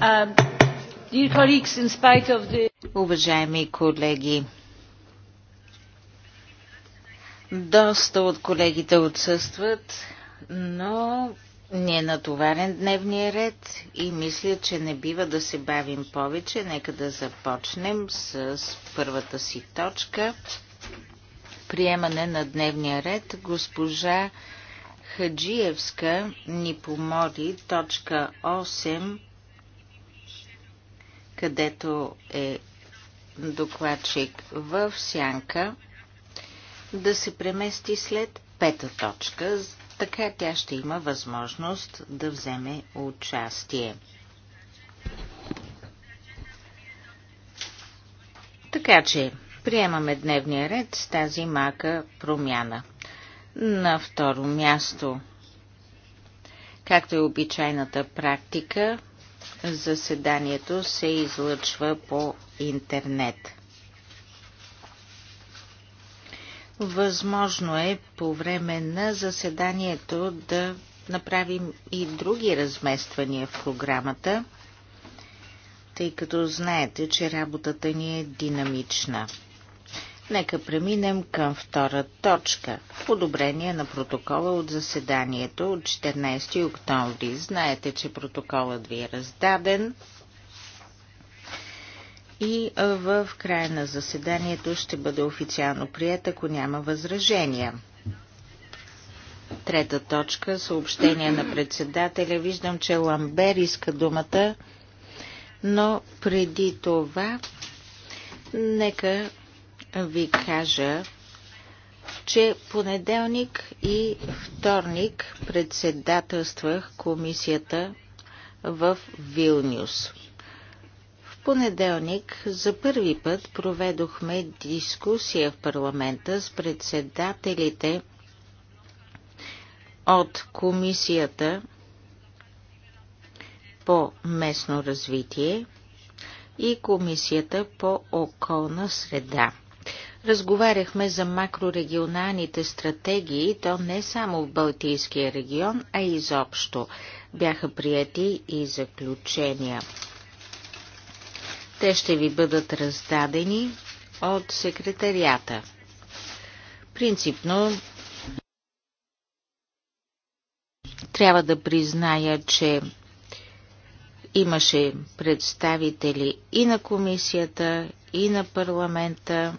Um, Уважаеми колеги, доста от колегите отсъстват, но ни е натоварен дневния ред и мисля, че не бива да се бавим повече. Нека да започнем с първата си точка. Приемане на дневния ред. Госпожа Хаджиевска ни помоли точка 8 където е докладчик в сянка, да се премести след пета точка, така тя ще има възможност да вземе участие. Така че, приемаме дневния ред с тази мака промяна. На второ място, както е обичайната практика, Заседанието се излъчва по интернет. Възможно е по време на заседанието да направим и други размествания в програмата, тъй като знаете, че работата ни е динамична. Нека преминем към втора точка. Подобрение на протокола от заседанието от 14 октомври. Знаете, че протоколът ви е раздаден. И в края на заседанието ще бъде официално прият, ако няма възражения. Трета точка. Съобщение на председателя. Виждам, че Ламбер иска думата, но преди това нека ви кажа, че понеделник и вторник председателствах комисията в Вилнюс. В понеделник за първи път проведохме дискусия в парламента с председателите от комисията по местно развитие и комисията по околна среда – Разговаряхме за макрорегионалните стратегии, то не само в Балтийския регион, а и изобщо. Бяха прияти и заключения. Те ще ви бъдат раздадени от секретарията. Принципно трябва да призная, че имаше представители и на комисията, и на парламента,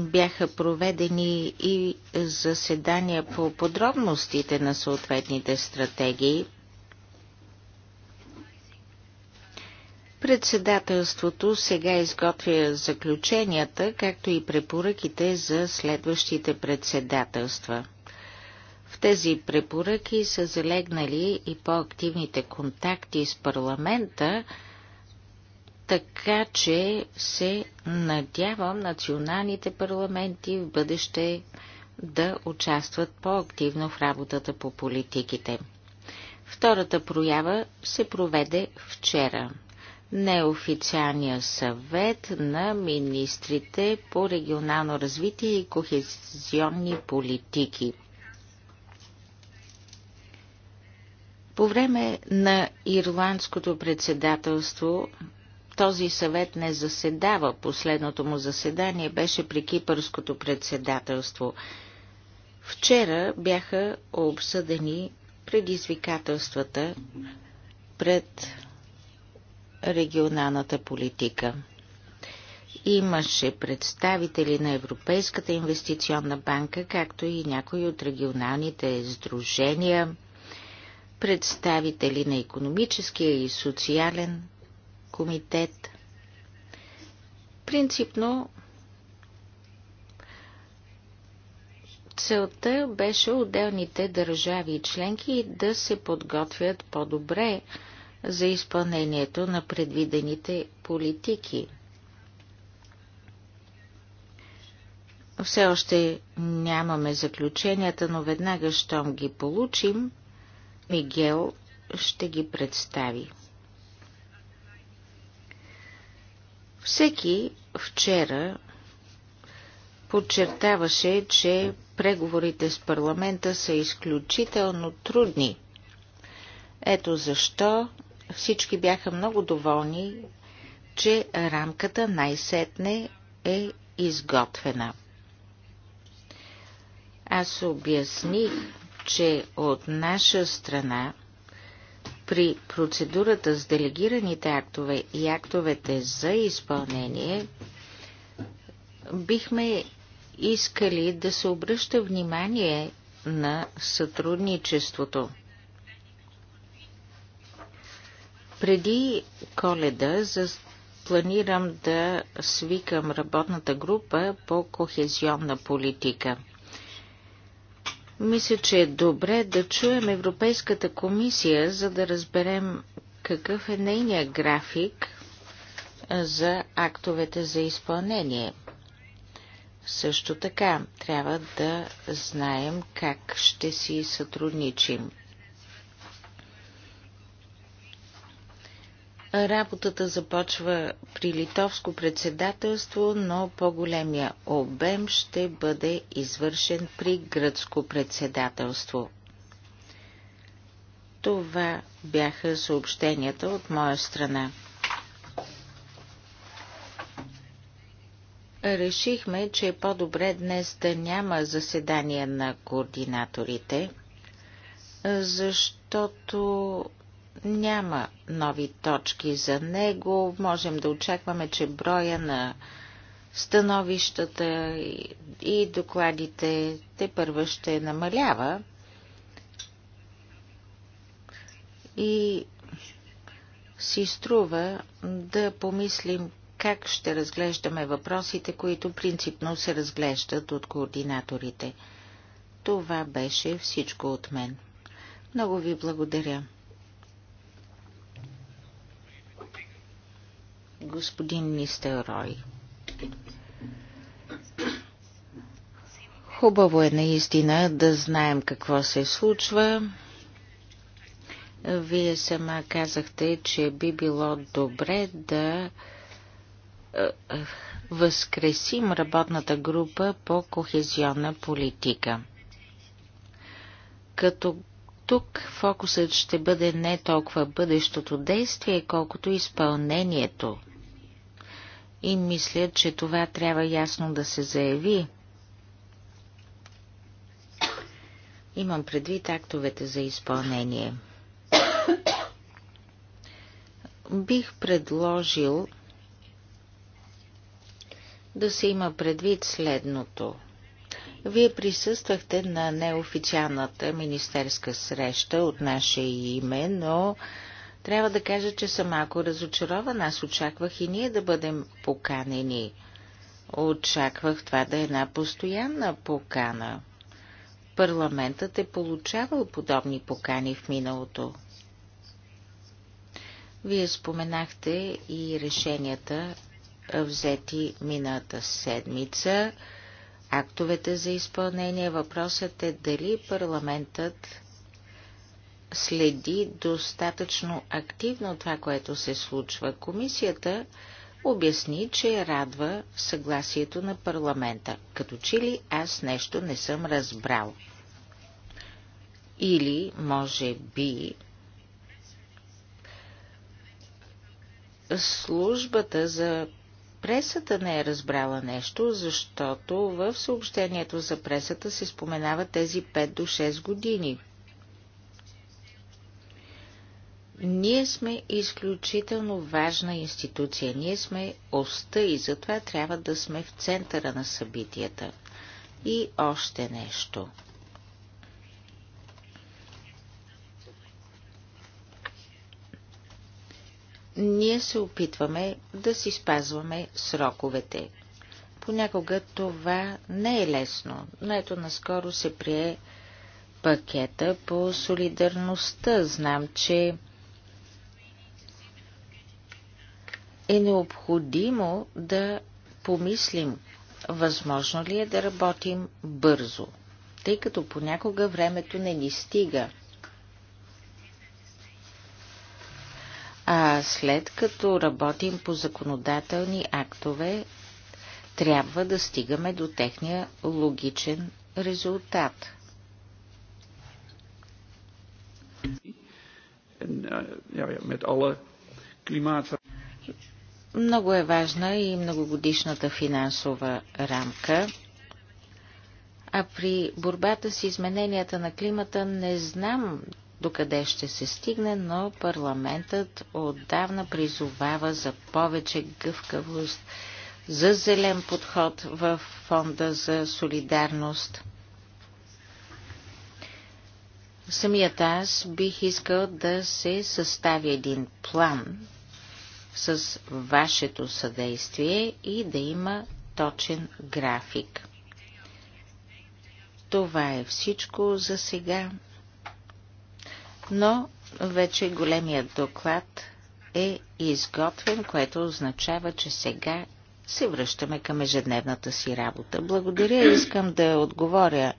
бяха проведени и заседания по подробностите на съответните стратегии. Председателството сега изготвя заключенията, както и препоръките за следващите председателства. В тези препоръки са залегнали и по-активните контакти с парламента, така че се надявам националните парламенти в бъдеще да участват по-активно в работата по политиките. Втората проява се проведе вчера. Неофициалния съвет на министрите по регионално развитие и кохезионни политики. По време на ирландското председателство този съвет не заседава. Последното му заседание беше при кипърското председателство. Вчера бяха обсъдени предизвикателствата пред регионалната политика. Имаше представители на Европейската инвестиционна банка, както и някои от регионалните сдружения, представители на економическия и социален комитет. Принципно целта беше отделните държави и членки да се подготвят по-добре за изпълнението на предвидените политики. Все още нямаме заключенията, но веднага, щом ги получим, Мигел ще ги представи. Всеки вчера подчертаваше, че преговорите с парламента са изключително трудни. Ето защо всички бяха много доволни, че рамката най-сетне е изготвена. Аз обясних, че от наша страна при процедурата с делегираните актове и актовете за изпълнение бихме искали да се обръща внимание на сътрудничеството. Преди коледа планирам да свикам работната група по кохезионна политика – мисля, че е добре да чуем Европейската комисия, за да разберем какъв е нейният график за актовете за изпълнение. Също така трябва да знаем как ще си сътрудничим. Работата започва при литовско председателство, но по-големия обем ще бъде извършен при гръцко председателство. Това бяха съобщенията от моя страна. Решихме, че е по-добре днес да няма заседания на координаторите, защото няма нови точки за него. Можем да очакваме, че броя на становищата и докладите те първо ще намалява. И си струва да помислим как ще разглеждаме въпросите, които принципно се разглеждат от координаторите. Това беше всичко от мен. Много ви благодаря. господин Рой. Хубаво е наистина да знаем какво се случва. Вие сама казахте, че би било добре да е, е, възкресим работната група по кохезионна политика. Като тук фокусът ще бъде не толкова бъдещото действие, колкото изпълнението и мисля, че това трябва ясно да се заяви. Имам предвид актовете за изпълнение. Бих предложил да се има предвид следното. Вие присъствахте на неофициалната министерска среща от наше име, но трябва да кажа, че съм малко разочарован, Аз очаквах и ние да бъдем поканени. Очаквах това да е една постоянна покана. Парламентът е получавал подобни покани в миналото. Вие споменахте и решенията, взети мината седмица, актовете за изпълнение. Въпросът е дали парламентът следи достатъчно активно това, което се случва. Комисията обясни, че радва съгласието на парламента. Като че ли аз нещо не съм разбрал. Или, може би, службата за пресата не е разбрала нещо, защото в съобщението за пресата се споменава тези 5 до 6 години – Ние сме изключително важна институция. Ние сме оста и затова трябва да сме в центъра на събитията. И още нещо. Ние се опитваме да си спазваме сроковете. Понякога това не е лесно, но ето наскоро се прие пакета по солидарността. Знам, че е необходимо да помислим, възможно ли е да работим бързо, тъй като понякога времето не ни стига. А след като работим по законодателни актове, трябва да стигаме до техния логичен резултат. Eh, ja, ja, met alle klimaatverandering. Много е важна и многогодишната финансова рамка. А при борбата с измененията на климата не знам докъде ще се стигне, но парламентът отдавна призовава за повече гъвкавост, за зелен подход в фонда за солидарност. Самият аз бих искал да се състави един план с вашето съдействие и да има точен график. Това е всичко за сега. Но вече големият доклад е изготвен, което означава, че сега се връщаме към ежедневната си работа. Благодаря, искам да отговоря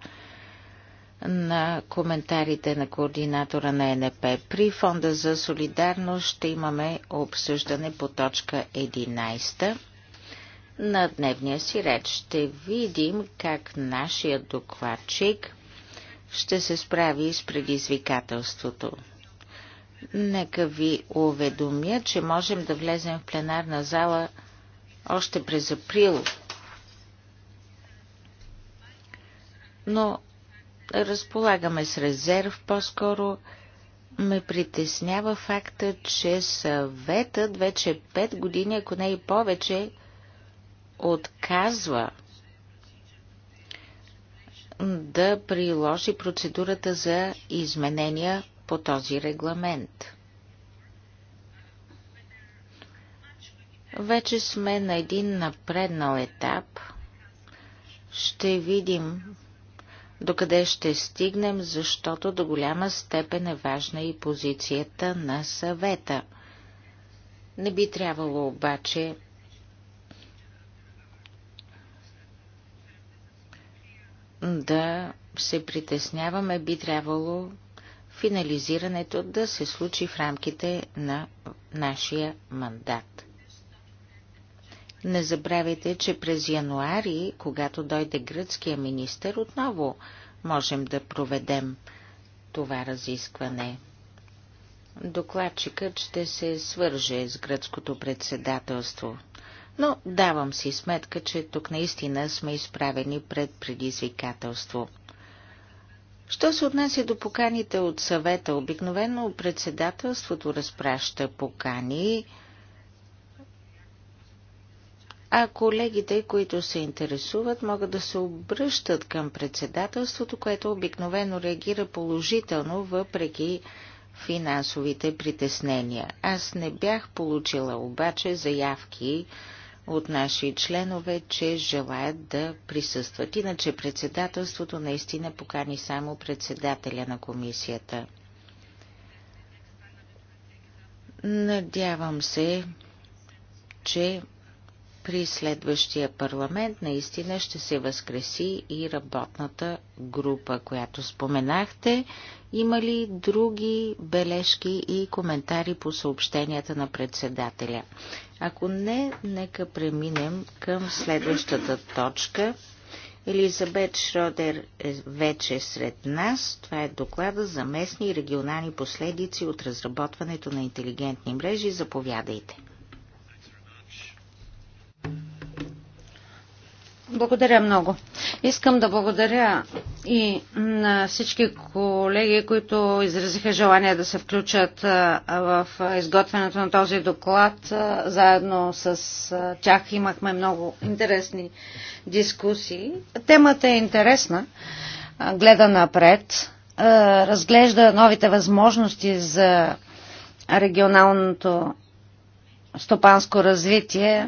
на коментарите на координатора на НП. При Фонда за солидарност ще имаме обсъждане по точка 11 на дневния си реч. Ще видим как нашия докладчик ще се справи с предизвикателството. Нека ви уведомя, че можем да влезем в пленарна зала още през април. Но разполагаме с резерв, по-скоро ме притеснява факта, че съветът вече 5 години, ако не и повече, отказва да приложи процедурата за изменения по този регламент. Вече сме на един напреднал етап. Ще видим докъде ще стигнем, защото до голяма степен е важна и позицията на съвета. Не би трябвало обаче да се притесняваме, би трябвало финализирането да се случи в рамките на нашия мандат. Не забравяйте, че през януари, когато дойде гръцкия министр, отново можем да проведем това разискване. Докладчикът ще се свърже с гръцкото председателство. Но давам си сметка, че тук наистина сме изправени пред предизвикателство. Що се отнася до поканите от съвета, обикновено председателството разпраща покани, а колегите, които се интересуват, могат да се обръщат към председателството, което обикновено реагира положително, въпреки финансовите притеснения. Аз не бях получила обаче заявки от наши членове, че желаят да присъстват. Иначе председателството наистина покани само председателя на комисията. Надявам се, че при следващия парламент наистина ще се възкреси и работната група, която споменахте. Има ли други бележки и коментари по съобщенията на председателя? Ако не, нека преминем към следващата точка. Елизабет Шродер е вече сред нас. Това е доклада за местни и регионални последици от разработването на интелигентни мрежи. Заповядайте. Благодаря много. Искам да благодаря и на всички колеги, които изразиха желание да се включат в изготвянето на този доклад. Заедно с тях имахме много интересни дискусии. Темата е интересна, гледа напред, разглежда новите възможности за регионалното стопанско развитие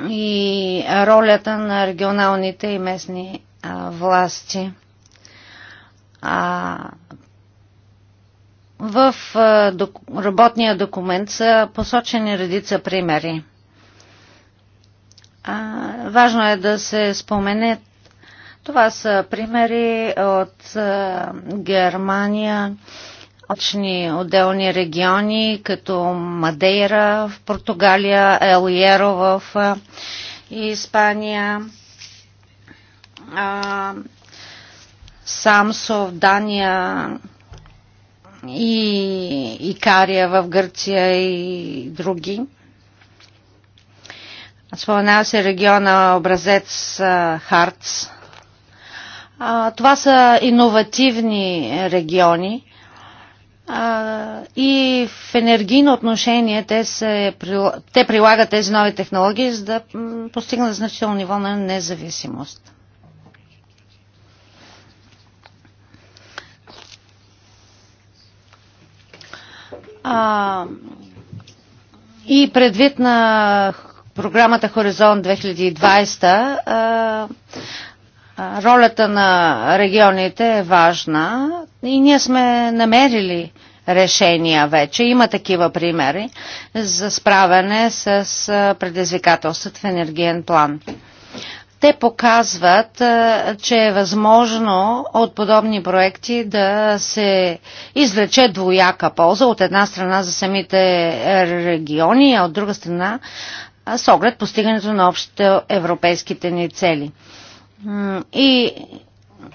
и ролята на регионалните и местни а, власти. А, в а, док, работния документ са посочени редица примери. А, важно е да се спомене. Това са примери от а, Германия, а, точни отделни региони, като Мадейра в Португалия, Елиеро в Испания, Самсо в Дания и Икария в Гърция и други. Споменава се региона образец Харц. Това са иновативни региони, и в енергийно отношение те, се, те прилагат тези нови технологии, за да постигнат значително ниво на независимост. А, и предвид на програмата Хоризонт 2020, а, Ролята на регионите е важна и ние сме намерили решения вече. Има такива примери за справяне с предизвикателствата в енергиен план. Те показват, че е възможно от подобни проекти да се извлече двояка полза от една страна за самите региони, а от друга страна с оглед постигането на общите европейските ни цели. И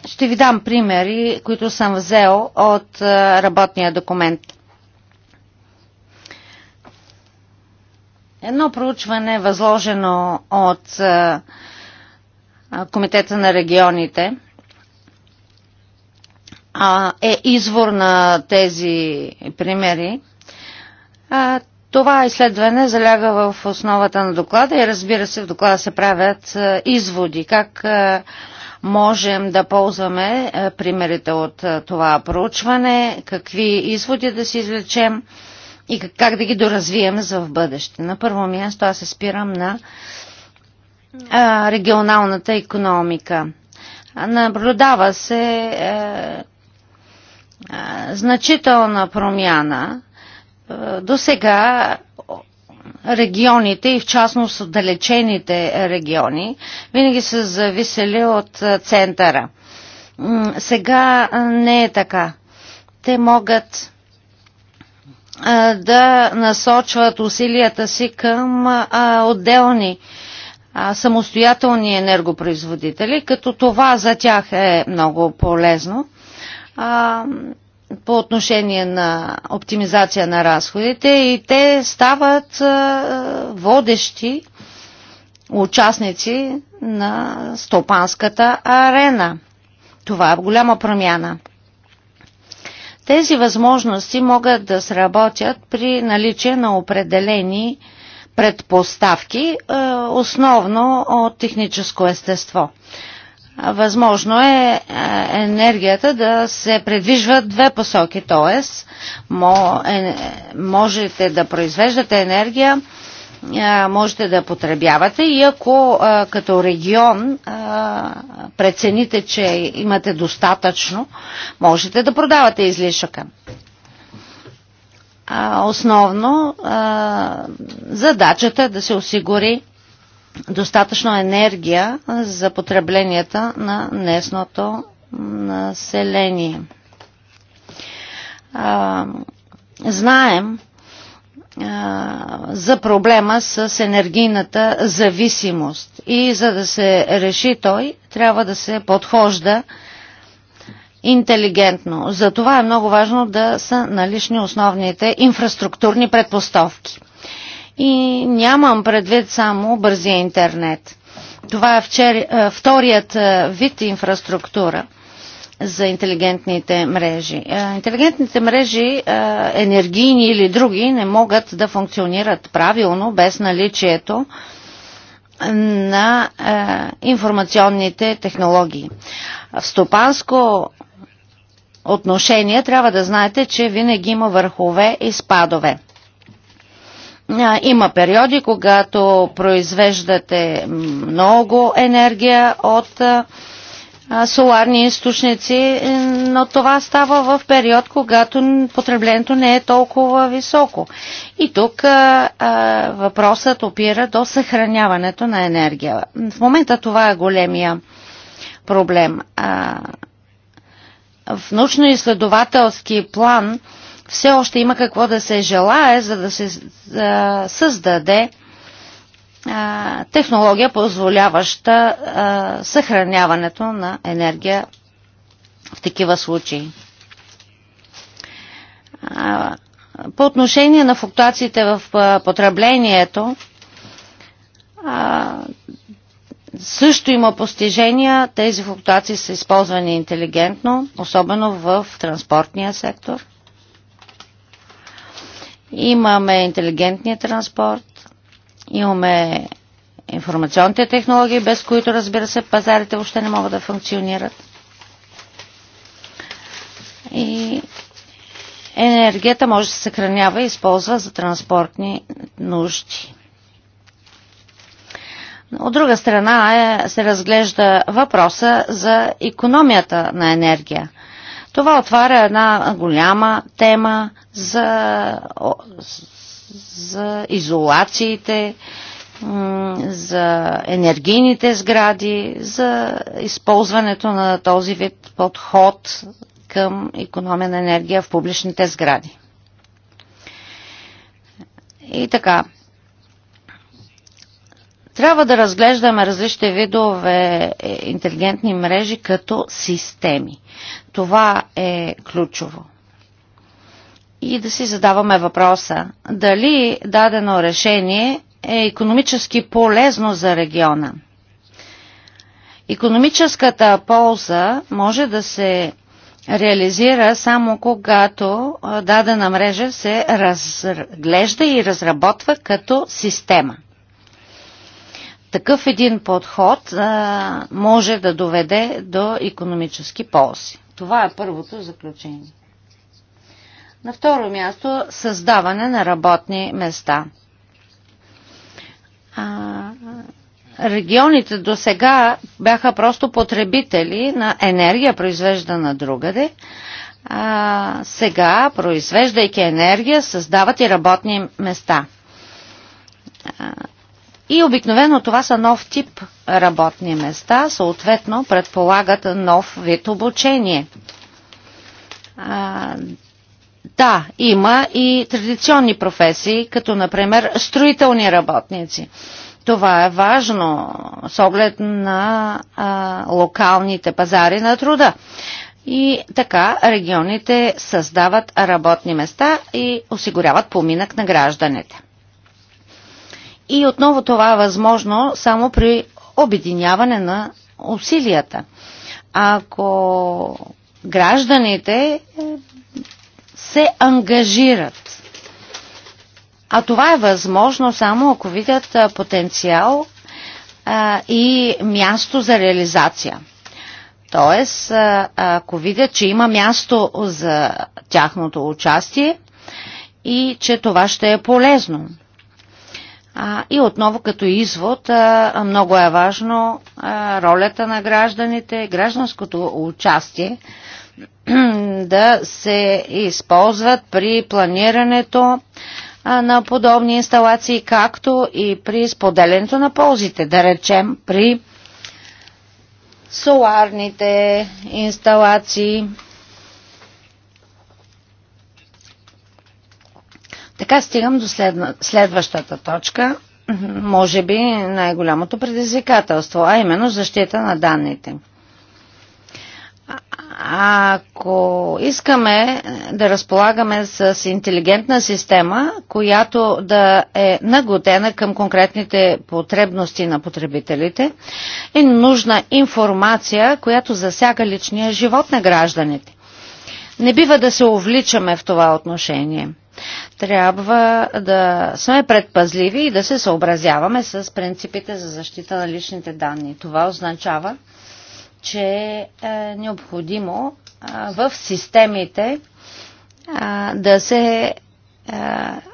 ще ви дам примери, които съм взел от е, работния документ. Едно проучване, възложено от е, Комитета на регионите, е извор на тези примери. Това изследване заляга в основата на доклада и разбира се в доклада се правят е, изводи как е, можем да ползваме е, примерите от това проучване, какви изводи да си извлечем и как да ги доразвием за в бъдеще. На първо място аз се спирам на регионалната економика. Наблюдава се значителна промяна е, до сега регионите и в частност отдалечените региони винаги са зависели от е, центъра. Сега е, не е така. Те могат да насочват усилията си към отделни самостоятелни енергопроизводители, като това за тях е много полезно по отношение на оптимизация на разходите и те стават водещи участници на стопанската арена. Това е голяма промяна. Тези възможности могат да сработят при наличие на определени предпоставки, основно от техническо естество. Възможно е, е енергията да се предвижва две посоки, т.е. Е, можете да произвеждате енергия, е, можете да потребявате и ако като регион прецените, че имате достатъчно, можете да продавате излишъка. Основно задачата е да се осигури достатъчно енергия за потребленията на днесното население. А, знаем а, за проблема с енергийната зависимост и за да се реши той, трябва да се подхожда интелигентно. За това е много важно да са налични основните инфраструктурни предпоставки и нямам предвид само бързия интернет. Това е вчер... Е, вторият е, вид инфраструктура за интелигентните мрежи. Е, интелигентните мрежи, енергийни или други, не могат да функционират правилно без наличието на информационните технологии. В стопанско отношение трябва да знаете, че винаги има върхове и спадове. Има периоди, когато произвеждате много енергия от соларни източници, но това става в период, когато потреблението не е толкова високо. И тук въпросът опира до съхраняването на енергия. В момента това е големия проблем. в научно-изследователски план а, все още има какво да се желае, за да се а, създаде а, технология, позволяваща а, съхраняването на енергия в такива случаи. А, по отношение на флуктуациите в потреблението, а, също има постижения. Тези флуктуации са използвани интелигентно, особено в транспортния сектор. Имаме интелигентния транспорт, имаме информационните технологии, без които, разбира се, пазарите въобще не могат да функционират. И енергията може да се съхранява и използва за транспортни нужди. От друга страна е, се разглежда въпроса за економията на енергия – това отваря една голяма тема за, за изолациите, за енергийните сгради, за използването на този вид подход към економия на енергия в публичните сгради. И така, трябва да разглеждаме различни видове е, интелигентни мрежи като системи. Това е ключово. И да си задаваме въпроса дали дадено решение е економически полезно за региона. Економическата полза може да се реализира само когато дадена мрежа се разглежда и разработва като система – такъв един подход а, може да доведе до економически ползи. Това е първото заключение. На второ място създаване на работни места. А, регионите до сега бяха просто потребители на енергия, произвеждана другаде. А, сега, произвеждайки енергия, създават и работни места. И обикновено това са нов тип работни места, съответно предполагат нов вид обучение. А, да, има и традиционни професии, като например строителни работници. Това е важно с оглед на а, локалните пазари на труда. И така регионите създават работни места и осигуряват поминък на гражданите. И отново това е възможно само при обединяване на усилията. Ако гражданите е, се ангажират, а това е възможно само ако видят е, потенциал е, и място за реализация. Тоест, ако видят, че има място за тяхното участие и че това ще е полезно. А, и отново като извод а, много е важно а, ролята на гражданите, гражданското участие да се използват при планирането а, на подобни инсталации, както и при споделянето на ползите, да речем при соларните инсталации. Така стигам до следва, следващата точка, може би най-голямото предизвикателство, а именно защита на данните. Ако искаме да разполагаме с интелигентна система, която да е нагодена към конкретните потребности на потребителите, е нужна информация, която засяга личния живот на гражданите. Не бива да се увличаме в това отношение – трябва да сме предпазливи и да се съобразяваме с принципите за защита на личните данни. Това означава, че е необходимо е, в системите е, да се е,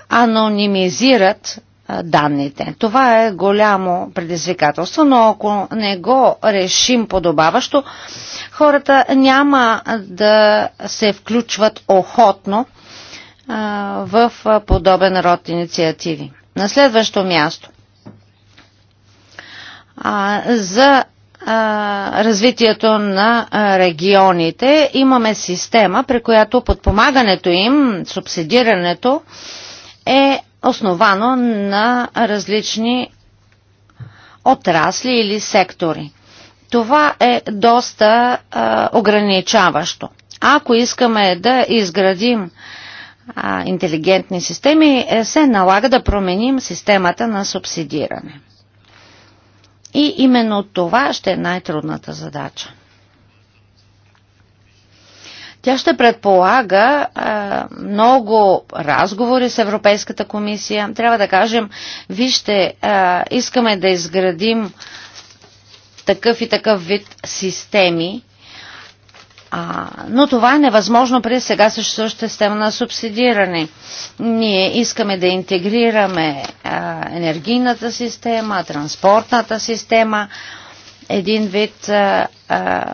анонимизират данните. Това е голямо предизвикателство, но ако не го решим подобаващо, хората няма да се включват охотно в подобен род инициативи. На следващо място. За развитието на регионите имаме система, при която подпомагането им, субсидирането е основано на различни отрасли или сектори. Това е доста ограничаващо. Ако искаме да изградим а, интелигентни системи, е, се налага да променим системата на субсидиране. И именно това ще е най-трудната задача. Тя ще предполага а, много разговори с Европейската комисия. Трябва да кажем, вижте, а, искаме да изградим такъв и такъв вид системи, а, но това е невъзможно при сега съществуващата система на субсидиране. Ние искаме да интегрираме а, енергийната система, транспортната система, един вид а, а,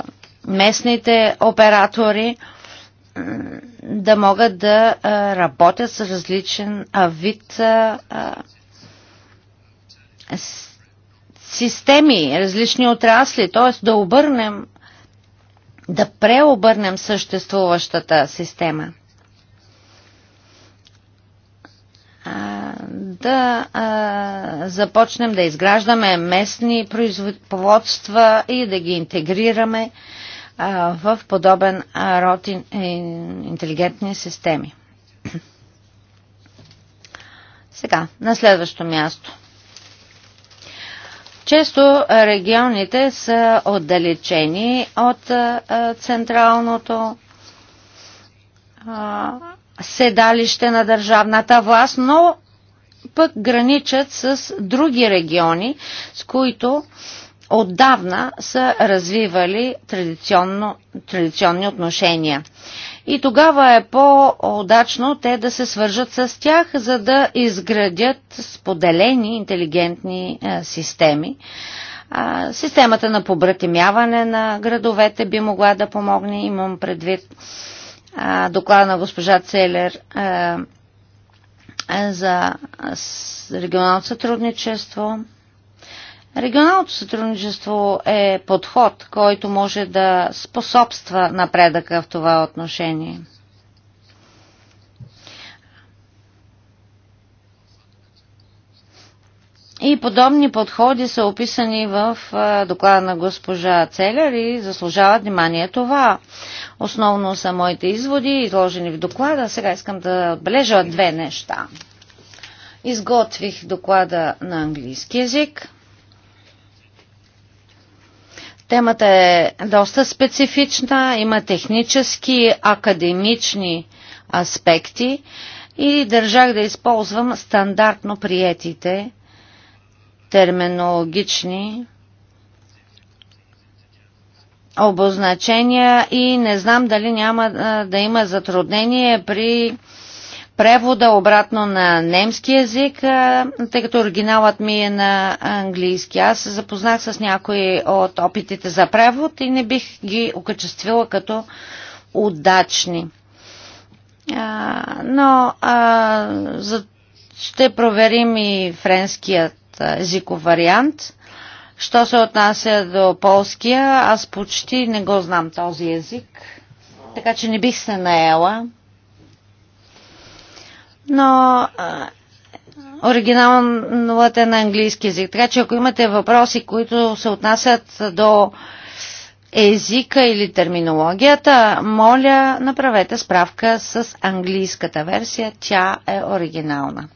местните оператори да могат да а, работят с различен а, вид а, а, системи, различни отрасли, т.е. да обърнем да преобърнем съществуващата система. да а, започнем да изграждаме местни производства и да ги интегрираме а, в подобен а, род ин, ин, интелигентни системи. Сега, на следващо място. Често регионите са отдалечени от централното седалище на държавната власт, но пък граничат с други региони, с които отдавна са развивали традиционни отношения и тогава е по-удачно те да се свържат с тях, за да изградят споделени интелигентни е, системи. Системата на побратимяване на градовете би могла да помогне, имам предвид доклада на госпожа Целер е, е, за регионално сътрудничество. Регионалното сътрудничество е подход, който може да способства напредъка в това отношение. И подобни подходи са описани в доклада на госпожа Целер и заслужават внимание това. Основно са моите изводи, изложени в доклада. Сега искам да отбележа две неща. Изготвих доклада на английски язик – Темата е доста специфична, има технически, академични аспекти и държах да използвам стандартно приетите терминологични обозначения и не знам дали няма да има затруднение при превода обратно на немски язик, тъй като оригиналът ми е на английски. Аз се запознах с някои от опитите за превод и не бих ги окачествила като удачни. но ще проверим и френският езиков вариант. Що се отнася до полския, аз почти не го знам този език, така че не бих се наела но оригиналът е на английски язик. Така че ако имате въпроси, които се отнасят до езика или терминологията, моля, направете справка с английската версия. Тя е оригинална.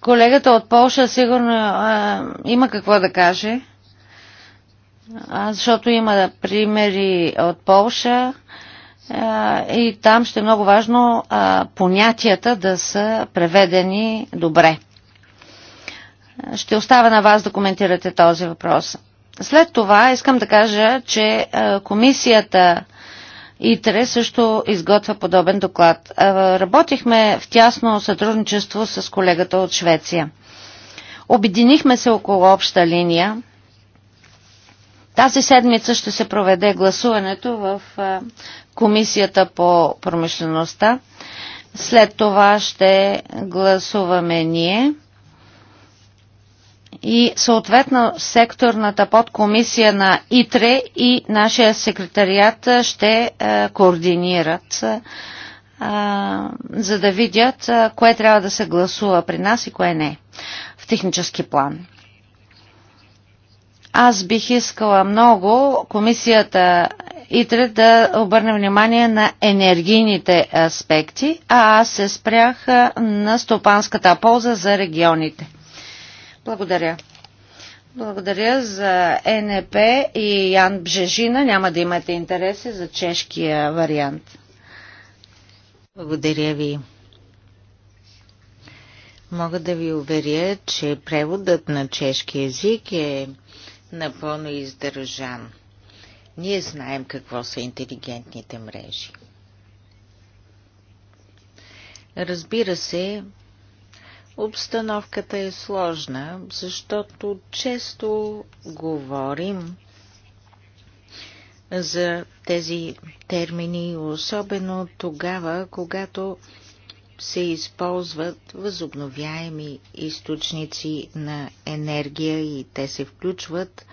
Колегата от Полша сигурно има какво да каже защото има примери от Полша и там ще е много важно понятията да са преведени добре. Ще оставя на вас да коментирате този въпрос. След това искам да кажа, че комисията ИТРЕ също изготвя подобен доклад. Работихме в тясно сътрудничество с колегата от Швеция. Обединихме се около обща линия тази седмица ще се проведе гласуването в Комисията по промишлеността. След това ще гласуваме ние и съответно секторната подкомисия на ИТРЕ и нашия секретариат ще координират, за да видят кое трябва да се гласува при нас и кое не в технически план. Аз бих искала много комисията ИТРЕ да обърне внимание на енергийните аспекти, а аз се спрях на стопанската полза за регионите. Благодаря. Благодаря за НП и Ян Бжежина. Няма да имате интереси за чешкия вариант. Благодаря ви. Мога да ви уверя, че преводът на чешки език е напълно издържан. Ние знаем какво са интелигентните мрежи. Разбира се, обстановката е сложна, защото често говорим за тези термини, особено тогава, когато се използват възобновяеми източници на енергия и те се включват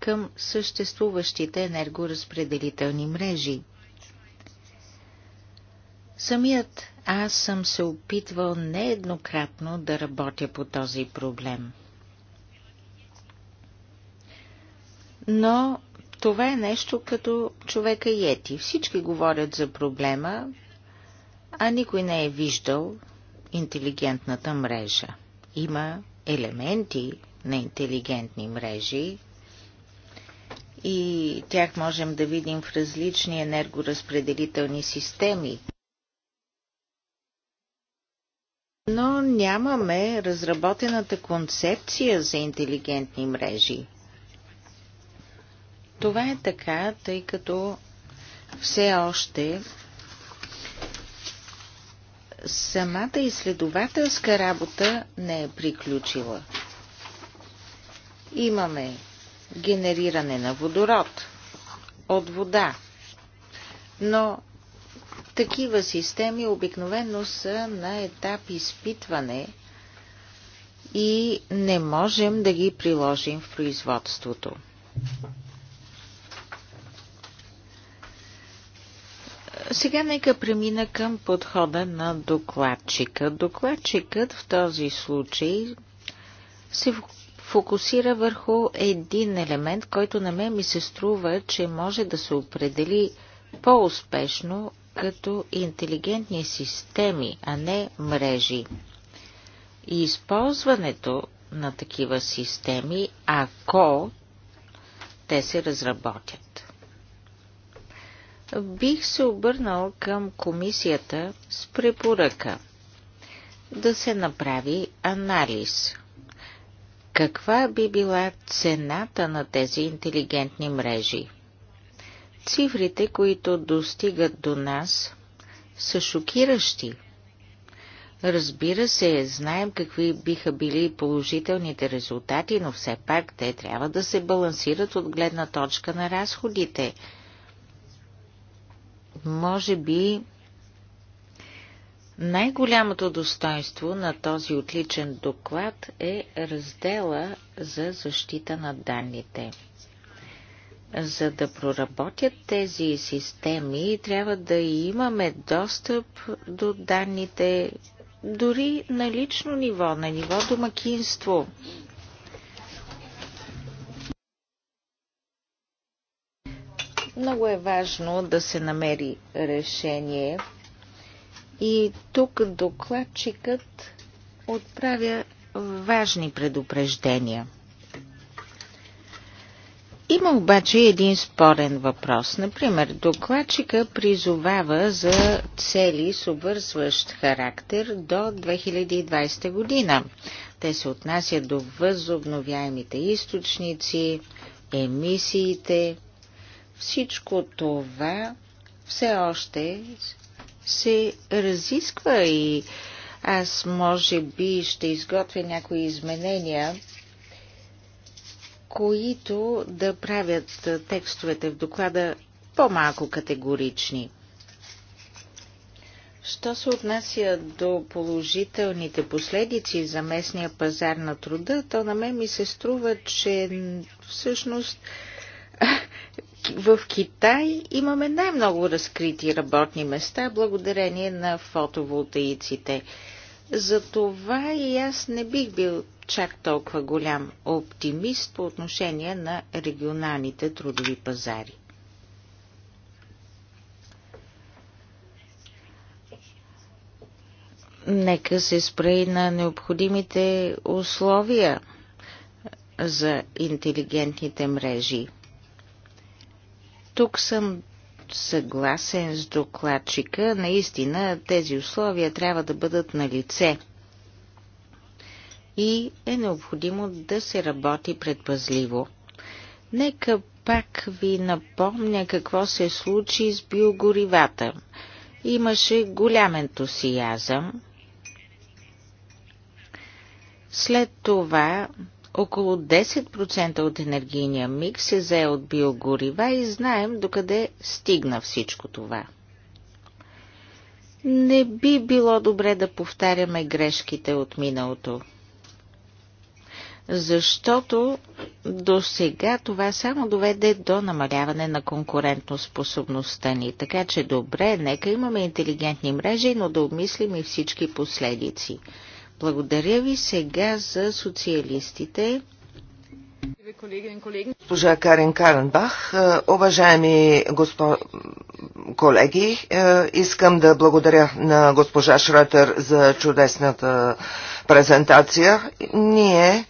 към съществуващите енергоразпределителни мрежи. Самият аз съм се опитвал нееднократно да работя по този проблем. Но това е нещо като човека и ети. Всички говорят за проблема, а никой не е виждал интелигентната мрежа. Има елементи на интелигентни мрежи и тях можем да видим в различни енергоразпределителни системи. Но нямаме разработената концепция за интелигентни мрежи. Това е така, тъй като все още самата изследователска работа не е приключила. Имаме генериране на водород от вода, но такива системи обикновено са на етап изпитване и не можем да ги приложим в производството. Сега нека премина към подхода на докладчика. Докладчикът в този случай се фокусира върху един елемент, който на мен ми се струва, че може да се определи по-успешно като интелигентни системи, а не мрежи. И използването на такива системи, ако те се разработят бих се обърнал към комисията с препоръка да се направи анализ. Каква би била цената на тези интелигентни мрежи? Цифрите, които достигат до нас, са шокиращи. Разбира се, знаем какви биха били положителните резултати, но все пак те трябва да се балансират от гледна точка на разходите – може би най-голямото достоинство на този отличен доклад е раздела за защита на данните. За да проработят тези системи, трябва да имаме достъп до данните дори на лично ниво, на ниво домакинство. Много е важно да се намери решение. И тук докладчикът отправя важни предупреждения. Има обаче един спорен въпрос. Например, докладчика призовава за цели с обвързващ характер до 2020 година. Те се отнасят до възобновяемите източници, емисиите, всичко това все още се разисква и аз може би ще изготвя някои изменения, които да правят текстовете в доклада по-малко категорични. Що се отнася до положителните последици за местния пазар на труда, то на мен ми се струва, че всъщност в Китай имаме най-много разкрити работни места благодарение на фотоволтаиците. Затова и аз не бих бил чак толкова голям оптимист по отношение на регионалните трудови пазари. Нека се спре на необходимите условия за интелигентните мрежи. Тук съм съгласен с докладчика. Наистина тези условия трябва да бъдат на лице. И е необходимо да се работи предпазливо. Нека пак ви напомня какво се случи с биогоривата. Имаше голям ентусиазъм. След това около 10% от енергийния микс се зае от биогорива и знаем докъде стигна всичко това. Не би било добре да повтаряме грешките от миналото. Защото до сега това само доведе до намаляване на конкурентоспособността ни. Така че добре, нека имаме интелигентни мрежи, но да обмислим и всички последици. Благодаря ви сега за социалистите. Госпожа Карин Каренбах, е, уважаеми госпо... колеги, е, искам да благодаря на госпожа Шретер за чудесната презентация. Ние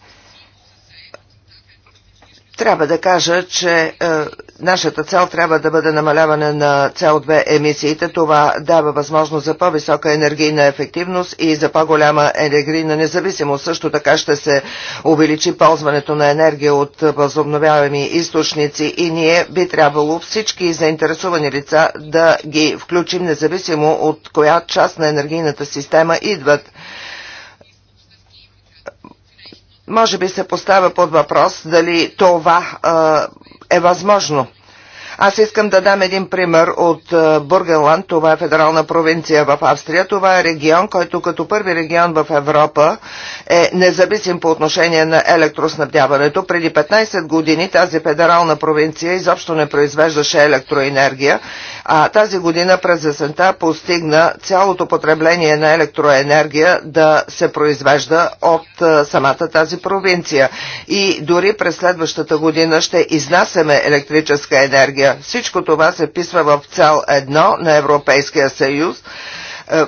трябва да кажа, че е, нашата цел трябва да бъде намаляване на CO2 емисиите. Това дава възможност за по-висока енергийна ефективност и за по-голяма енергийна независимост. Също така ще се увеличи ползването на енергия от възобновяеми източници и ние би трябвало всички заинтересовани лица да ги включим независимо от коя част на енергийната система идват може би се поставя под въпрос дали това е, е възможно. Аз искам да дам един пример от Бургенланд, това е федерална провинция в Австрия. Това е регион, който като първи регион в Европа е независим по отношение на електроснабдяването. Преди 15 години тази федерална провинция изобщо не произвеждаше електроенергия а тази година през есента постигна цялото потребление на електроенергия да се произвежда от самата тази провинция. И дори през следващата година ще изнасяме електрическа енергия. Всичко това се писва в цял едно на Европейския съюз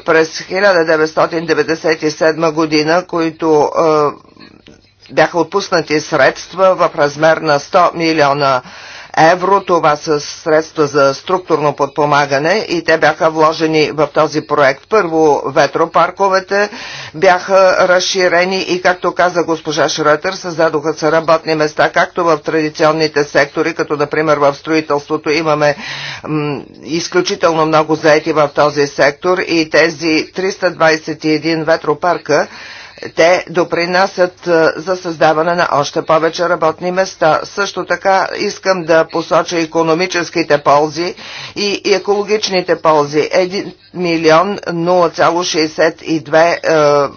през 1997 година, които бяха отпуснати средства в размер на 100 милиона евро евро. Това са средства за структурно подпомагане и те бяха вложени в този проект. Първо ветропарковете бяха разширени и, както каза госпожа Шретер, създадоха се работни места, както в традиционните сектори, като например в строителството имаме изключително много заети в този сектор и тези 321 ветропарка те допринасят е, за създаване на още повече работни места. Също така искам да посоча економическите ползи и екологичните ползи. 1 милион 0,62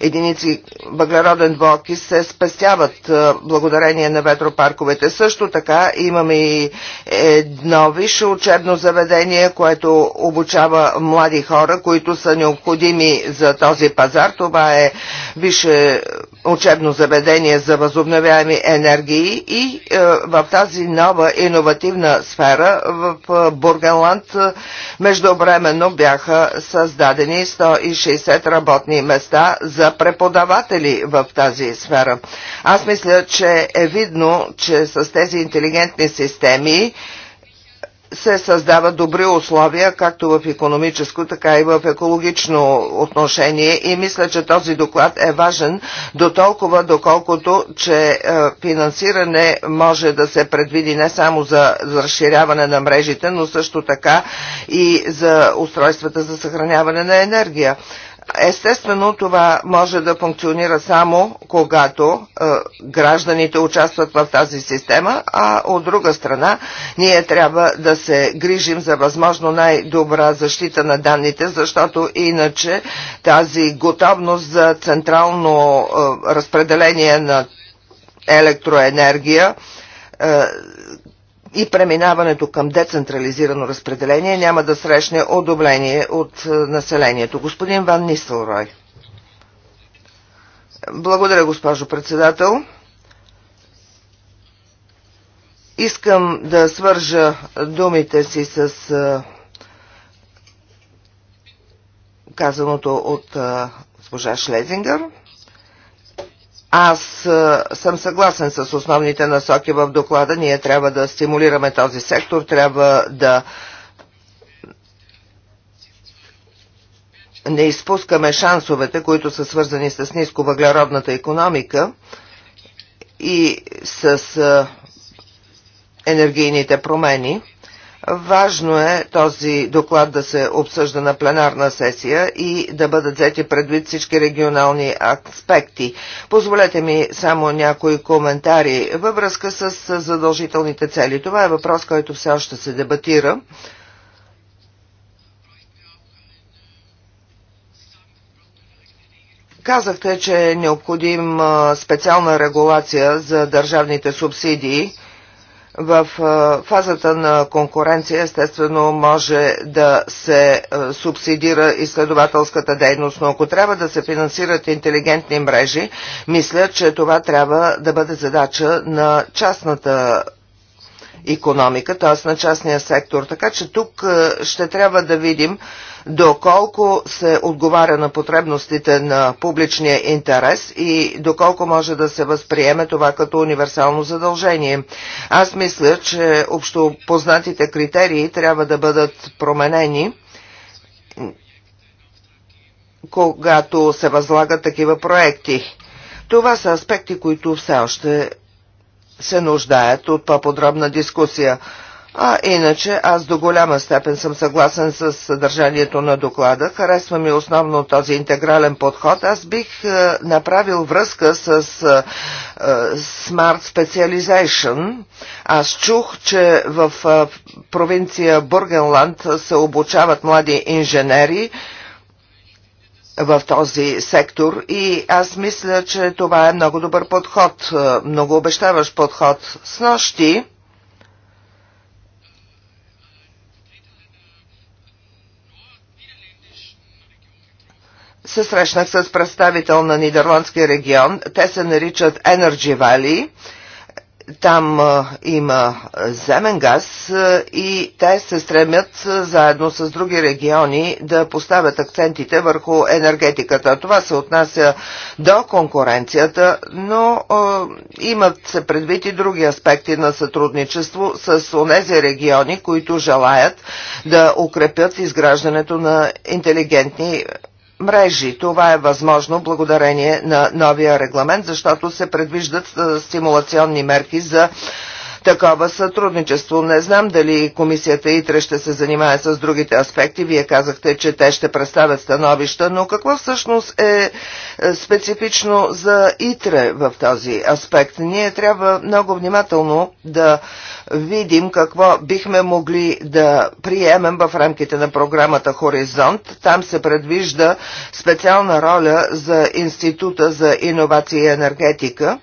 единици въглероден двоокис се спестяват благодарение на ветропарковете. Също така имаме и едно висше учебно заведение, което обучава млади хора, които са необходими за този пазар. Това е висше учебно заведение за възобновяеми енергии и е, в тази нова иновативна сфера в е, Бургенланд е, междувременно бяха създадени 160 работни места за преподаватели в тази сфера. Аз мисля, че е видно, че с тези интелигентни системи се създават добри условия, както в економическо, така и в екологично отношение и мисля, че този доклад е важен до толкова, доколкото, че е, финансиране може да се предвиди не само за, за разширяване на мрежите, но също така и за устройствата за съхраняване на енергия. Естествено, това може да функционира само когато е, гражданите участват в тази система, а от друга страна ние трябва да се грижим за възможно най-добра защита на данните, защото иначе тази готовност за централно е, разпределение на електроенергия е, и преминаването към децентрализирано разпределение няма да срещне одобрение от е, населението. Господин Ван Нистелрой. Благодаря, госпожо председател. Искам да свържа думите си с е, казаното от е, госпожа Шлезингър. Аз е, съм съгласен с основните насоки в доклада. Ние трябва да стимулираме този сектор, трябва да не изпускаме шансовете, които са свързани с нисковъглеродната економика и с е, енергийните промени. Важно е този доклад да се обсъжда на пленарна сесия и да бъдат взети предвид всички регионални аспекти. Позволете ми само някои коментари във връзка с задължителните цели. Това е въпрос, който все още се дебатира. Казахте, че е необходим специална регулация за държавните субсидии в фазата на конкуренция естествено може да се субсидира изследователската дейност, но ако трябва да се финансират интелигентни мрежи, мисля, че това трябва да бъде задача на частната економика, т.е. на частния сектор. Така че тук е, ще трябва да видим доколко се отговаря на потребностите на публичния интерес и доколко може да се възприеме това като универсално задължение. Аз мисля, че общо познатите критерии трябва да бъдат променени когато се възлагат такива проекти. Това са аспекти, които все още се нуждаят от по-подробна дискусия. А иначе аз до голяма степен съм съгласен с съдържанието на доклада. Харесва ми основно този интегрален подход. Аз бих е, направил връзка с е, е Smart Specialization. Аз чух, че в е, провинция Бургенланд се обучават млади инженери, е, в този сектор и аз мисля, че това е много добър подход, е, много обещаващ подход. С нощи се срещнах с представител на нидерландския регион. Те се наричат Energy Valley там а, има земен газ а, и те се стремят а, заедно с други региони да поставят акцентите върху енергетиката. Това се отнася до конкуренцията, но а, имат се предвид и други аспекти на сътрудничество с онези региони, които желаят да укрепят изграждането на интелигентни мрежи. Това е възможно благодарение на новия регламент, защото се предвиждат стимулационни мерки за такова сътрудничество. Не знам дали комисията ИТРА ще се занимае с другите аспекти. Вие казахте, че те ще представят становища, но какво всъщност е, е специфично за ИТРА в този аспект? Ние трябва много внимателно да видим какво бихме могли да приемем в рамките на програмата Хоризонт. Там се предвижда специална роля за Института за иновация и енергетика.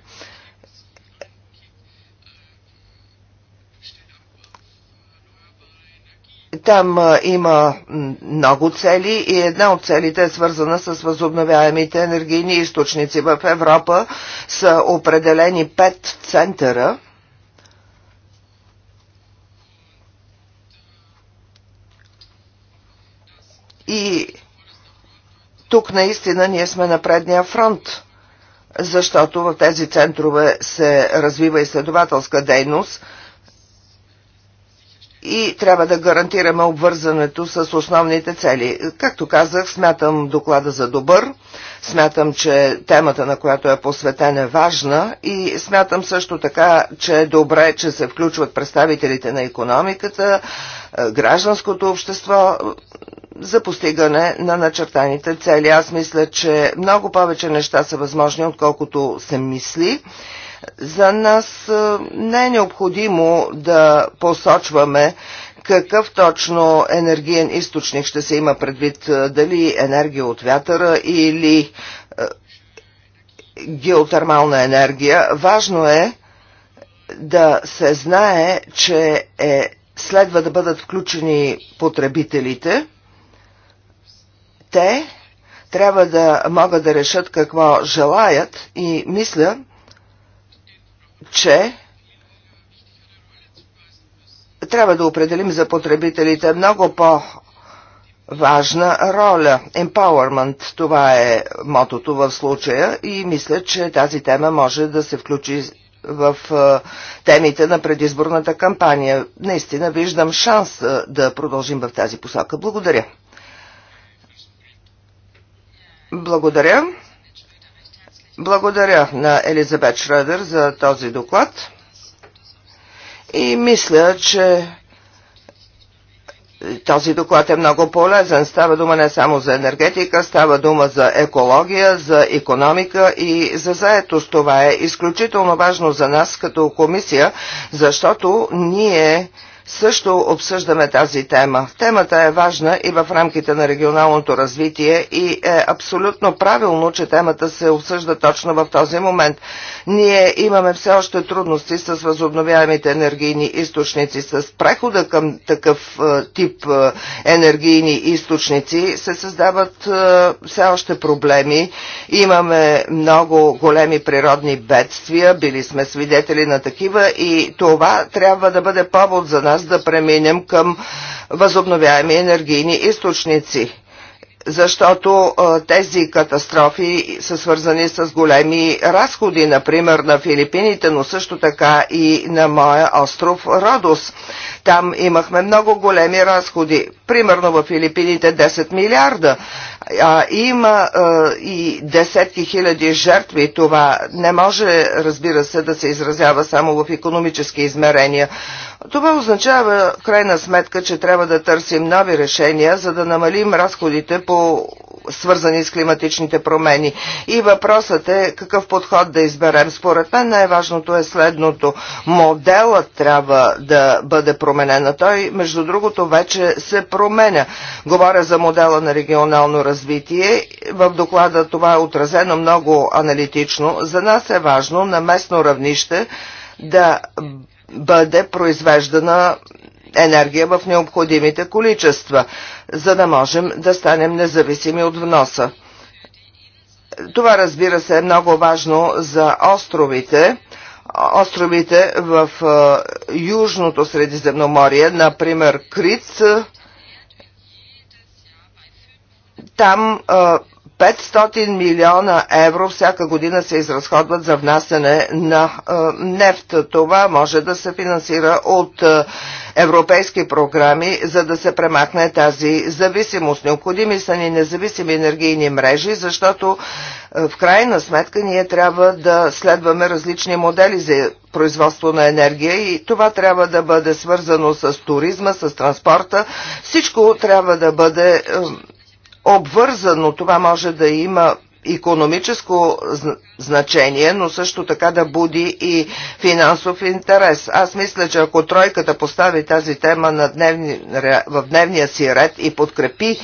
Там има много цели и една от целите е свързана с възобновяемите енергийни източници. В Европа са определени пет центъра. И тук наистина ние сме на предния фронт, защото в тези центрове се развива изследователска дейност – и трябва да гарантираме обвързането с основните цели. Както казах, смятам доклада за добър, смятам, че темата, на която е посветен е важна и смятам също така, че е добре, че се включват представителите на економиката, е, гражданското общество за постигане на начертаните цели. Аз мисля, че много повече неща са възможни, отколкото се мисли. За нас е, не е необходимо да посочваме какъв точно енергиен източник ще се има предвид, е, дали енергия от вятъра или е, геотермална енергия. Важно е да се знае, че е, следва да бъдат включени потребителите. Те трябва да могат да решат какво желаят и мисля, че трябва да определим за потребителите много по- важна роля. Empowerment, това е мотото в случая и мисля, че тази тема може да се включи в е, темите на предизборната кампания. Наистина виждам шанс е, да продължим в тази посока. Благодаря. Благодаря. Благодаря на Елизабет Шредер за този доклад и мисля, че този доклад е много полезен. Става дума не само за енергетика, става дума за екология, за економика и за заетост. Това е изключително важно за нас като комисия, защото ние също обсъждаме тази тема. Темата е важна и в рамките на регионалното развитие и е абсолютно правилно, че темата се обсъжда точно в този момент. Ние имаме все още трудности с възобновяемите енергийни източници. С прехода към такъв е, тип е, енергийни източници се създават е, все още проблеми. Имаме много големи природни бедствия, били сме свидетели на такива и това трябва да бъде повод за нас час да преминем към възобновяеми енергийни източници защото а, тези катастрофи са свързани с големи разходи, например на Филипините, но също така и на моя остров Родос. Там имахме много големи разходи, примерно в Филипините 10 милиарда. А, има а, и десетки хиляди жертви. Това не може, разбира се, да се изразява само в економически измерения. Това означава, крайна сметка, че трябва да търсим нови решения, за да намалим разходите по свързани с климатичните промени. И въпросът е какъв подход да изберем. Според мен най-важното е следното. Моделът трябва да бъде променен. Той, между другото, вече се променя. Говоря за модела на регионално развитие. В доклада това е отразено много аналитично. За нас е важно на местно равнище да бъде произвеждана енергия в необходимите количества, за да можем да станем независими от вноса. Това разбира се е много важно за островите. Островите в Южното Средиземноморие, например Крит, там 500 милиона евро всяка година се изразходват за внасяне на нефт. Това може да се финансира от европейски програми, за да се премахне тази зависимост. Необходими са ни независими енергийни мрежи, защото в крайна сметка ние трябва да следваме различни модели за производство на енергия и това трябва да бъде свързано с туризма, с транспорта. Всичко трябва да бъде обвързано. Това може да има економическо значение, но също така да буди и финансов интерес. Аз мисля, че ако тройката постави тази тема на дневни, в дневния си ред и подкрепи е,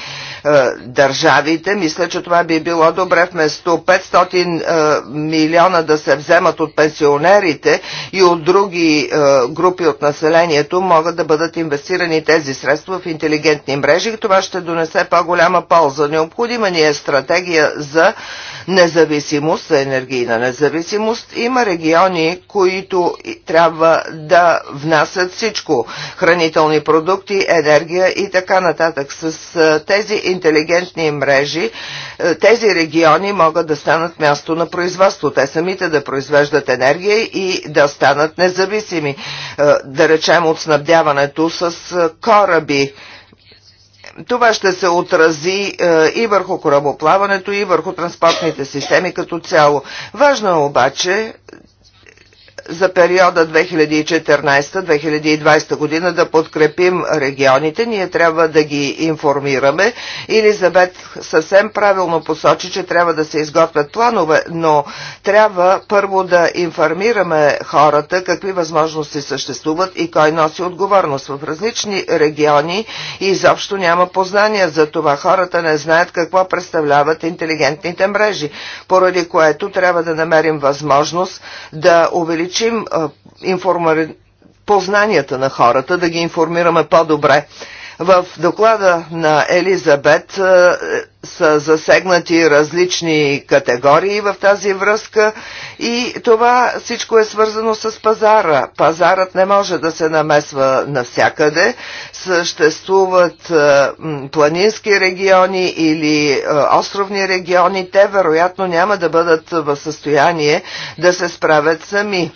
държавите. Мисля, че това би било добре вместо 500 е, милиона да се вземат от пенсионерите и от други е, групи от населението могат да бъдат инвестирани тези средства в интелигентни мрежи. Това ще донесе по-голяма полза. Необходима ни е стратегия за независимост, за енергия енергийна независимост. Има региони, които трябва да внасят всичко – хранителни продукти, енергия и така нататък. С тези интелигентни мрежи тези региони могат да станат място на производство. Те самите да произвеждат енергия и да станат независими. Да речем от снабдяването с кораби – това ще се отрази е, и върху корабоплаването, и върху транспортните системи като цяло. Важно е обаче, за периода 2014-2020 година да подкрепим регионите. Ние трябва да ги информираме. Елизабет съвсем правилно посочи, че трябва да се изготвят планове, но трябва първо да информираме хората какви възможности съществуват и кой носи отговорност. В различни региони и изобщо няма познания за това. Хората не знаят какво представляват интелигентните мрежи, поради което трябва да намерим възможност да увеличим увеличим информа... познанията на хората, да ги информираме по-добре. В доклада на Елизабет са засегнати различни категории в тази връзка и това всичко е свързано с пазара. Пазарът не може да се намесва навсякъде. Съществуват планински региони или островни региони. Те вероятно няма да бъдат в състояние да се справят сами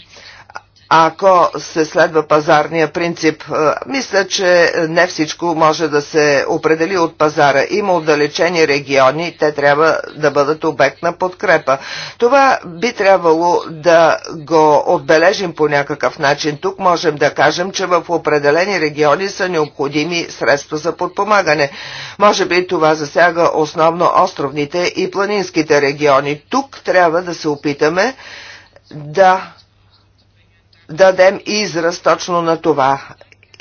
ако се следва пазарния принцип. Е, мисля, че не всичко може да се определи от пазара. Има отдалечени региони, те трябва да бъдат обект на подкрепа. Това би трябвало да го отбележим по някакъв начин. Тук можем да кажем, че в определени региони са необходими средства за подпомагане. Може би това засяга основно островните и планинските региони. Тук трябва да се опитаме да дадем израз точно на това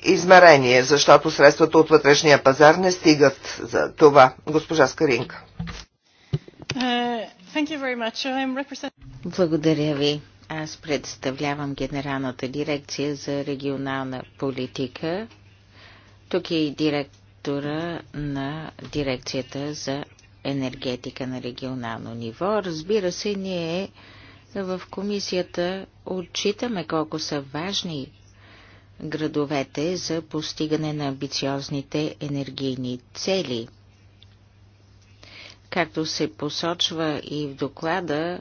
измерение, защото средствата от вътрешния пазар не стигат за това. Госпожа Скаринка. Е, Благодаря ви. Аз представлявам Генералната дирекция за регионална политика. Тук е и директора на дирекцията за енергетика на регионално ниво. Разбира се, ние в комисията отчитаме колко са важни градовете за постигане на амбициозните енергийни цели. Както се посочва и в доклада,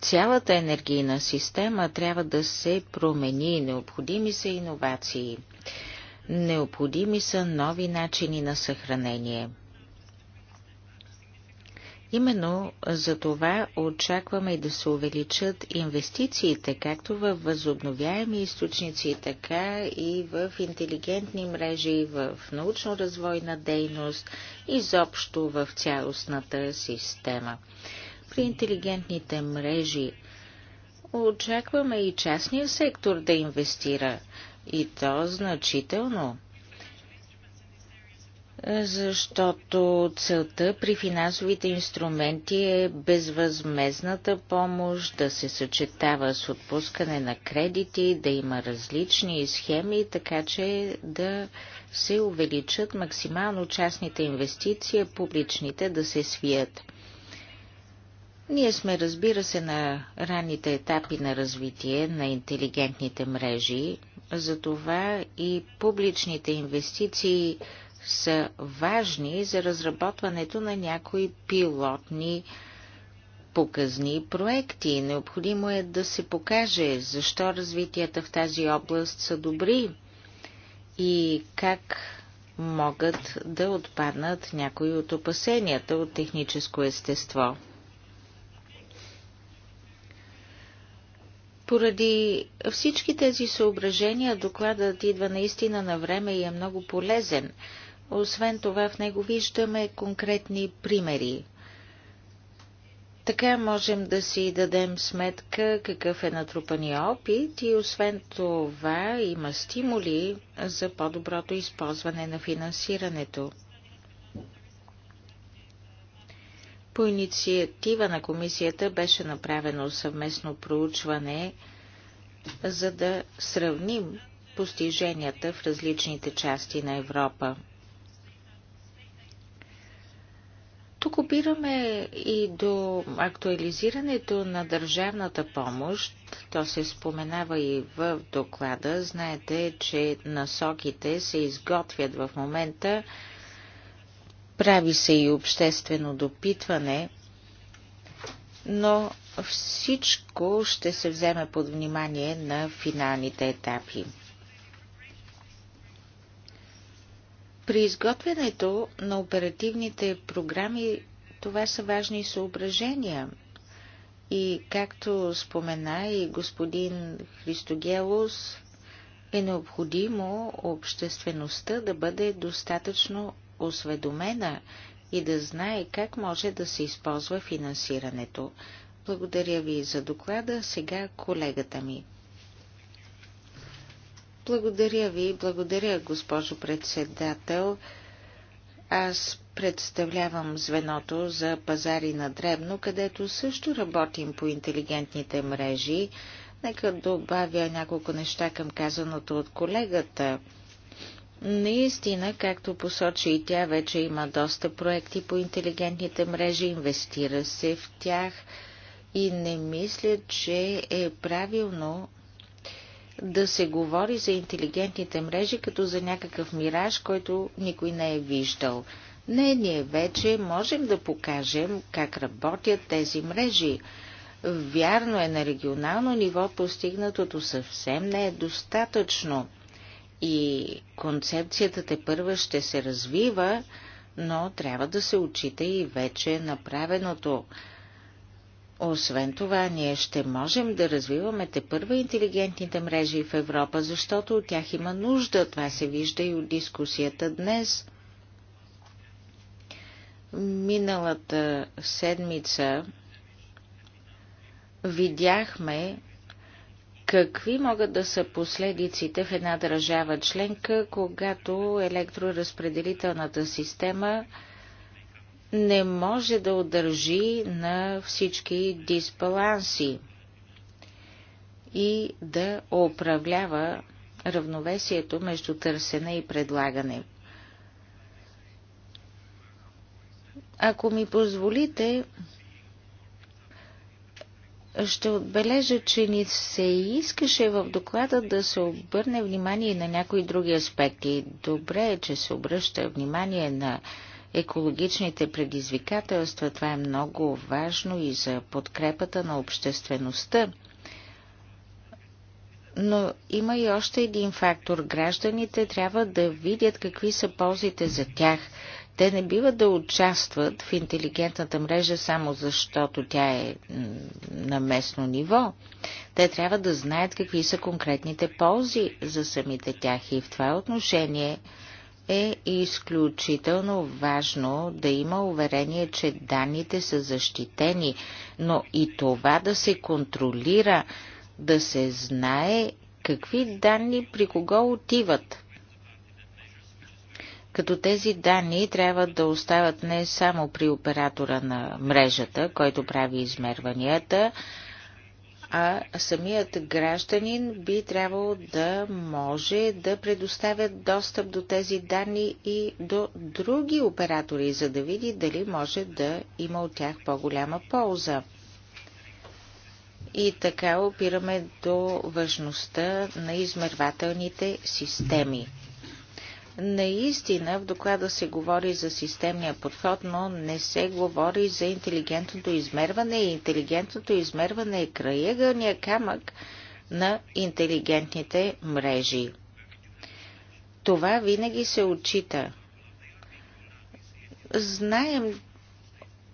цялата енергийна система трябва да се промени. Необходими са иновации. Необходими са нови начини на съхранение. Именно за това очакваме да се увеличат инвестициите, както в възобновяеми източници, така и в интелигентни мрежи, в научно-развойна дейност, изобщо в цялостната система. При интелигентните мрежи очакваме и частния сектор да инвестира, и то значително – защото целта при финансовите инструменти е безвъзмезната помощ да се съчетава с отпускане на кредити, да има различни схеми, така че да се увеличат максимално частните инвестиции, публичните да се свият. Ние сме, разбира се, на ранните етапи на развитие на интелигентните мрежи, затова и публичните инвестиции са важни за разработването на някои пилотни показни проекти. Необходимо е да се покаже защо развитията в тази област са добри и как могат да отпаднат някои от опасенията от техническо естество. Поради всички тези съображения докладът идва наистина на време и е много полезен. Освен това в него виждаме конкретни примери. Така можем да си дадем сметка какъв е натрупания опит и освен това има стимули за по-доброто използване на финансирането. По инициатива на комисията беше направено съвместно проучване, за да сравним постиженията в различните части на Европа. Тук опираме и до актуализирането на държавната помощ. То се споменава и в доклада. Знаете, че насоките се изготвят в момента. Прави се и обществено допитване, но всичко ще се вземе под внимание на финалните етапи. При изготвянето на оперативните програми това са важни съображения. И както спомена и господин Христогелос, е необходимо обществеността да бъде достатъчно осведомена и да знае как може да се използва финансирането. Благодаря ви за доклада. Сега колегата ми. Благодаря ви, благодаря, госпожо председател. Аз представлявам звеното за пазари на Дребно, където също работим по интелигентните мрежи. Нека добавя няколко неща към казаното от колегата. Наистина, както посочи и тя, вече има доста проекти по интелигентните мрежи, инвестира се в тях и не мисля, че е правилно да се говори за интелигентните мрежи като за някакъв мираж, който никой не е виждал. Не, ние вече можем да покажем как работят тези мрежи. Вярно е, на регионално ниво постигнатото съвсем не е достатъчно. И концепцията те първа ще се развива, но трябва да се отчита и вече направеното. Освен това, ние ще можем да развиваме те първа интелигентните мрежи в Европа, защото от тях има нужда. Това се вижда и от дискусията днес. Миналата седмица видяхме какви могат да са последиците в една държава членка, когато електроразпределителната система не може да удържи на всички дисбаланси и да управлява равновесието между търсене и предлагане. Ако ми позволите, ще отбележа, че ни се искаше в доклада да се обърне внимание на някои други аспекти. Добре е, че се обръща внимание на екологичните предизвикателства. Това е много важно и за подкрепата на обществеността. Но има и още един фактор. Гражданите трябва да видят какви са ползите за тях. Те не биват да участват в интелигентната мрежа само защото тя е на местно ниво. Те трябва да знаят какви са конкретните ползи за самите тях и в това отношение е изключително важно да има уверение, че данните са защитени, но и това да се контролира, да се знае какви данни при кого отиват. Като тези данни трябва да остават не само при оператора на мрежата, който прави измерванията, а самият гражданин би трябвало да може да предоставя достъп до тези данни и до други оператори, за да види дали може да има от тях по-голяма полза. И така опираме до важността на измервателните системи. Наистина в доклада се говори за системния подход, но не се говори за интелигентното измерване. И интелигентното измерване е краегълния камък на интелигентните мрежи. Това винаги се отчита. Знаем,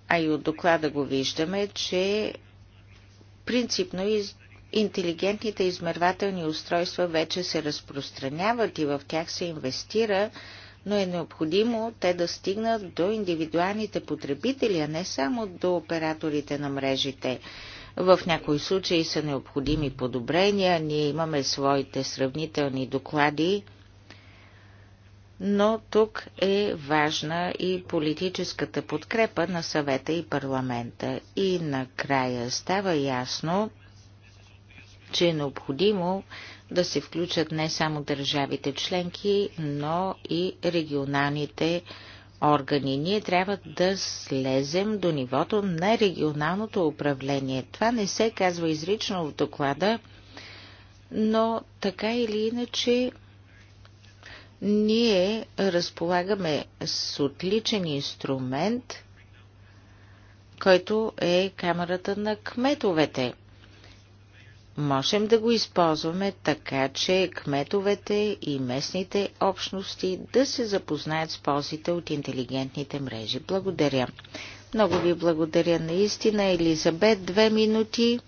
а и от доклада го виждаме, че принципно интелигентните измервателни устройства вече се разпространяват и в тях се инвестира, но е необходимо те да стигнат до индивидуалните потребители, а не само до операторите на мрежите. В някои случаи са необходими подобрения, ние имаме своите сравнителни доклади, но тук е важна и политическата подкрепа на съвета и парламента. И накрая става ясно, че е необходимо да се включат не само държавите членки, но и регионалните органи. Ние трябва да слезем до нивото на регионалното управление. Това не се казва изрично в доклада, но така или иначе ние разполагаме с отличен инструмент, който е камерата на кметовете – можем да го използваме така, че кметовете и местните общности да се запознаят с ползите от интелигентните мрежи. Благодаря. Много ви благодаря наистина, Елизабет. Две минути,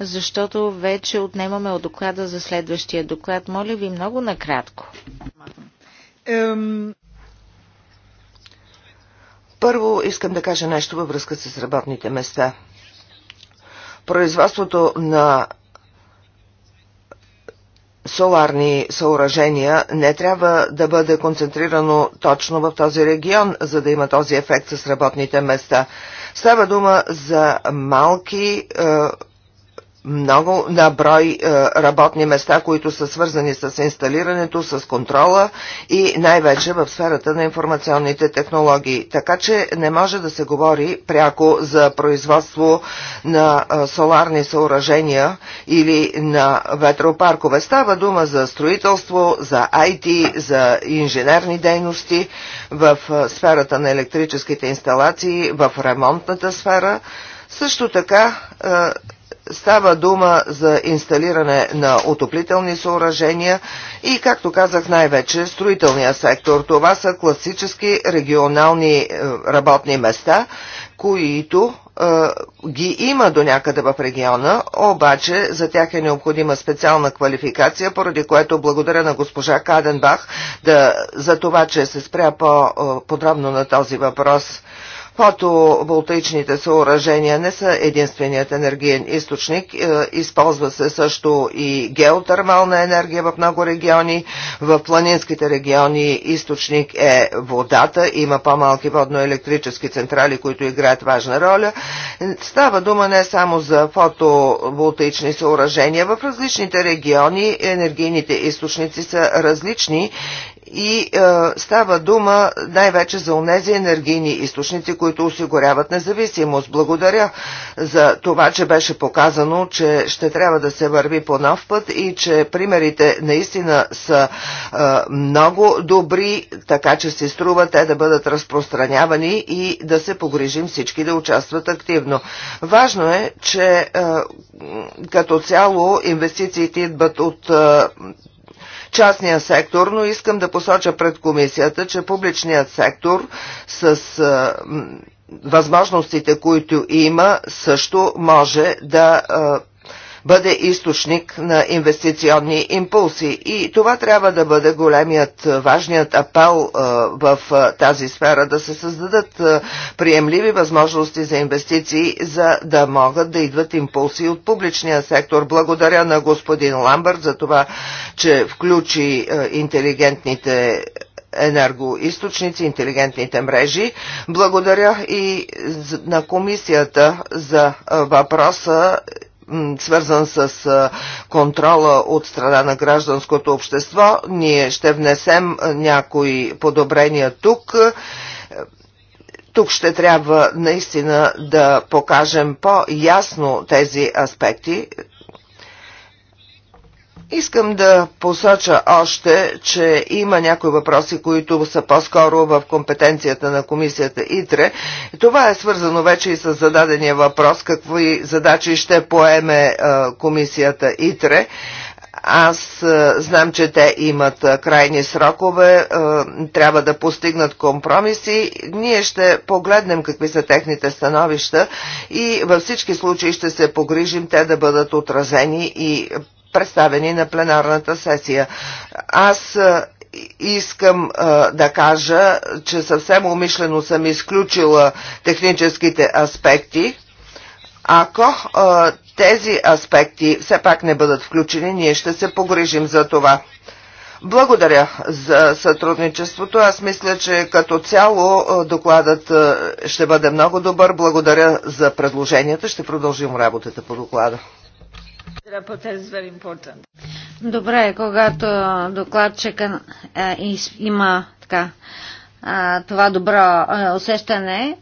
защото вече отнемаме от доклада за следващия доклад. Моля ви много накратко. Ем... Първо искам да кажа нещо във връзка с работните места производството на соларни съоръжения не трябва да бъде концентрирано точно в този регион, за да има този ефект с работните места. Става дума за малки е, много на брой е, работни места, които са свързани с инсталирането, с контрола и най-вече в сферата на информационните технологии. Така че не може да се говори пряко за производство на е, соларни съоръжения или на ветропаркове. Става дума за строителство, за IT, за инженерни дейности в е, сферата на електрическите инсталации, в ремонтната сфера. Също така Става дума за инсталиране на отоплителни съоръжения и, както казах, най-вече строителния сектор. Това са класически регионални е, работни места, които е, ги има до някъде в региона, обаче за тях е необходима специална квалификация, поради което благодаря на госпожа Каденбах да, за това, че се спря по-подробно е, на този въпрос. Фотоволтаичните съоръжения не са единственият енергиен източник. Е, използва се също и геотермална енергия в много региони. В планинските региони източник е водата. Има по-малки водноелектрически централи, които играят важна роля. Става дума не само за фотоволтаични съоръжения. В различните региони енергийните източници са различни и е, става дума най-вече за онези енергийни източници, които осигуряват независимост. Благодаря за това, че беше показано, че ще трябва да се върви по нов път и че примерите наистина са е, много добри, така че се струва те да бъдат разпространявани и да се погрижим всички да участват активно. Важно е, че е, като цяло инвестициите идват от е, частния сектор, но искам да посоча пред комисията, че публичният сектор с възможностите, които има, също може да бъде източник на инвестиционни импулси. И това трябва да бъде големият, важният апел в тази сфера, да се създадат приемливи възможности за инвестиции, за да могат да идват импулси от публичния сектор. Благодаря на господин Ламбърт за това, че включи интелигентните енергоисточници, интелигентните мрежи. Благодаря и на комисията за въпроса свързан с контрола от страна на гражданското общество. Ние ще внесем някои подобрения тук. Тук ще трябва наистина да покажем по-ясно тези аспекти, Искам да посоча още, че има някои въпроси, които са по-скоро в компетенцията на комисията ИТРЕ. Това е свързано вече и с зададения въпрос, какви задачи ще поеме е, комисията ИТРЕ. Аз е, знам, че те имат е, крайни срокове, трябва да постигнат компромиси. Ние ще погледнем какви са техните становища и във всички случаи ще се погрижим те да бъдат отразени и представени на пленарната сесия. Аз искам а, да кажа, че съвсем умишлено съм изключила техническите аспекти. Ако а, тези аспекти все пак не бъдат включени, ние ще се погрижим за това. Благодаря за сътрудничеството. Аз мисля, че като цяло докладът ще бъде много добър. Благодаря за предложенията. Ще продължим работата по доклада. Добре, когато докладчика е, има така, това добро е, усещане,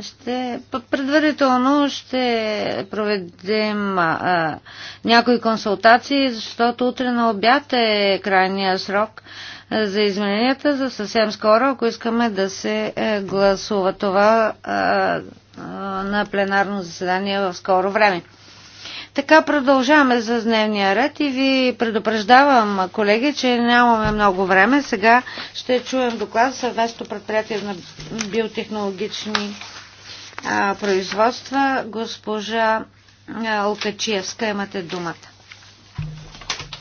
ще, предварително ще проведем някои консултации, защото утре на обяд е крайния срок за измененията, за съвсем скоро, ако искаме да се е, гласува това на пленарно заседание в скоро време. Така продължаваме за дневния ред и ви предупреждавам, колеги, че нямаме много време. Сега ще чуем доклад съвместно предприятие на биотехнологични а, производства. Госпожа Алкачиевска, имате думата.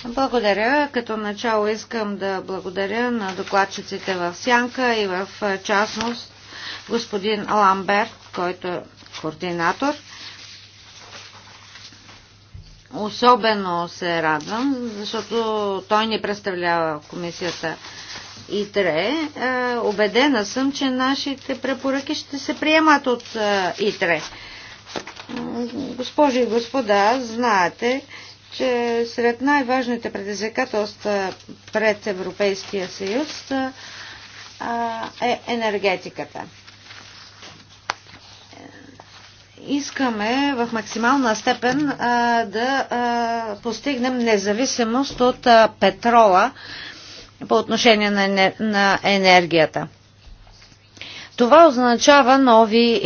Благодаря. Като начало искам да благодаря на докладчиците в Сянка и в частност господин Ламберт, който е координатор – Особено се радвам, защото той ни представлява комисията ИТРЕ. Обедена е, съм, че нашите препоръки ще се приемат от е, ИТРЕ. Госпожи и господа, знаете, че сред най-важните предизвикателства пред Европейския съюз е, е енергетиката искаме в максимална степен а, да а, постигнем независимост от а, петрола по отношение на, енер... на енергията. Това означава нови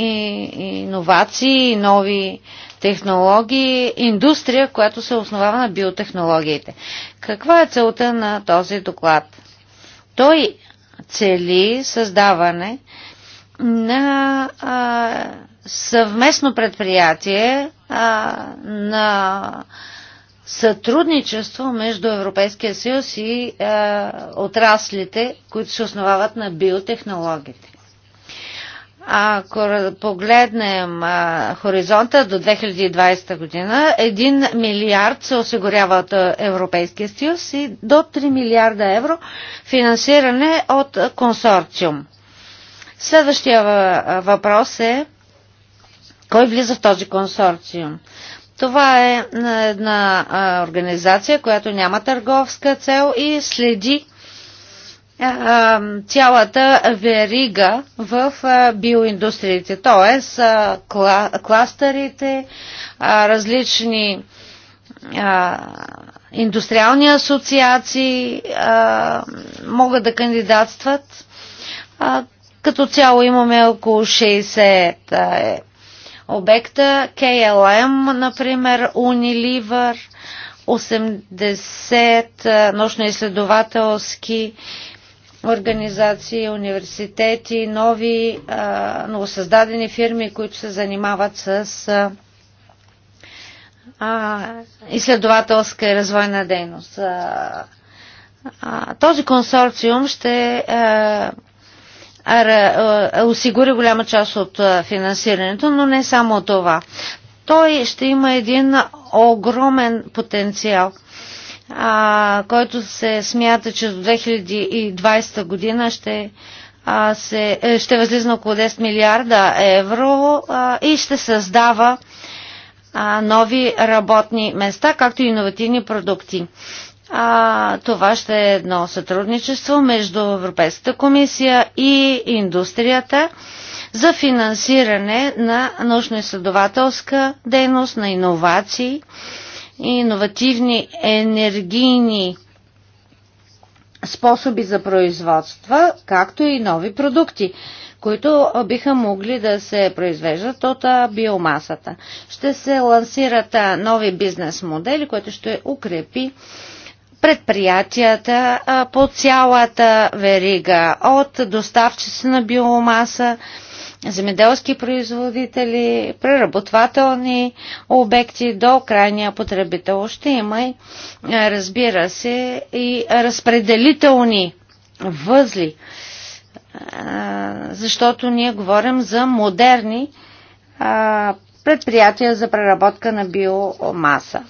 иновации, нови технологии, индустрия, която се основава на биотехнологиите. Каква е целта на този доклад? Той цели създаване на а, съвместно предприятие а, на сътрудничество между Европейския съюз и а, отраслите, които се основават на биотехнологиите. Ако погледнем а, хоризонта до 2020 година, 1 милиард се осигурява от Европейския съюз и до 3 милиарда евро финансиране от консорциум. Следващия въпрос е кой влиза в този консорциум? Това е една организация, която няма търговска цел и следи цялата верига в биоиндустриите, т.е. кластерите, различни индустриални асоциации могат да кандидатстват. като цяло имаме около 60 обекта. KLM, например, Unilever, 80 научно-изследователски организации, университети, нови, новосъздадени фирми, които се занимават с изследователска и развойна дейност. Този консорциум ще е, осигури голяма част от финансирането, но не само това. Той ще има един огромен потенциал, а, който се смята, че до 2020 година ще, а, се, е, ще възлиза на около 10 милиарда евро а, и ще създава а, нови работни места, както и иновативни продукти. А, това ще е едно сътрудничество между Европейската комисия и индустрията за финансиране на научно-изследователска дейност, на иновации и иновативни енергийни способи за производства, както и нови продукти, които биха могли да се произвеждат от биомасата. Ще се лансират нови бизнес модели, които ще укрепи предприятията по цялата верига, от доставчици на биомаса, земеделски производители, преработвателни обекти до крайния потребител. Ще има, и, разбира се, и разпределителни възли, защото ние говорим за модерни предприятия за преработка на биомаса.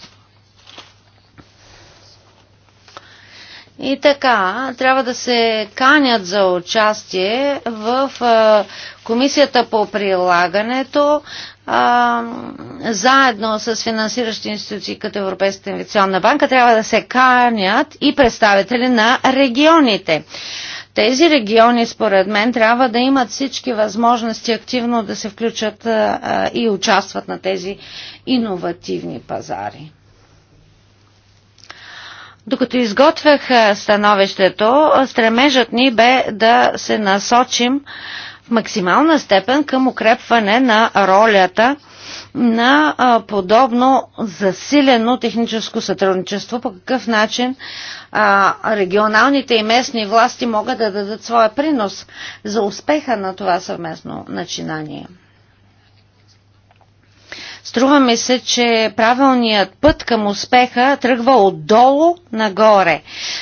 И така, трябва да се канят за участие в а, комисията по прилагането а, заедно с финансиращи институции като Европейската инвестиционна банка трябва да се канят и представители на регионите. Тези региони, според мен, трябва да имат всички възможности активно да се включат а, и участват на тези иновативни пазари. Докато изготвях становището, стремежът ни бе да се насочим в максимална степен към укрепване на ролята на подобно засилено техническо сътрудничество, по какъв начин регионалните и местни власти могат да дадат своя принос за успеха на това съвместно начинание. Струва ми се, че правилният път към успеха тръгва отдолу нагоре.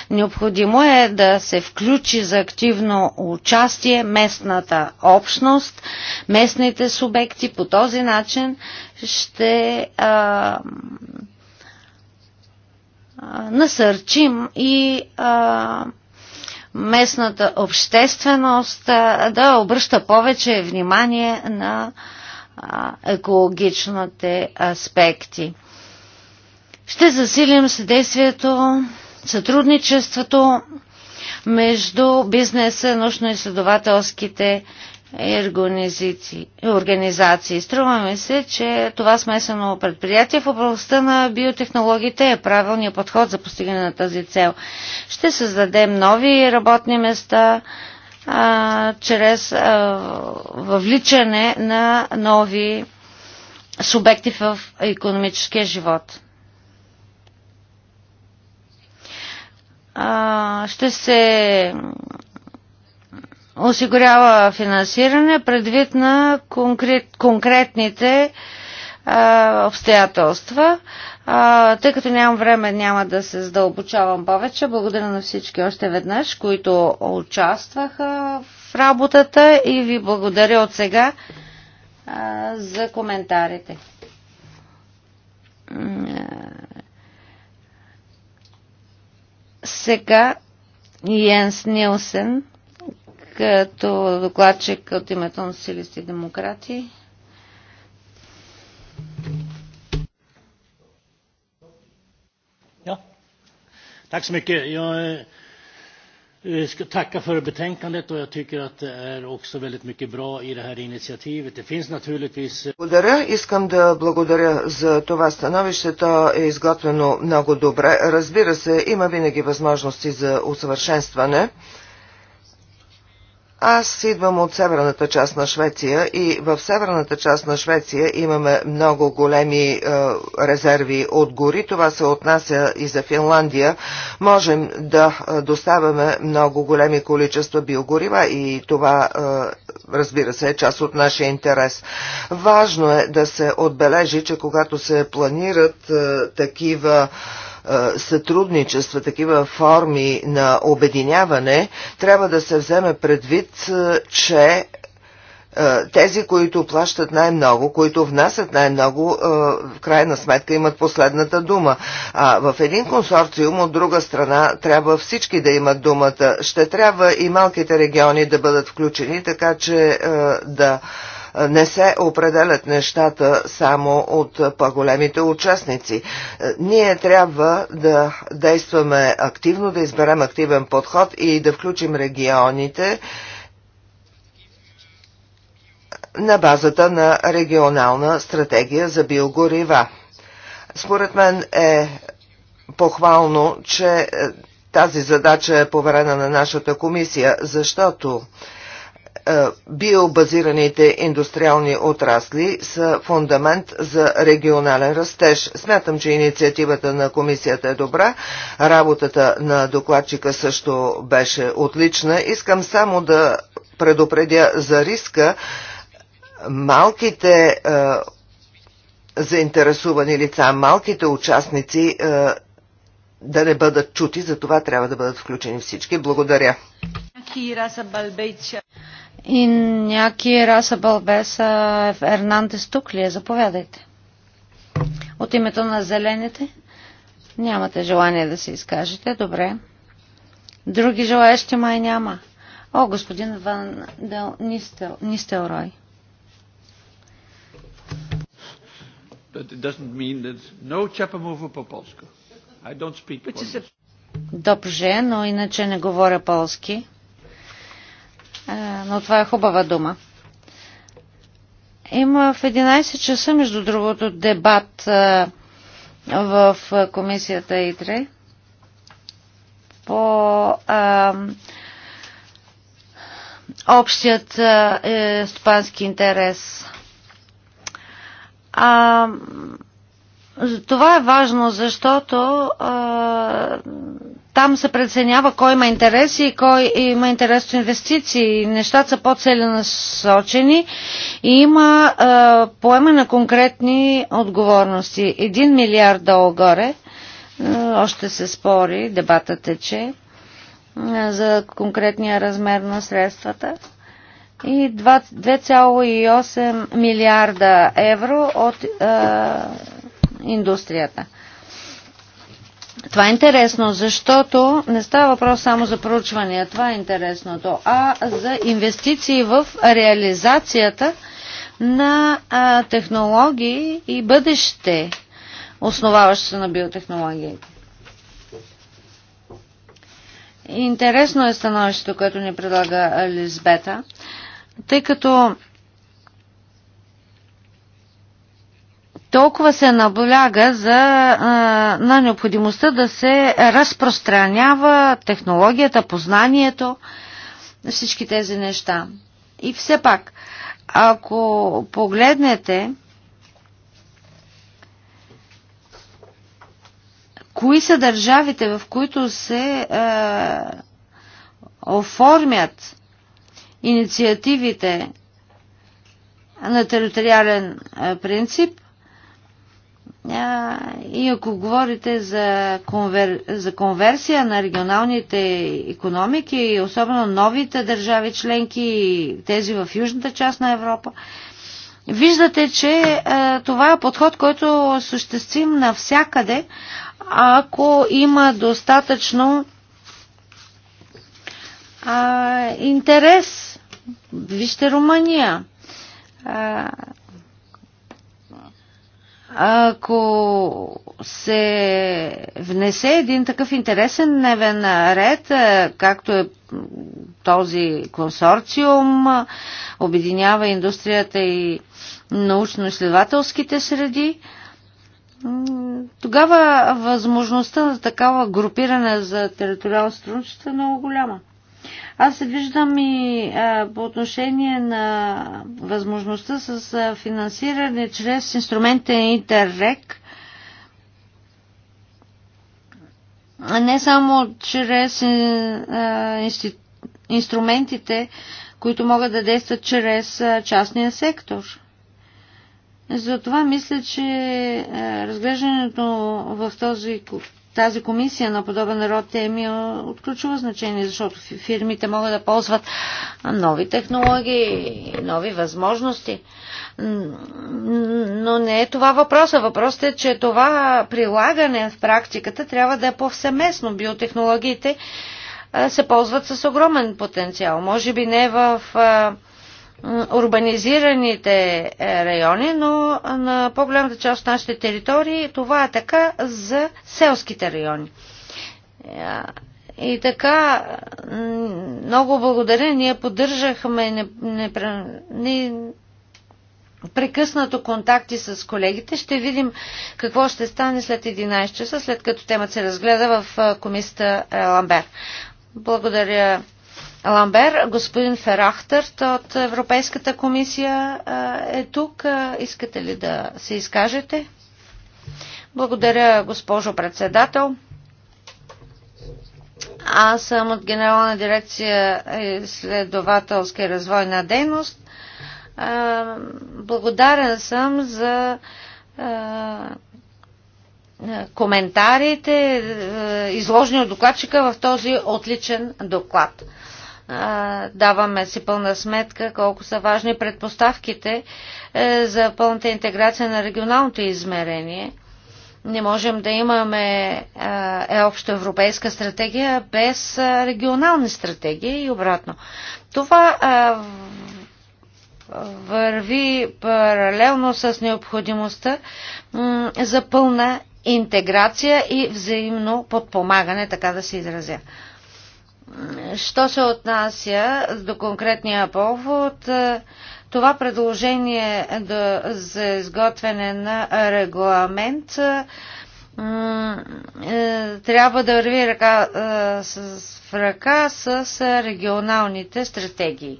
Необходимо е да се включи за активно участие местната общност, местните субекти. По този начин ще а, насърчим и а, местната общественост да обръща повече внимание на а, екологичните аспекти. Ще засилим съдействието, сътрудничеството между бизнеса, научно-изследователските организации. Струваме се, че това смесено предприятие в областта на биотехнологиите е правилният подход за постигане на тази цел. Ще създадем нови работни места, а, чрез а, въвличане на нови субекти в економическия живот. А, ще се осигурява финансиране предвид на конкрет, конкретните а, обстоятелства. А, тъй като нямам време, няма да се задълбочавам повече. Благодаря на всички още веднъж, които участваха в работата и ви благодаря от сега а, за коментарите. Сега Йенс Нилсен като докладчик от името на Силисти демократи. Tack så mycket. Jag ska tacka för betänkandet och jag tycker att det är också väldigt mycket bra i det här initiativet. Det finns naturligtvis... Благодаря. Искам да благодаря за това становище. То е изготвено много добре. Разбира се, има винаги възможности за усъвършенстване. Аз идвам от северната част на Швеция и в северната част на Швеция имаме много големи е, резерви от гори. Това се отнася и за Финландия. Можем да е, доставяме много големи количества биогорива и това, е, разбира се, е част от нашия интерес. Важно е да се отбележи, че когато се планират е, такива е, сътрудничества, такива форми на обединяване, трябва да се вземе предвид, е, че е, тези, които плащат най-много, които внасят най-много, в крайна сметка имат последната дума. А в един консорциум, от друга страна, трябва всички да имат думата. Ще трябва и малките региони да бъдат включени, така че да е, не се определят нещата само от по-големите участници. Е, ние трябва да действаме активно, да изберем активен подход и да включим регионите на базата на регионална стратегия за биогорива. Според мен е похвално, че е, тази задача е поверена на нашата комисия, защото е, биобазираните индустриални отрасли са фундамент за регионален растеж. Смятам, че инициативата на комисията е добра, работата на докладчика също беше отлична. Искам само да предупредя за риска малките е, заинтересувани лица, малките участници е, да не бъдат чути, за това трябва да бъдат включени всички. Благодаря. Иняки Раса Балбеса Ернандес тук ли е? Заповядайте. От името на зелените нямате желание да се изкажете. Добре. Други желаящи май няма. О, господин Ван Дел Нистел, Нистелрой. No Добре, но иначе не говоря полски но това е хубава дума. Има в 11 часа, между другото, дебат в комисията ИТРЕ по а, общият е, стопански интерес. А, това е важно, защото а, там се преценява кой има интерес и кой има интерес от инвестиции. Нещата са по-целенасочени и има поема на конкретни отговорности. Един милиард долу-горе, още се спори, дебата тече за конкретния размер на средствата и 2,8 милиарда евро от индустрията. Това е интересно, защото не става въпрос само за проучвания, това е интересното, а за инвестиции в реализацията на а, технологии и бъдеще, основаващо се на биотехнологиите. Интересно е становището, което ни предлага Лизбета, тъй като толкова се набляга за, на необходимостта да се разпространява технологията, познанието, всички тези неща. И все пак, ако погледнете кои са държавите, в които се е, оформят инициативите на териториален принцип, а, и ако говорите за, конвер... за конверсия на регионалните економики, особено новите държави членки, тези в южната част на Европа, виждате, че а, това е подход, който е съществим навсякъде, ако има достатъчно а, интерес. Вижте Румъния. А, ако се внесе един такъв интересен дневен ред, е, както е този консорциум, обединява индустрията и научно-изследователските среди, тогава възможността на такава групиране за териториално сътрудничество е много голяма. Аз се виждам и а, по отношение на възможността с а, финансиране чрез инструментите Интеррек, не само чрез а, инсти, инструментите, които могат да действат чрез а, частния сектор. Затова мисля, че разглеждането в този тази комисия на подобен род е от ключово значение, защото фирмите могат да ползват нови технологии, нови възможности. Но не е това въпроса. Въпросът е, че това прилагане в практиката трябва да е повсеместно. Биотехнологиите се ползват с огромен потенциал. Може би не в урбанизираните е, райони, но на по-голямата част от нашите територии това е така за селските райони. Е, и така, много благодаря. Ние поддържахме прекъснато контакти с колегите. Ще видим какво ще стане след 11 часа, след като темата се разгледа в комисията е, Ламбер. Благодаря Ламбер. Господин Ферахтърт от Европейската комисия е тук. Искате ли да се изкажете? Благодаря, госпожо председател. Аз съм от Генерална дирекция изследователски развой развойна дейност. Благодарен съм за коментарите, изложени от докладчика в този отличен доклад даваме си пълна сметка колко са важни предпоставките е, за пълната интеграция на регионалното измерение. Не можем да имаме е, общо европейска стратегия без регионални стратегии и обратно. Това върви паралелно с необходимостта за пълна интеграция и взаимно подпомагане, така да се изразя. Що се отнася до конкретния повод, е, това предложение за изготвяне на регламент е, е, трябва да върви ръка, с, в ръка с регионалните стратегии.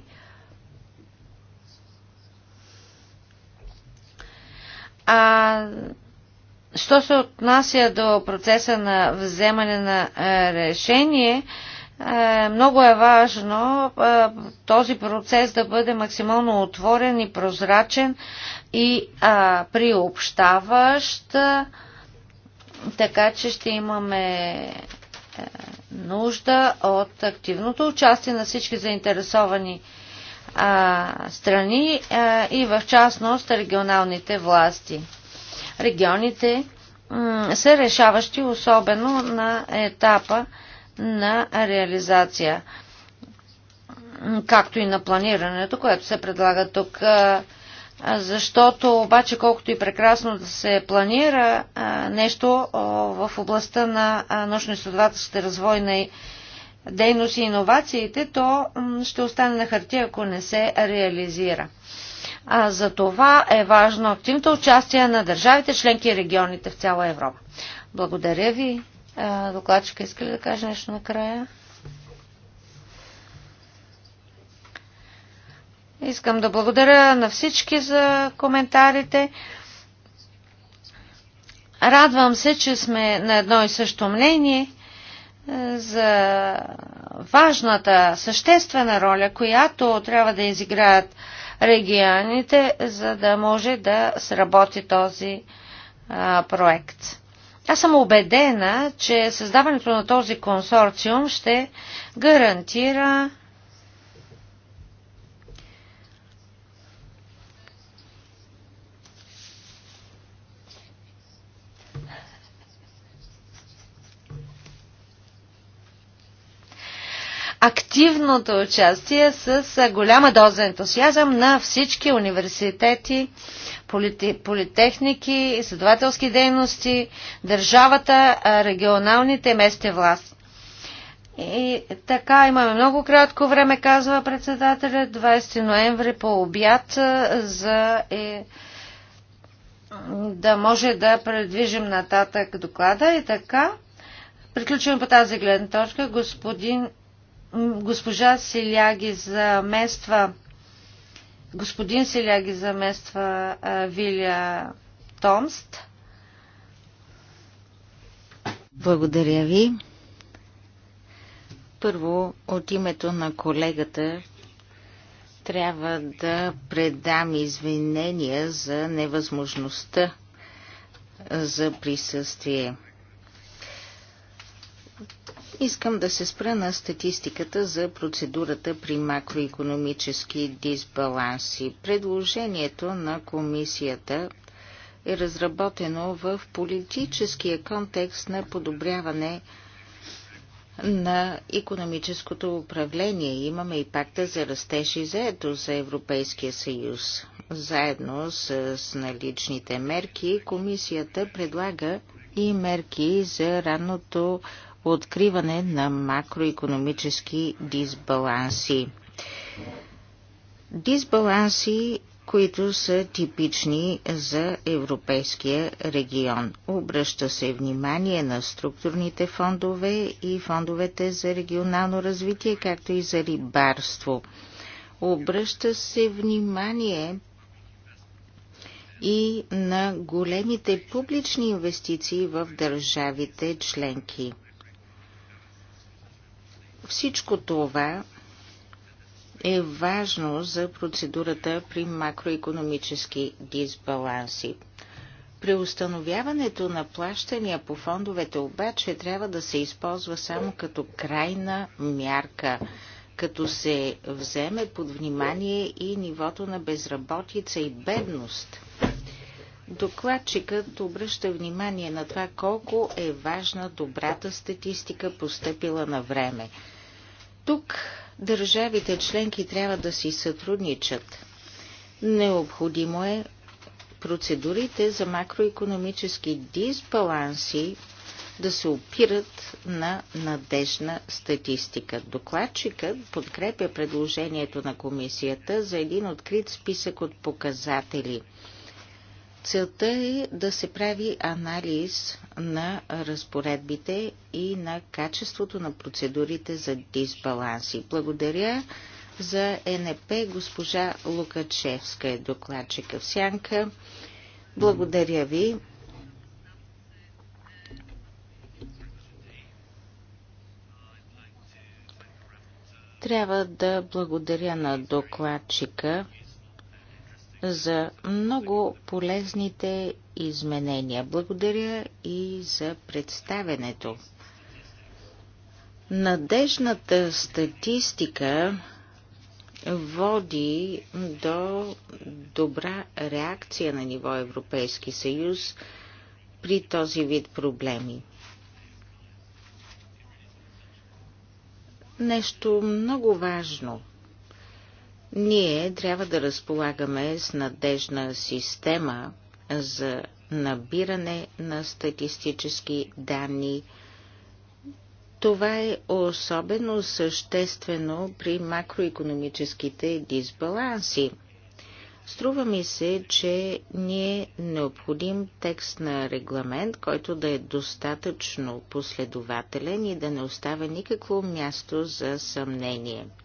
А, що се отнася до процеса на вземане на решение, е, много е важно е, този процес да бъде максимално отворен и прозрачен и приобщаващ, така че ще имаме е, нужда от активното участие на всички заинтересовани страни и в частност регионалните власти. Регионите са решаващи особено на етапа на реализация, както и на планирането, което се предлага тук. Защото обаче колкото и прекрасно да се планира нещо в областта на научно развой развойна дейност и иновациите, то ще остане на хартия, ако не се реализира. А за това е важно активното участие на държавите, членки и регионите в цяла Европа. Благодаря ви. Докладчика иска ли да каже нещо накрая? Искам да благодаря на всички за коментарите. Радвам се, че сме на едно и също мнение за важната, съществена роля, която трябва да изиграят регионите, за да може да сработи този а, проект. Аз съм убедена, че създаването на този консорциум ще гарантира активното участие с голяма доза ентусиазъм на всички университети политехники, изследователски дейности, държавата, регионалните и местни власти. И така, имаме много кратко време, казва председателя, 20 ноември по обяд, за е, да може да предвижим нататък доклада. И така, приключваме по тази гледна точка. Господин, госпожа Силяги замества Господин Селяги замества Виля Томст. Благодаря ви. Първо, от името на колегата трябва да предам извинения за невъзможността за присъствие. Искам да се спра на статистиката за процедурата при макроекономически дисбаланси. Предложението на комисията е разработено в политическия контекст на подобряване на економическото управление. Имаме и пакта за растеж и заето за Европейския съюз. Заедно с наличните мерки, комисията предлага и мерки за ранното откриване на макроекономически дисбаланси. Дисбаланси, които са типични за европейския регион. Обръща се внимание на структурните фондове и фондовете за регионално развитие, както и за рибарство. Обръща се внимание и на големите публични инвестиции в държавите членки. Всичко това е важно за процедурата при макроекономически дисбаланси. При установяването на плащания по фондовете обаче трябва да се използва само като крайна мярка, като се вземе под внимание и нивото на безработица и бедност. Докладчикът обръща внимание на това колко е важна добрата статистика, постъпила на време – тук държавите членки трябва да си сътрудничат. Необходимо е процедурите за макроекономически дисбаланси да се опират на надежна статистика. Докладчикът подкрепя предложението на комисията за един открит списък от показатели. Целта е да се прави анализ на разпоредбите и на качеството на процедурите за дисбаланси. Благодаря за НП госпожа Лукачевска е докладчика в Сянка. Благодаря ви. Трябва да благодаря на докладчика за много полезните изменения. Благодаря и за представенето. Надежната статистика води до добра реакция на ниво Европейски съюз при този вид проблеми. Нещо много важно – ние трябва да разполагаме с надежна система за набиране на статистически данни. Това е особено съществено при макроекономическите дисбаланси. Струва ми се, че ни е необходим текст на регламент, който да е достатъчно последователен и да не оставя никакво място за съмнение –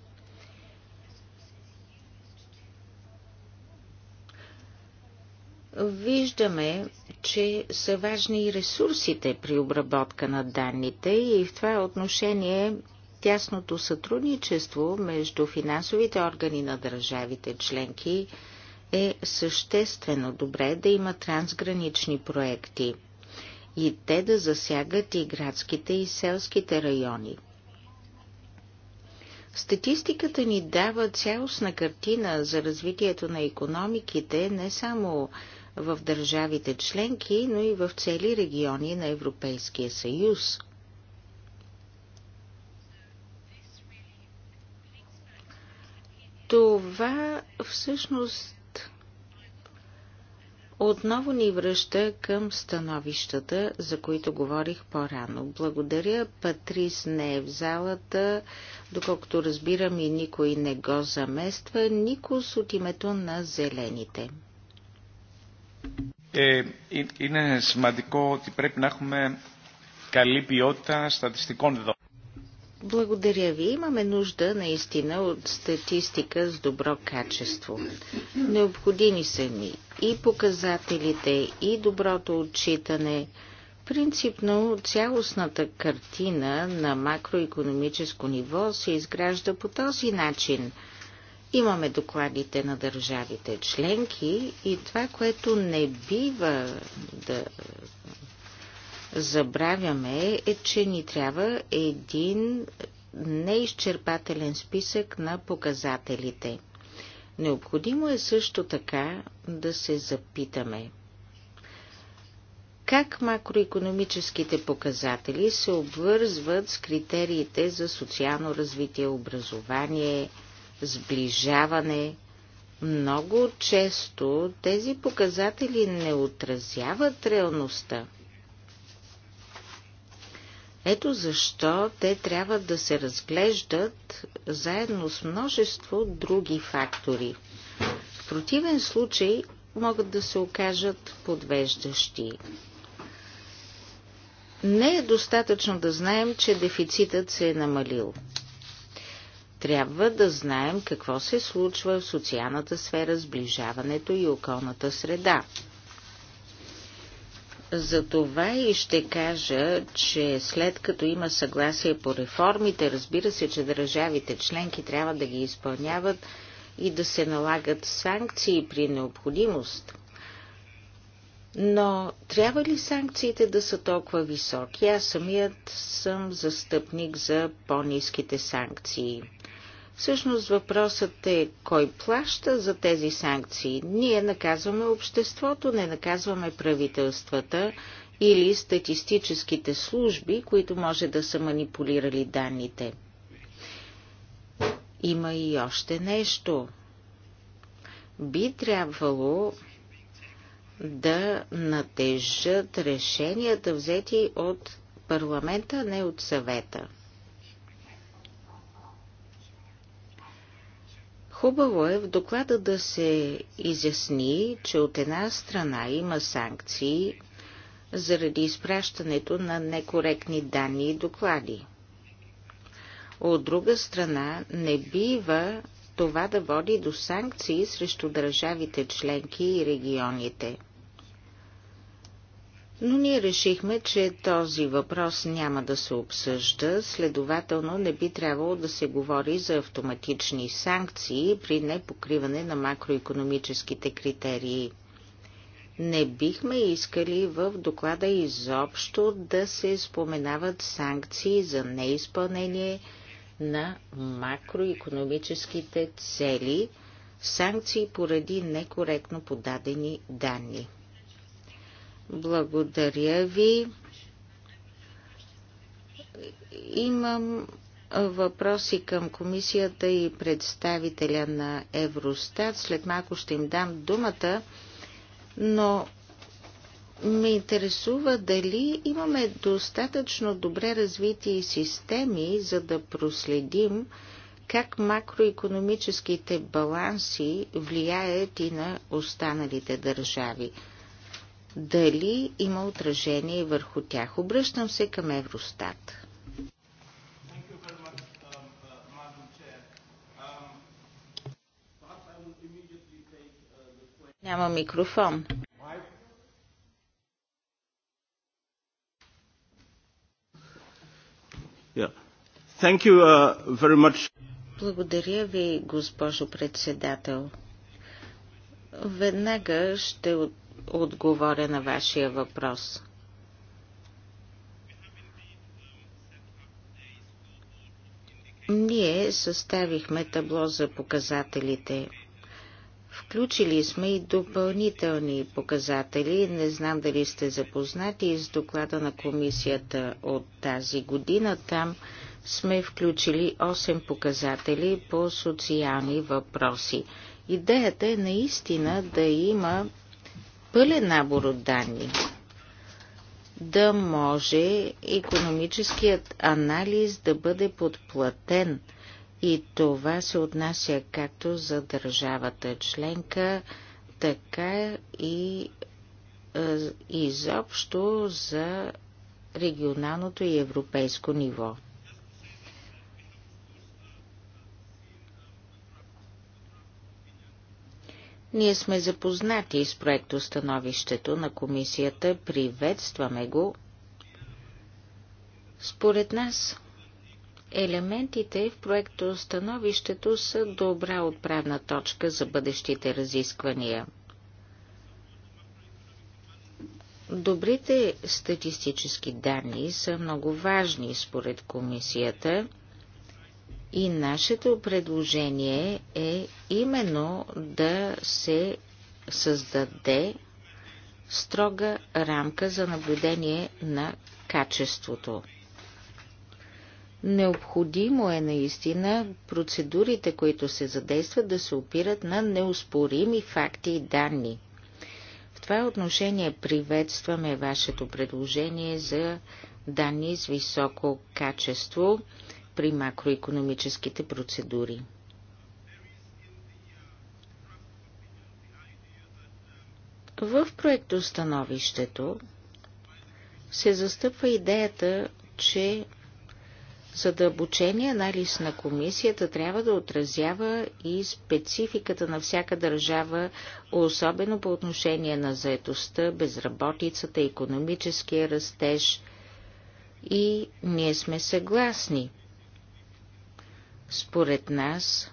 Виждаме, че са важни и ресурсите при обработка на данните и в това отношение тясното сътрудничество между финансовите органи на държавите членки е съществено добре да има трансгранични проекти и те да засягат и градските и селските райони. Статистиката ни дава цялостна картина за развитието на економиките не само в държавите членки, но и в цели региони на Европейския съюз. Това всъщност отново ни връща към становищата, за които говорих по-рано. Благодаря, Патрис не е в залата, доколкото разбирам и никой не го замества, Никос от името на зелените. Ε, είναι σημαντικό ότι πρέπει να έχουμε καλή ποιότητα στατιστικών δεδομένων. Благодаря ви. Имаме нужда наистина от статистика с добро качество. Необходими са ни и показателите, и доброто отчитане. Принципно цялостната картина на макроекономическо ниво се изгражда по този начин – Имаме докладите на държавите членки и това, което не бива да забравяме е, че ни трябва един неизчерпателен списък на показателите. Необходимо е също така да се запитаме как макроекономическите показатели се обвързват с критериите за социално развитие, образование, сближаване. Много често тези показатели не отразяват реалността. Ето защо те трябва да се разглеждат заедно с множество други фактори. В противен случай могат да се окажат подвеждащи. Не е достатъчно да знаем, че дефицитът се е намалил. Трябва да знаем какво се случва в социалната сфера, сближаването и околната среда. За това и ще кажа, че след като има съгласие по реформите, разбира се, че държавите членки трябва да ги изпълняват и да се налагат санкции при необходимост. Но трябва ли санкциите да са толкова високи? Аз самият съм застъпник за по-низките санкции. Всъщност въпросът е кой плаща за тези санкции. Ние наказваме обществото, не наказваме правителствата или статистическите служби, които може да са манипулирали данните. Има и още нещо. Би трябвало да натежат решенията взети от парламента, а не от съвета. Хубаво е в доклада да се изясни, че от една страна има санкции заради изпращането на некоректни данни и доклади. От друга страна, не бива това да води до санкции срещу държавите членки и регионите. Но ние решихме, че този въпрос няма да се обсъжда, следователно не би трябвало да се говори за автоматични санкции при непокриване на макроекономическите критерии. Не бихме искали в доклада изобщо да се споменават санкции за неизпълнение на макроекономическите цели, санкции поради некоректно подадени данни. Благодаря ви. Имам въпроси към комисията и представителя на Евростат. След малко ще им дам думата, но ме интересува дали имаме достатъчно добре развити системи, за да проследим как макроекономическите баланси влияят и на останалите държави дали има отражение върху тях. Обръщам се към Евростат. Няма микрофон. Thank you, uh, very much. Благодаря ви, госпожо председател. Веднага ще от отговоря на вашия въпрос. Ние съставихме табло за показателите. Включили сме и допълнителни показатели. Не знам дали сте запознати с доклада на комисията от тази година. Там сме включили 8 показатели по социални въпроси. Идеята е наистина да има пълен набор от данни, да може економическият анализ да бъде подплатен. И това се отнася както за държавата членка, така и е, изобщо за регионалното и европейско ниво. Ние сме запознати с проектостановището на комисията, приветстваме го. Според нас, елементите в проектостановището са добра отправна точка за бъдещите разисквания. Добрите статистически данни са много важни според комисията – и нашето предложение е именно да се създаде строга рамка за наблюдение на качеството. Необходимо е наистина процедурите, които се задействат, да се опират на неоспорими факти и данни. В това отношение приветстваме вашето предложение за данни с високо качество – при макроекономическите процедури. В проектостановището се застъпва идеята, че задълбочения анализ на комисията трябва да отразява и спецификата на всяка държава, особено по отношение на заетостта, безработицата, економическия растеж. И ние сме съгласни – според нас,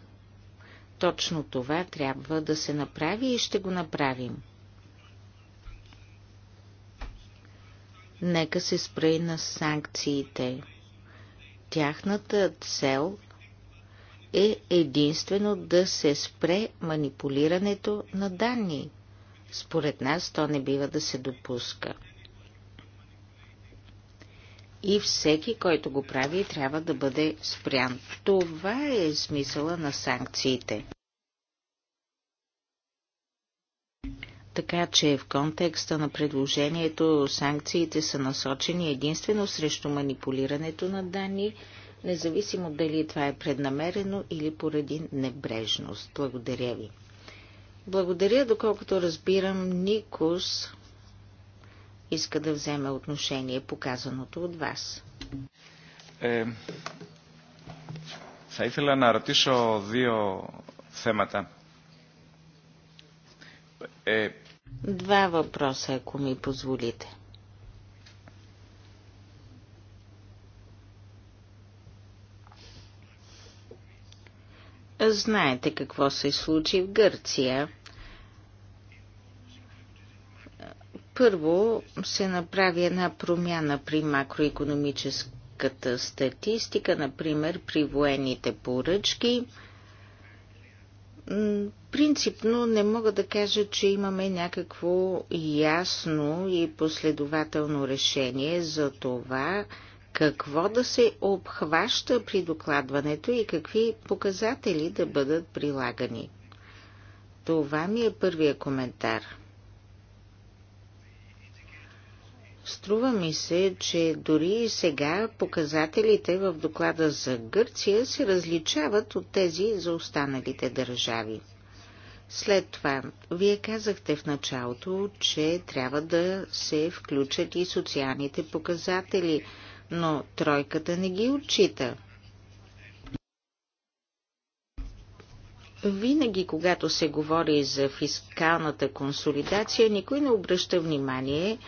точно това трябва да се направи и ще го направим. Нека се спра на санкциите. Тяхната цел е единствено да се спре манипулирането на данни. Според нас то не бива да се допуска и всеки, който го прави, трябва да бъде спрян. Това е смисъла на санкциите. Така че в контекста на предложението санкциите са насочени единствено срещу манипулирането на данни, независимо дали това е преднамерено или поради небрежност. Благодаря ви. Благодаря, доколкото разбирам, Никос иска да вземе отношение по казаното от вас. θα ήθελα να ρωτήσω δύο θέματα. Ε, Два въпроса, ако ми позволите. Знаете какво се случи в Гърция – Първо се направи една промяна при макроекономическата статистика, например при военните поръчки. Принципно не мога да кажа, че имаме някакво ясно и последователно решение за това, какво да се обхваща при докладването и какви показатели да бъдат прилагани. Това ми е първия коментар. Струва ми се, че дори и сега показателите в доклада за Гърция се различават от тези за останалите държави. След това, вие казахте в началото, че трябва да се включат и социалните показатели, но тройката не ги отчита. Винаги, когато се говори за фискалната консолидация, никой не обръща внимание,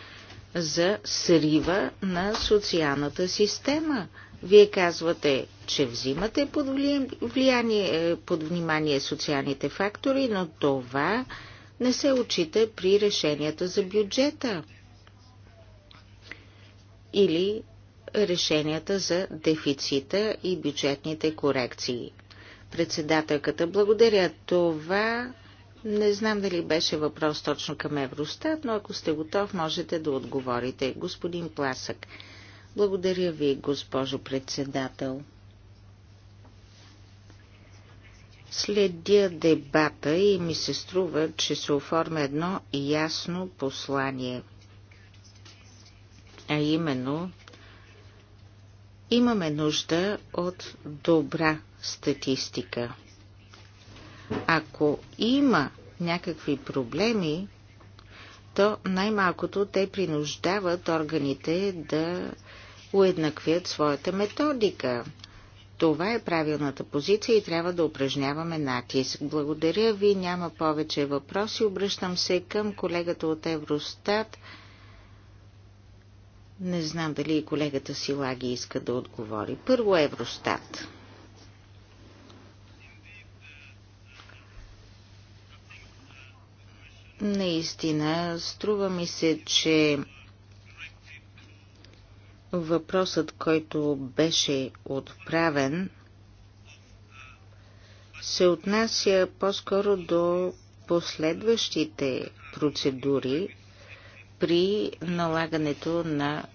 за срива на социалната система. Вие казвате, че взимате под, влияние, е, под внимание социалните фактори, но това не се отчита при решенията за бюджета или решенията за дефицита и бюджетните корекции. Председателката, благодаря. Това не знам дали беше въпрос точно към Евростат, но ако сте готов, можете да отговорите. Господин Пласък, благодаря ви, госпожо председател. Следя дебата и ми се струва, че се оформя едно ясно послание. А именно, имаме нужда от добра статистика – ако има някакви проблеми, то най-малкото те принуждават органите да уеднаквят своята методика. Това е правилната позиция и трябва да упражняваме натиск. Благодаря ви, няма повече въпроси. Обръщам се към колегата от Евростат. Не знам дали колегата Силаги иска да отговори. Първо Евростат. Наистина, струва ми се, че въпросът, който беше отправен, се отнася по-скоро до последващите процедури при налагането на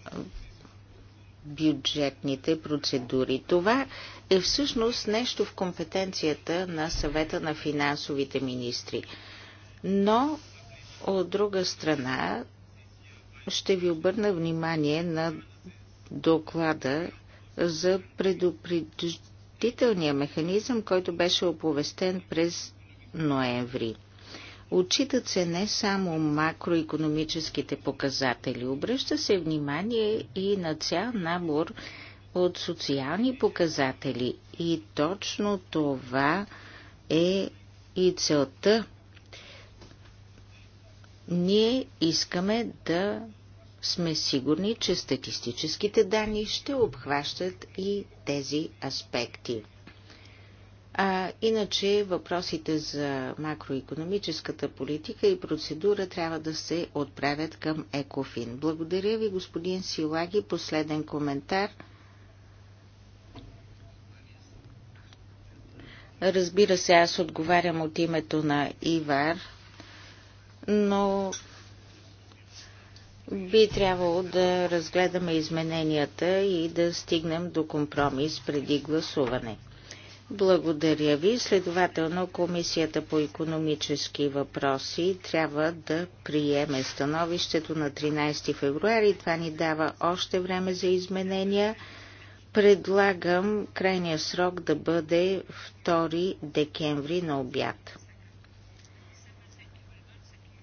бюджетните процедури. Това е всъщност нещо в компетенцията на съвета на финансовите министри. Но от друга страна, ще ви обърна внимание на доклада за предупредителния механизъм, който беше оповестен през ноември. Отчитат се не само макроекономическите показатели, обръща се внимание и на цял набор от социални показатели. И точно това е и целта ние искаме да сме сигурни, че статистическите данни ще обхващат и тези аспекти. А, иначе въпросите за макроекономическата политика и процедура трябва да се отправят към Екофин. Благодаря ви, господин Силаги. Последен коментар. Разбира се, аз отговарям от името на Ивар но би трябвало да разгледаме измененията и да стигнем до компромис преди гласуване. Благодаря ви. Следователно, Комисията по економически въпроси трябва да приеме становището на 13 февруари. Това ни дава още време за изменения. Предлагам крайния срок да бъде 2 декември на обяд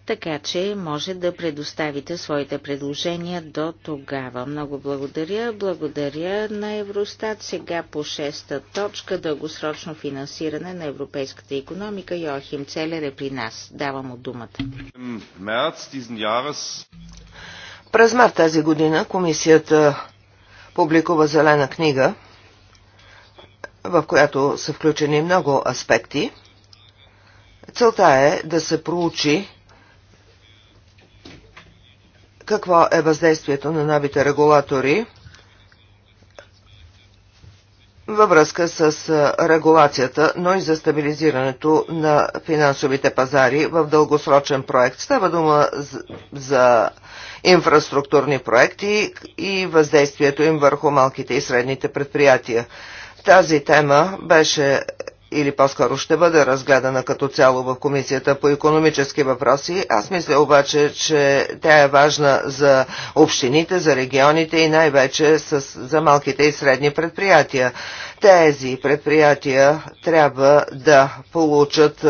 така че може да предоставите своите предложения до тогава. Много благодаря. Благодаря на Евростат. Сега по шеста точка дългосрочно финансиране на европейската економика. Йохим Целер е при нас. Давам му думата. През март тази година комисията публикува зелена книга, в която са включени много аспекти. Целта е да се проучи какво е въздействието на новите регулатори във връзка с регулацията, но и за стабилизирането на финансовите пазари в дългосрочен проект? Става дума за инфраструктурни проекти и въздействието им върху малките и средните предприятия. Тази тема беше или по-скоро ще бъде разгледана като цяло в Комисията по економически въпроси. Аз мисля обаче, че тя е важна за общините, за регионите и най-вече за малките и средни предприятия. Тези предприятия трябва да получат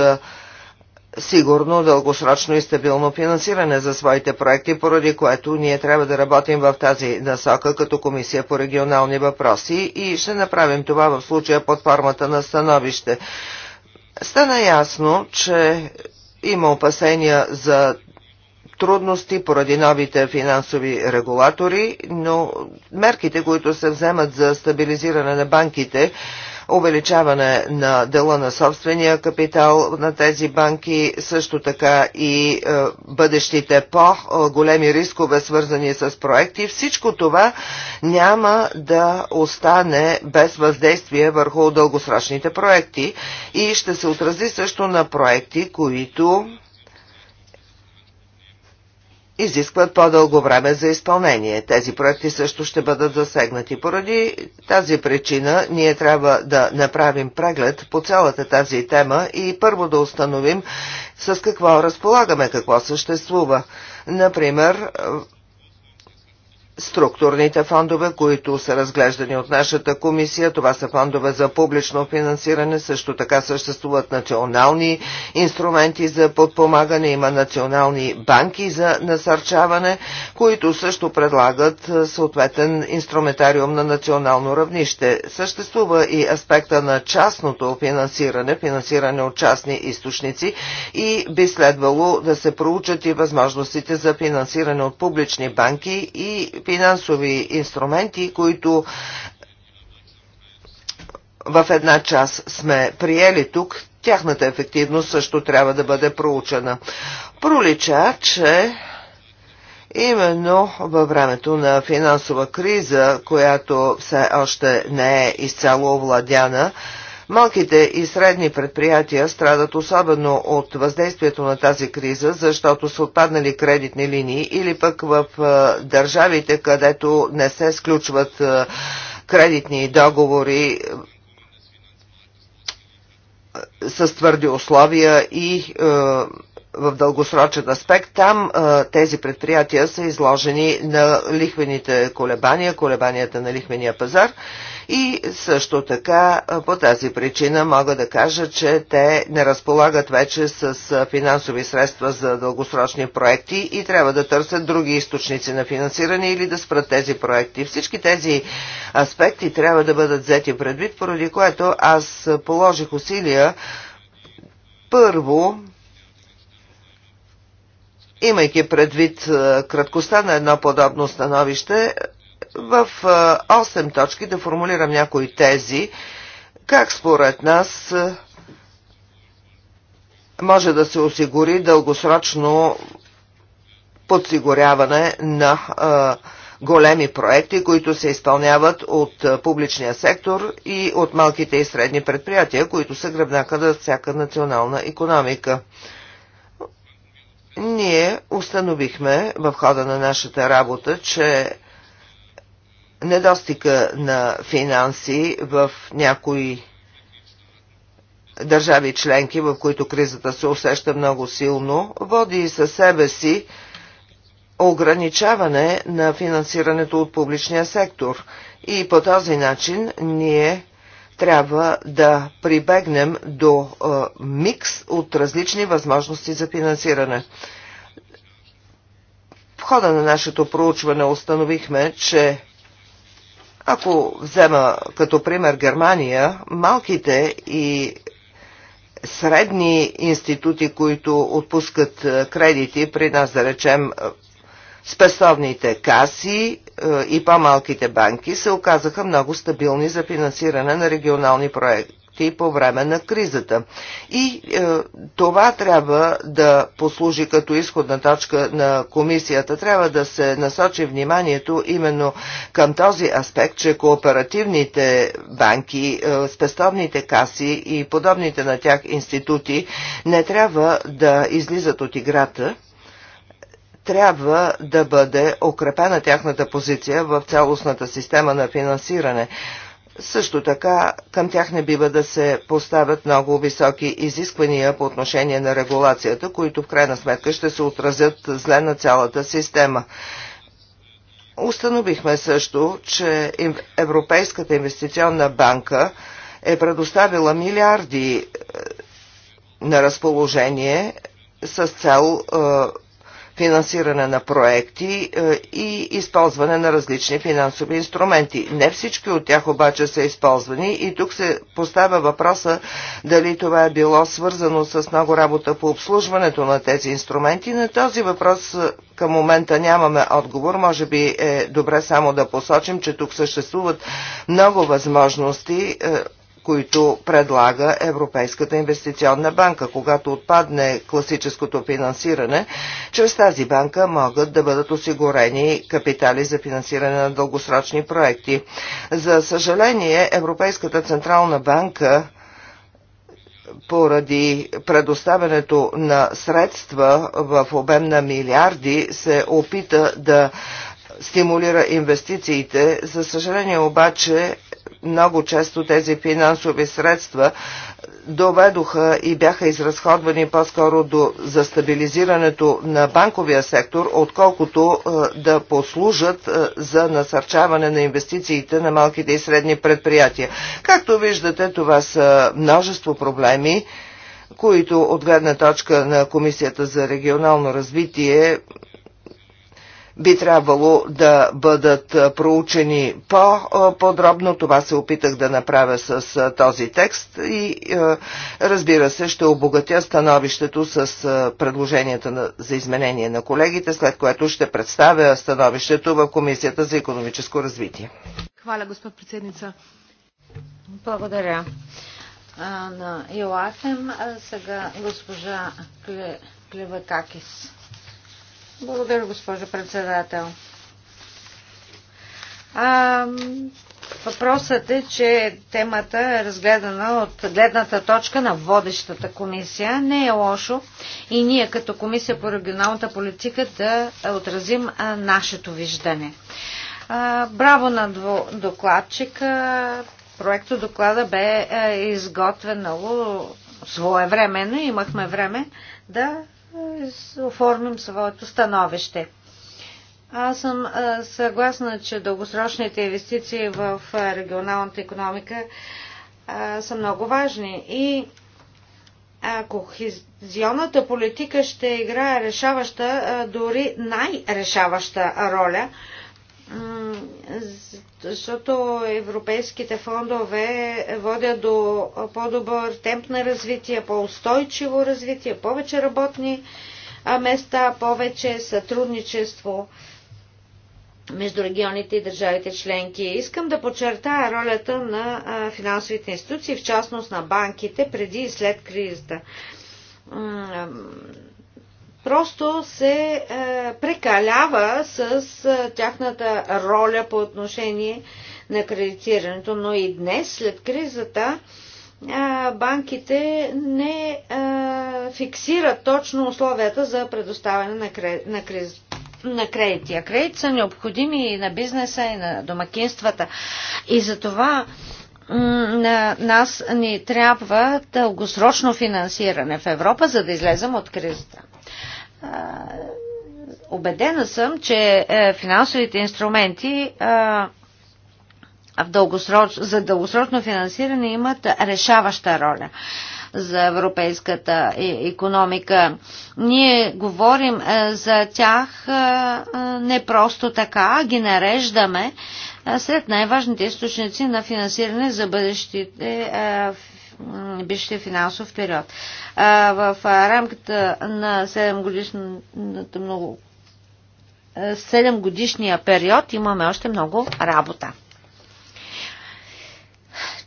сигурно, дългосрочно и стабилно финансиране за своите проекти, поради което ние трябва да работим в тази насока като Комисия по регионални въпроси и ще направим това в случая под формата на становище. Стана ясно, че има опасения за трудности поради новите финансови регулатори, но мерките, които се вземат за стабилизиране на банките, увеличаване на дела на собствения капитал на тези банки, също така и е, бъдещите по-големи рискове, свързани с проекти. Всичко това няма да остане без въздействие върху дългосрочните проекти и ще се отрази също на проекти, които изискват по-дълго време за изпълнение. Тези проекти също ще бъдат засегнати. Поради тази причина ние трябва да направим преглед по цялата тази тема и първо да установим с какво разполагаме, какво съществува. Например, структурните фондове, които са разглеждани от нашата комисия. Това са фондове за публично финансиране. Също така съществуват национални инструменти за подпомагане. Има национални банки за насърчаване, които също предлагат е, съответен инструментариум на национално равнище. Съществува и аспекта на частното финансиране, финансиране от частни източници и би следвало да се проучат и възможностите за финансиране от публични банки и финансови инструменти, които в една част сме приели тук, тяхната ефективност също трябва да бъде проучена. Пролича, че Именно във времето на финансова криза, която все още не е изцяло овладяна, Малките и средни предприятия страдат особено от въздействието на тази криза, защото са отпаднали кредитни линии или пък в държавите, където не се сключват кредитни договори с твърди условия и в дългосрочен аспект, там тези предприятия са изложени на лихвените колебания, колебанията на лихвения пазар и също така по тази причина мога да кажа, че те не разполагат вече с финансови средства за дългосрочни проекти и трябва да търсят други източници на финансиране или да спрат тези проекти. Всички тези аспекти трябва да бъдат взети предвид, поради което аз положих усилия първо Имайки предвид краткостта на едно подобно становище, в 8 точки да формулирам някои тези, как според нас може да се осигури дългосрочно подсигуряване на големи проекти, които се изпълняват от публичния сектор и от малките и средни предприятия, които са гръбнака за всяка национална економика. Ние установихме в хода на нашата работа, че недостига на финанси в някои държави членки, в които кризата се усеща много силно, води със себе си ограничаване на финансирането от публичния сектор. И по този начин ние трябва да прибегнем до е, микс от различни възможности за финансиране. В хода на нашето проучване установихме, че ако взема като пример Германия, малките и средни институти, които отпускат е, кредити, при нас да речем е, спестовните каси е, и по-малките банки, се оказаха много стабилни за финансиране на регионални проекти както и по време на кризата. И е, това трябва да послужи като изходна точка на комисията. Трябва да се насочи вниманието именно към този аспект, че кооперативните банки, е, спестовните каси и подобните на тях институти не трябва да излизат от играта, трябва да бъде укрепена тяхната позиция в цялостната система на финансиране. Също така към тях не бива да се поставят много високи изисквания по отношение на регулацията, които в крайна сметка ще се отразят зле на цялата система. Установихме също, че Европейската инвестиционна банка е предоставила милиарди е, на разположение с цел е, финансиране на проекти е, и използване на различни финансови инструменти. Не всички от тях обаче са използвани и тук се поставя въпроса дали това е било свързано с много работа по обслужването на тези инструменти. На този въпрос е, към момента нямаме отговор. Може би е добре само да посочим, че тук съществуват много възможности е, които предлага Европейската инвестиционна банка. Когато отпадне класическото финансиране, чрез тази банка могат да бъдат осигурени капитали за финансиране на дългосрочни проекти. За съжаление, Европейската централна банка поради предоставянето на средства в обем на милиарди се опита да стимулира инвестициите. За съжаление обаче много често тези финансови средства доведоха и бяха изразходвани по-скоро до застабилизирането стабилизирането на банковия сектор, отколкото е, да послужат е, за насърчаване на инвестициите на малките и средни предприятия. Както виждате, това са множество проблеми, които от гледна точка на Комисията за регионално развитие би трябвало да бъдат проучени по-подробно. Това се опитах да направя с този текст и разбира се ще обогатя становището с предложенията за изменение на колегите, след което ще представя становището в Комисията за економическо развитие. Хваля, господ председница. Благодаря. На Йоахем, сега госпожа Клевакакис. Благодаря, госпожо председател. А, въпросът е, че темата е разгледана от гледната точка на водещата комисия. Не е лошо и ние като комисия по регионалната политика да отразим а, нашето виждане. А, браво на докладчика. Проекто доклада бе е, изготвен много своевременно. Имахме време да е, оформим своето становище. Аз съм е, съгласна, че дългосрочните инвестиции в е, регионалната економика са много важни и ако хизионната политика ще играе решаваща, дори най-решаваща роля – защото европейските фондове водят до по-добър темп на развитие, по-устойчиво развитие, повече работни места, повече сътрудничество между регионите и държавите членки. Искам да подчертая ролята на финансовите институции, в частност на банките, преди и след кризата просто се е, прекалява с е, тяхната роля по отношение на кредитирането. Но и днес, след кризата, е, банките не е, фиксират точно условията за предоставяне на, кре, на, криз, на кредити. А кредити са необходими и на бизнеса, и на домакинствата. И за това на нас ни трябва дългосрочно финансиране в Европа, за да излезем от кризата. Обедена съм, че е, финансовите инструменти в дългосроч... за дългосрочно финансиране имат решаваща роля за европейската економика. Ние говорим е, за тях е, не просто така, а ги нареждаме сред най-важните източници на финансиране за бъдещите бившия финансов период. В рамката на 7 годишната много 7 годишния период имаме още много работа.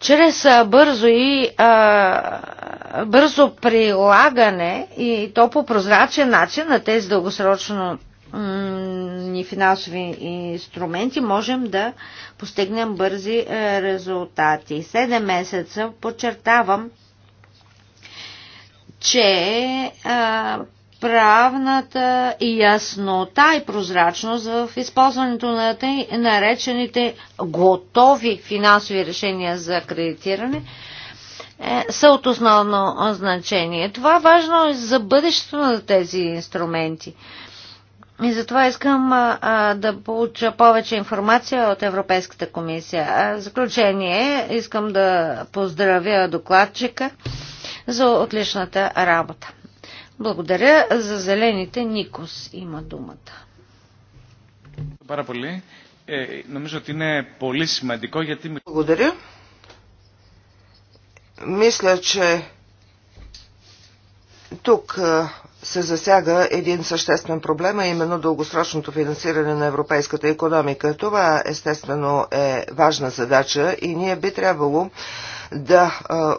Чрез бързо и а, бързо прилагане и то по прозрачен начин на тези дългосрочно ни финансови инструменти, можем да постигнем бързи е, резултати. Седем месеца подчертавам, че е, правната яснота и прозрачност в използването на тъй наречените готови финансови решения за кредитиране е, са от основно значение. Това важно е за бъдещето на тези инструменти. И затова искам а, а, да получа повече информация от Европейската комисия. А, в заключение искам да поздравя докладчика за отличната работа. Благодаря за зелените. Никос има думата. Пара πολύ. Ε, νομίζω ότι είναι πολύ σημαντικό γιατί... Благодаря. Мисля, че тук се засяга един съществен проблем, а именно дългосрочното финансиране на европейската економика. Това естествено е важна задача и ние би трябвало да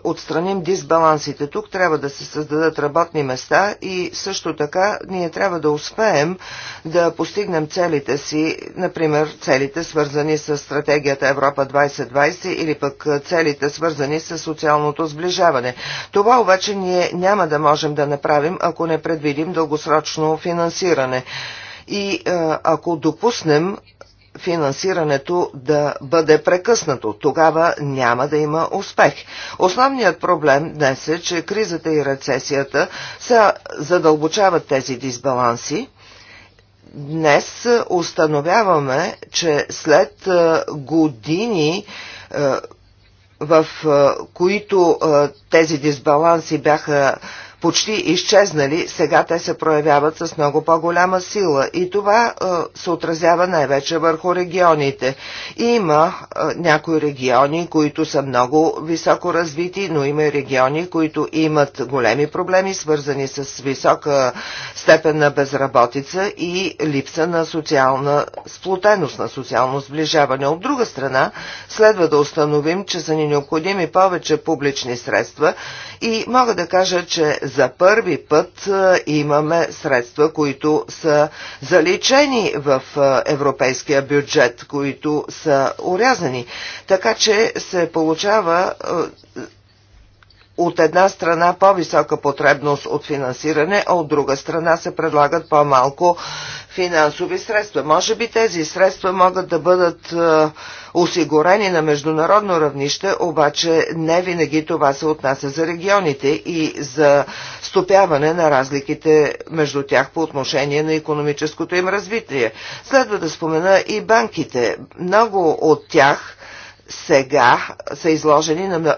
отстраним дисбалансите. Тук трябва да се създадат работни места и също така ние трябва да успеем да постигнем целите си, например целите свързани с стратегията Европа 2020 или пък целите свързани с социалното сближаване. Това обаче ние няма да можем да направим, ако не предвидим дългосрочно финансиране. И ако допуснем финансирането да бъде прекъснато. Тогава няма да има успех. Основният проблем днес е, че кризата и рецесията са задълбочават тези дисбаланси. Днес установяваме, че след години в които тези дисбаланси бяха почти изчезнали, сега те се проявяват с много по-голяма сила и това е, се отразява най-вече върху регионите. И има е, някои региони, които са много високо развити, но има и региони, които имат големи проблеми, свързани с висока степен на безработица и липса на социална сплотеност, на социално сближаване. От друга страна, следва да установим, че са ни необходими повече публични средства и мога да кажа, че за първи път имаме средства, които са заличени в европейския бюджет, които са урязани. Така че се получава от една страна по-висока потребност от финансиране, а от друга страна се предлагат по-малко финансови средства. Може би тези средства могат да бъдат е, осигурени на международно равнище, обаче не винаги това се отнася за регионите и за стопяване на разликите между тях по отношение на економическото им развитие. Следва да спомена и банките. Много от тях сега са изложени на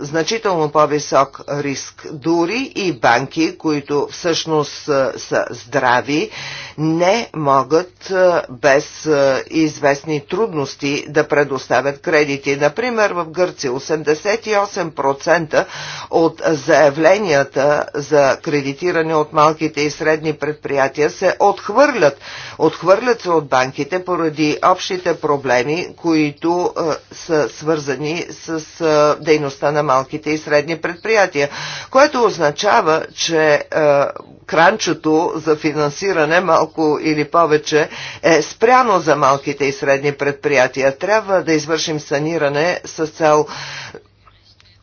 значително по-висок риск. Дори и банки, които всъщност са здрави, не могат без известни трудности да предоставят кредити. Например, в Гърция 88% от заявленията за кредитиране от малките и средни предприятия се отхвърлят. Отхвърлят се от банките поради общите проблеми, които са свързани с дейността на малките и средни предприятия, което означава, че кранчето за финансиране малко по-малко или повече е спряно за малките и средни предприятия. Трябва да извършим саниране с цел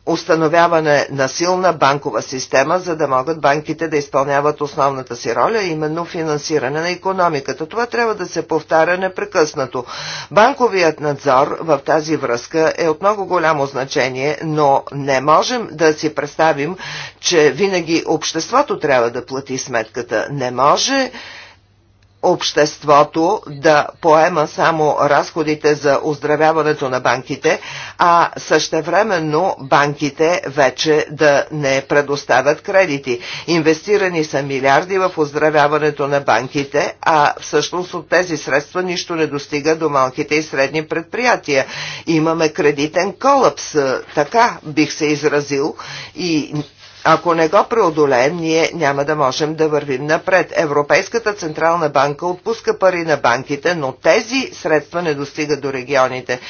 установяване на силна банкова система, за да могат банките да изпълняват основната си роля, именно финансиране на економиката. Това трябва да се повтаря непрекъснато. Банковият надзор в тази връзка е от много голямо значение, но не можем да си представим, че винаги обществото трябва да плати сметката. Не може обществото да поема само разходите за оздравяването на банките, а същевременно банките вече да не предоставят кредити. Инвестирани са милиарди в оздравяването на банките, а всъщност от тези средства нищо не достига до малките и средни предприятия. Имаме кредитен колапс, така бих се изразил и ако не го преодолеем, ние няма да можем да вървим напред. Европейската Централна банка отпуска пари на банките, но тези средства не достигат до регионите.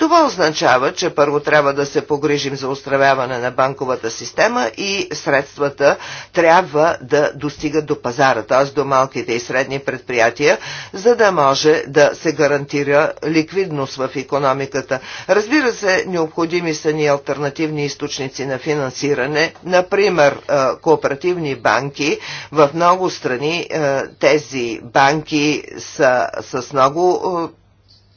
Това означава, че първо трябва да се погрижим за устравяване на банковата система и средствата трябва да достигат до пазара, т.е. до малките и средни предприятия, за да може да се гарантира ликвидност в економиката. Разбира се, необходими са ни альтернативни източници на финансиране, например кооперативни банки. В много страни тези банки са с много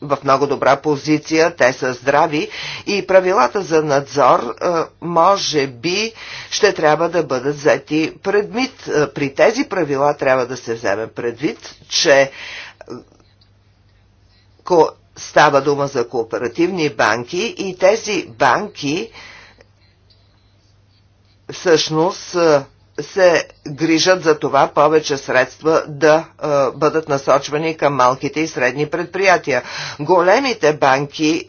в много добра позиция, те са здрави и правилата за надзор е, може би ще трябва да бъдат взети предвид. Е, при тези правила трябва да се вземе предвид, че е, става дума за кооперативни банки и тези банки всъщност се грижат за това повече средства да а, е, бъдат насочвани към малките и средни предприятия. Големите банки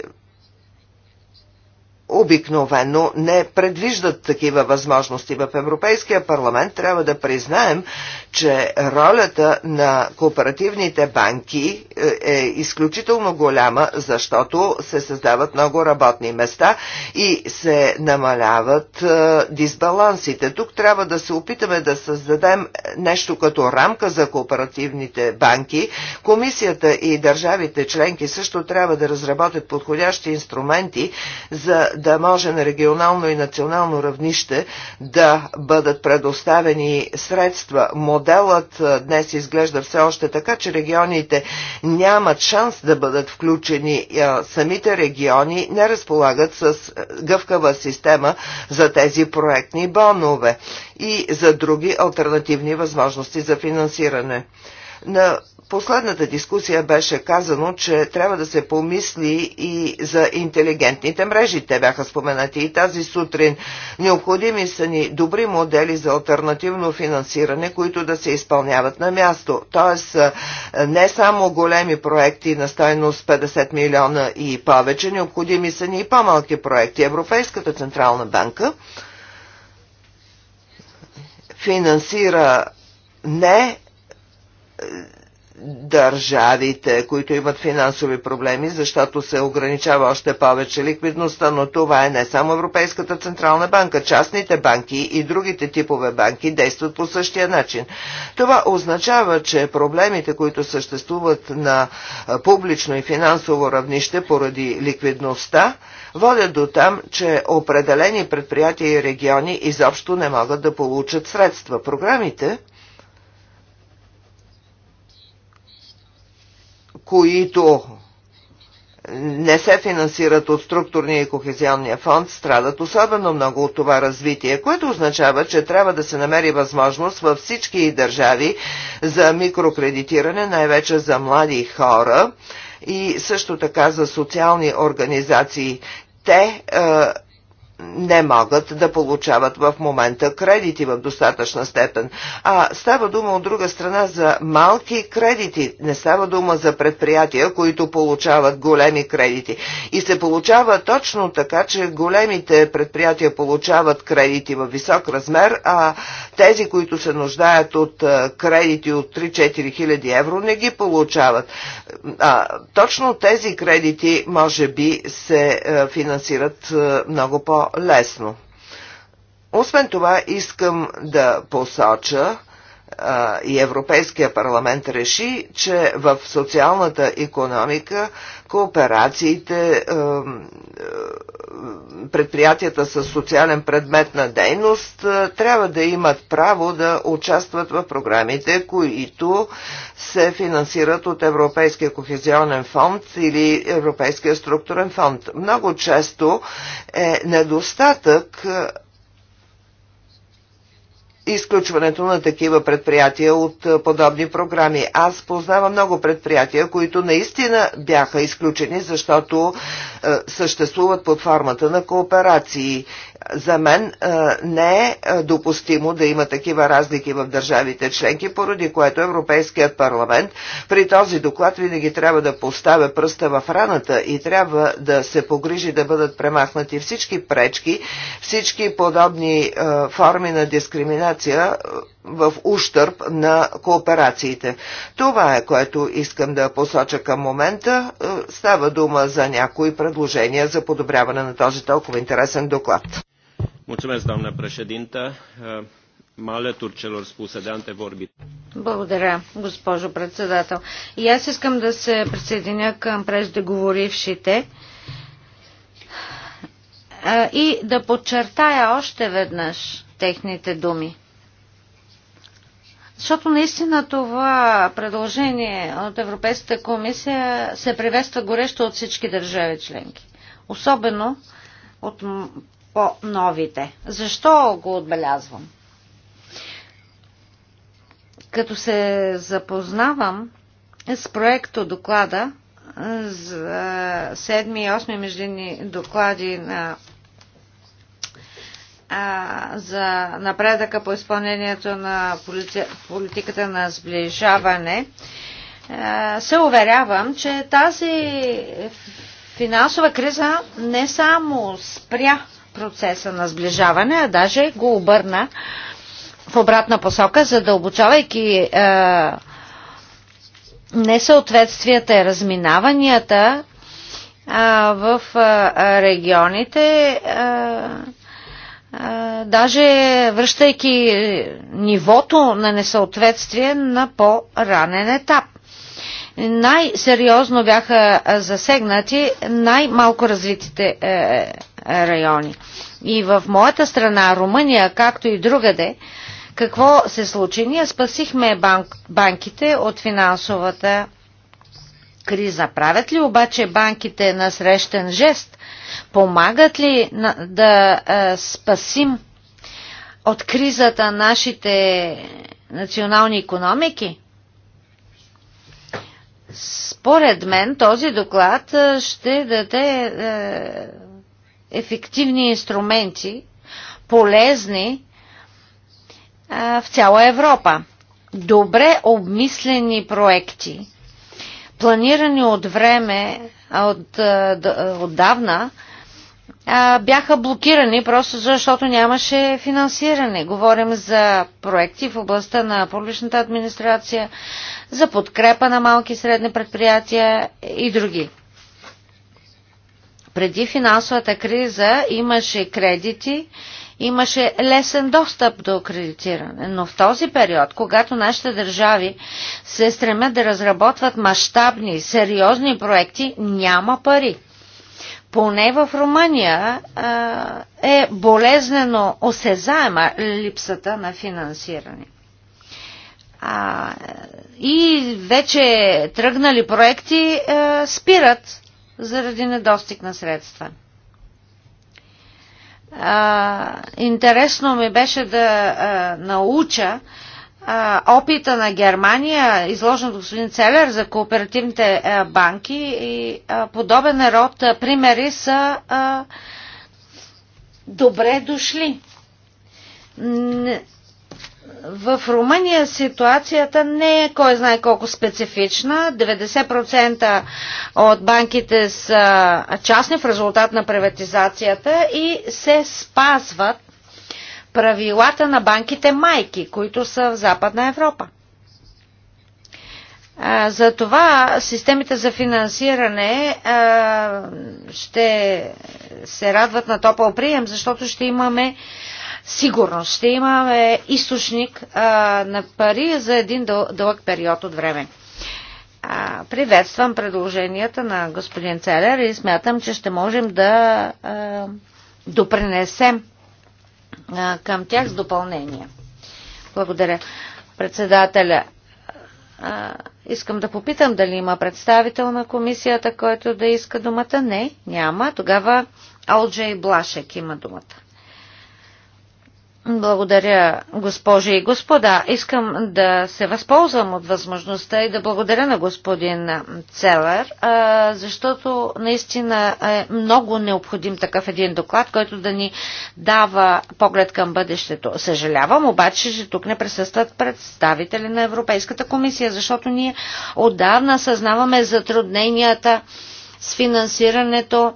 обикновено не предвиждат такива възможности. В Европейския парламент трябва да признаем, че ролята на кооперативните банки е, е изключително голяма, защото се създават много работни места и се намаляват е, дисбалансите. Тук трябва да се опитаме да създадем нещо като рамка за кооперативните банки. Комисията и държавите членки също трябва да разработят подходящи инструменти за да може на регионално и национално равнище да бъдат предоставени средства. Моделът днес изглежда все още така, че регионите нямат шанс да бъдат включени. Самите региони не разполагат с гъвкава система за тези проектни бонове и за други альтернативни възможности за финансиране. На последната дискусия беше казано, че трябва да се помисли и за интелигентните мрежи. Те бяха споменати и тази сутрин. Необходими са ни добри модели за альтернативно финансиране, които да се изпълняват на място. Тоест е, не само големи проекти на стойност 50 милиона и повече, необходими са ни и по-малки проекти. Европейската Централна банка финансира не е, държавите, които имат финансови проблеми, защото се ограничава още повече ликвидността, но това е не само Европейската Централна банка. Частните банки и другите типове банки действат по същия начин. Това означава, че проблемите, които съществуват на публично и финансово равнище поради ликвидността, водят до там, че определени предприятия и региони изобщо не могат да получат средства. Програмите, които не се финансират от структурния и кохезионния фонд, страдат особено много от това развитие, което означава, че трябва да се намери възможност във всички държави за микрокредитиране, най-вече за млади хора и също така за социални организации. Те е, не могат да получават в момента кредити в достатъчна степен. А става дума от друга страна за малки кредити. Не става дума за предприятия, които получават големи кредити. И се получава точно така, че големите предприятия получават кредити в висок размер, а тези, които се нуждаят от кредити от 3-4 хиляди евро, не ги получават. А, точно тези кредити, може би, се финансират много по по-лесно. Освен това, искам да посоча, и Европейския парламент реши, че в социалната економика кооперациите, предприятията с социален предмет на дейност трябва да имат право да участват в програмите, които се финансират от Европейския кохезионен фонд или Европейския структурен фонд. Много често е недостатък изключването на такива предприятия от подобни програми. Аз познавам много предприятия, които наистина бяха изключени, защото е, съществуват под формата на кооперации за мен не е допустимо да има такива разлики в държавите членки, поради което Европейският парламент при този доклад винаги трябва да поставя пръста в раната и трябва да се погрижи да бъдат премахнати всички пречки, всички подобни форми на дискриминация в ущърп на кооперациите. Това е което искам да посоча към момента. Е, става дума за някои предложения за подобряване на този толкова интересен доклад. președintă. Е, Благодаря, госпожо председател. И аз искам да се присъединя към преждеговорившите е, и да подчертая още веднъж техните думи. Защото наистина това предложение от Европейската комисия се приветства горещо от всички държави членки. Особено от по-новите. Защо го отбелязвам? Като се запознавам с проекто доклада за 7 и 8 междинни доклади на а, за напредъка по изпълнението на полити... политиката на сближаване, а, се уверявам, че тази финансова криза не само спря процеса на сближаване, а даже го обърна в обратна посока, задълбочавайки е, несъответствията и разминаванията е, в е, регионите даже връщайки нивото на несъответствие на по-ранен етап. Най-сериозно бяха засегнати най-малко развитите е, райони. И в моята страна, Румъния, както и другаде, какво се случи? Ние спасихме банк, банките от финансовата криза. Правят ли обаче банките на срещен жест Помагат ли да е, спасим от кризата нашите национални економики? Според мен този доклад е, ще даде е, ефективни инструменти, полезни в цяла Европа. Добре обмислени проекти, планирани от време от, отдавна, бяха блокирани просто защото нямаше финансиране. Говорим за проекти в областта на публичната администрация, за подкрепа на малки и средни предприятия и други. Преди финансовата криза имаше кредити, имаше лесен достъп до кредитиране. Но в този период, когато нашите държави се стремят да разработват мащабни, сериозни проекти, няма пари. Поне в Румъния а, е болезнено осезаема липсата на финансиране. А, и вече тръгнали проекти а, спират заради недостиг на средства. А, интересно ми беше да а, науча а, опита на Германия, изложен от господин Целер за кооперативните а, банки и а, подобен род а, примери са а, добре дошли. В Румъния ситуацията не е кой знае колко специфична. 90% от банките са частни в резултат на приватизацията и се спазват правилата на банките майки, които са в Западна Европа. Затова системите за финансиране ще се радват на топъл прием, защото ще имаме сигурност ще имаме източник а, на пари за един дъл дълъг период от време. А, приветствам предложенията на господин Целер и смятам, че ще можем да а, допринесем а, към тях с допълнение. Благодаря. Председателя, а, искам да попитам дали има представител на комисията, който да иска думата. Не, няма. Тогава Алджей Блашек има думата. Благодаря, госпожи и господа. Искам да се възползвам от възможността и да благодаря на господин Целър, защото наистина е много необходим такъв един доклад, който да ни дава поглед към бъдещето. Съжалявам обаче, че тук не присъстват представители на Европейската комисия, защото ние отдавна съзнаваме затрудненията с финансирането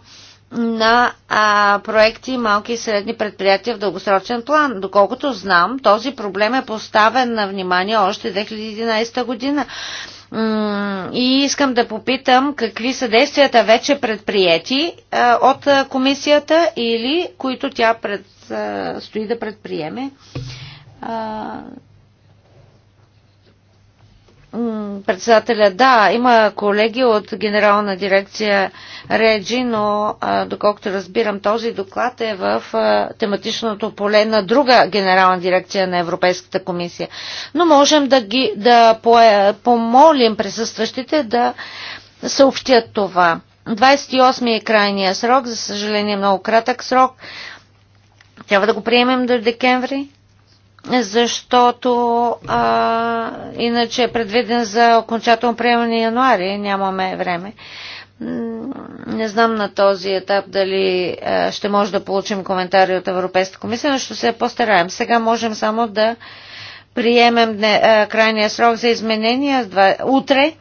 на а, проекти малки и средни предприятия в дългосрочен план. Доколкото знам, този проблем е поставен на внимание още 2011 година. И искам да попитам какви са действията вече предприяти от комисията или които тя пред, стои да предприеме председателя. Да, има колеги от генерална дирекция Реджи, но доколкото разбирам, този доклад е в тематичното поле на друга генерална дирекция на Европейската комисия. Но можем да, ги, да помолим присъстващите да съобщят това. 28 е крайния срок, за съжаление много кратък срок. Трябва да го приемем до декември защото а, иначе е предвиден за окончателно приемане януари, нямаме време. Не знам на този етап дали а, ще може да получим коментари от Европейската комисия, но ще се постараем. Сега можем само да приемем дне, а, крайния срок за изменения два, утре.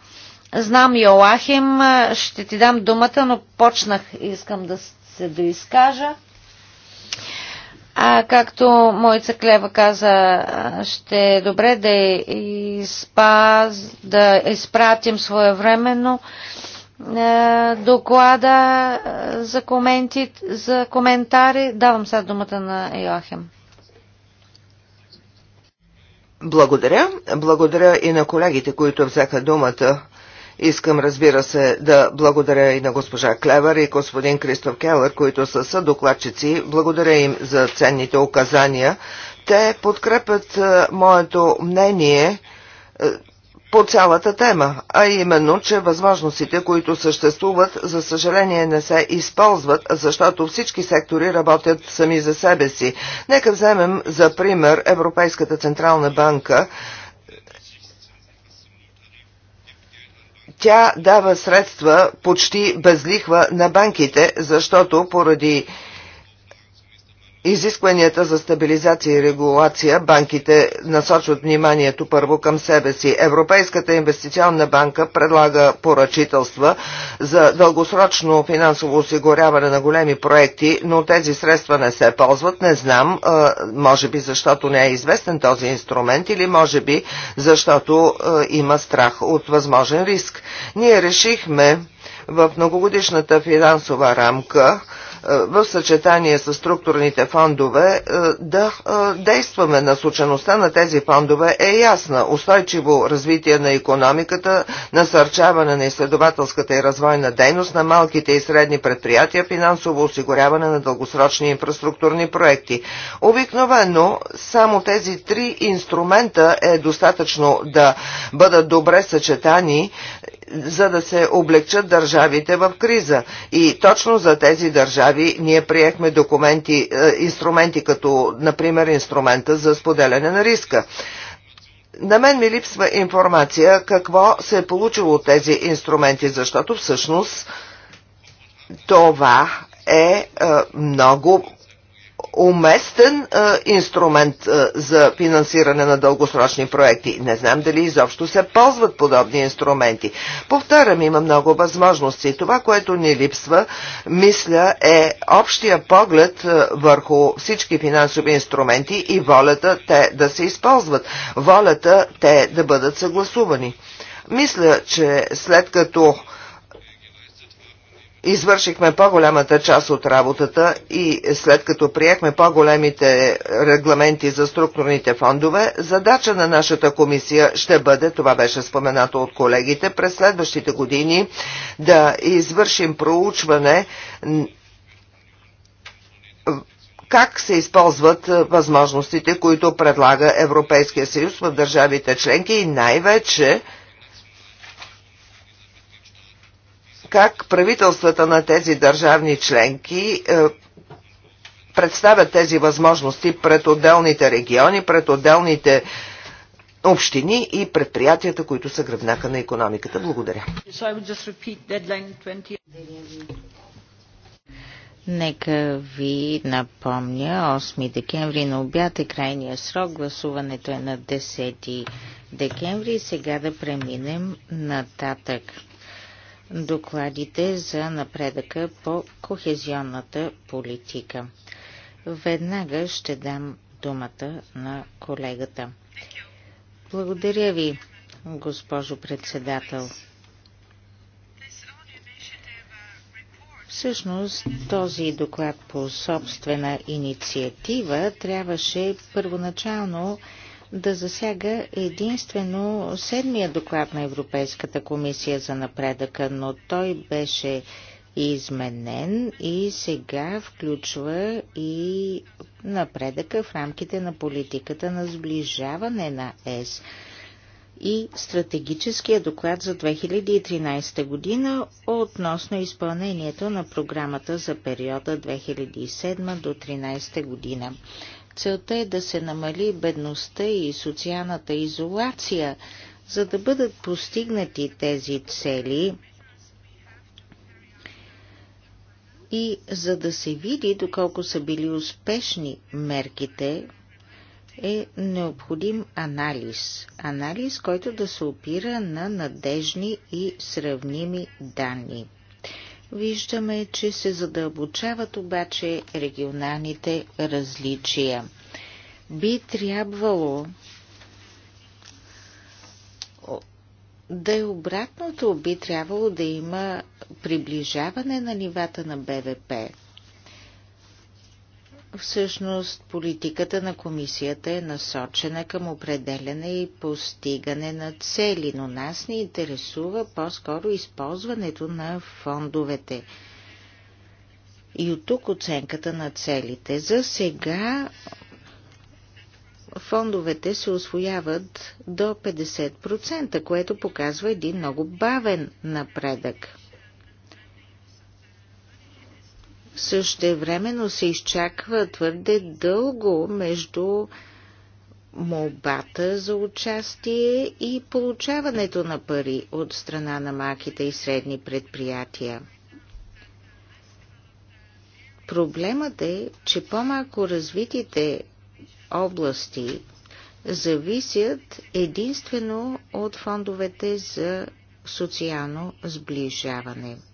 Знам, Йоахим, ще ти дам думата, но почнах, искам да се доизкажа. Да а както мойца Клева каза, ще е добре да, изпаз, да изпратим своевременно е, доклада е, за, коменти, за коментари. Давам сега думата на Йоахем. Благодаря. Благодаря и на колегите, които взеха думата. Искам, разбира се, да благодаря и на госпожа Клевър и господин Кристоф Келър, които са съдокладчици. Благодаря им за ценните указания. Те подкрепят е, моето мнение е, по цялата тема, а именно, че възможностите, които съществуват, за съжаление не се използват, защото всички сектори работят сами за себе си. Нека вземем за пример Европейската Централна банка, Тя дава средства почти без лихва на банките, защото поради изискванията за стабилизация и регулация банките насочват вниманието първо към себе си. Европейската инвестиционна банка предлага поръчителства за дългосрочно финансово осигуряване на големи проекти, но тези средства не се ползват. Не знам, може би защото не е известен този инструмент или може би защото има страх от възможен риск. Ние решихме в многогодишната финансова рамка в съчетание с структурните фондове е, да е, действаме. Насочеността на тези фондове е ясна. Устойчиво развитие на економиката, насърчаване на изследователската и развойна дейност на малките и средни предприятия, финансово осигуряване на дългосрочни инфраструктурни проекти. Обикновено само тези три инструмента е достатъчно да бъдат добре съчетани за да се облегчат държавите в криза. И точно за тези държави ние приехме документи, е, инструменти като, например, инструмента за споделяне на риска. На мен ми липсва информация какво се е получило от тези инструменти, защото всъщност това е, е много уместен а, инструмент а, за финансиране на дългосрочни проекти. Не знам дали изобщо се ползват подобни инструменти. Повтарям, има много възможности. Това, което ни липсва, мисля, е общия поглед а, върху всички финансови инструменти и волята те да се използват, волята те да бъдат съгласувани. Мисля, че след като извършихме по-голямата част от работата и след като приехме по-големите регламенти за структурните фондове, задача на нашата комисия ще бъде, това беше споменато от колегите, през следващите години да извършим проучване как се използват е, възможностите, които предлага Европейския съюз в държавите членки и най-вече как правителствата на тези държавни членки е, представят тези възможности пред отделните региони, пред отделните общини и предприятията, които са гръбнака на економиката. Благодаря. Нека ви напомня, 8 декември на обяд е крайния срок, гласуването е на 10 декември. Сега да преминем нататък докладите за напредъка по кохезионната политика. Веднага ще дам думата на колегата. Благодаря ви, госпожо председател. Всъщност този доклад по собствена инициатива трябваше първоначално да засяга единствено седмия доклад на Европейската комисия за напредъка, но той беше изменен и сега включва и напредъка в рамките на политиката на сближаване на ЕС и стратегическия доклад за 2013 година относно изпълнението на програмата за периода 2007 до 2013 година. Целта е да се намали бедността и социалната изолация. За да бъдат постигнати тези цели и за да се види доколко са били успешни мерките, е необходим анализ. Анализ, който да се опира на надежни и сравними данни. Виждаме, че се задълбочават обаче регионалните различия. Би трябвало да е обратното, би трябвало да има приближаване на нивата на БВП. Всъщност политиката на комисията е насочена към определене и постигане на цели, но нас ни интересува по-скоро използването на фондовете. И от тук оценката на целите. За сега фондовете се освояват до 50%, което показва един много бавен напредък. Същевременно се изчаква твърде дълго между молбата за участие и получаването на пари от страна на малките и средни предприятия. Проблемът е, че по-малко развитите области зависят единствено от фондовете за социално сближаване –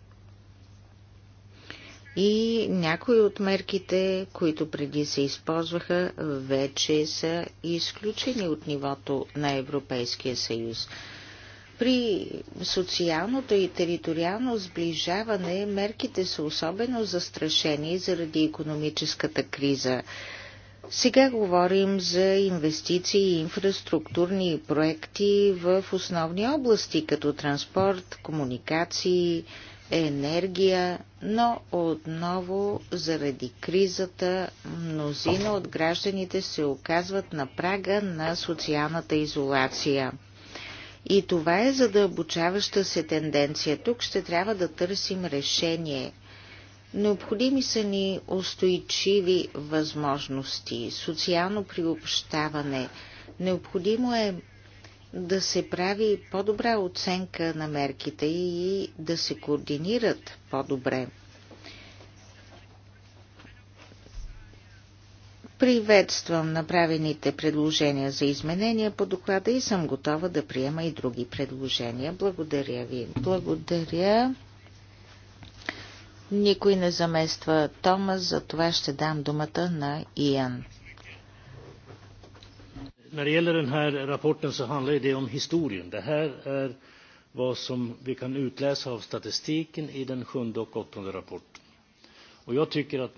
и някои от мерките, които преди се използваха, вече са изключени от нивото на Европейския съюз. При социалното и териториално сближаване мерките са особено застрашени заради економическата криза. Сега говорим за инвестиции и инфраструктурни проекти в основни области, като транспорт, комуникации, енергия, но отново заради кризата мнозина от гражданите се оказват на прага на социалната изолация. И това е задълбочаваща се тенденция. Тук ще трябва да търсим решение. Необходими са ни устойчиви възможности, социално приобщаване. Необходимо е да се прави по-добра оценка на мерките и да се координират по-добре. Приветствам направените предложения за изменения по доклада и съм готова да приема и други предложения. Благодаря ви. Благодаря. Никой не замества Томас, за това ще дам думата на Иан när det gäller den här rapporten så handlar det om historien. Det här är vad som vi kan utläsa av statistiken i den sjunde och åttonde rapporten. Och jag tycker att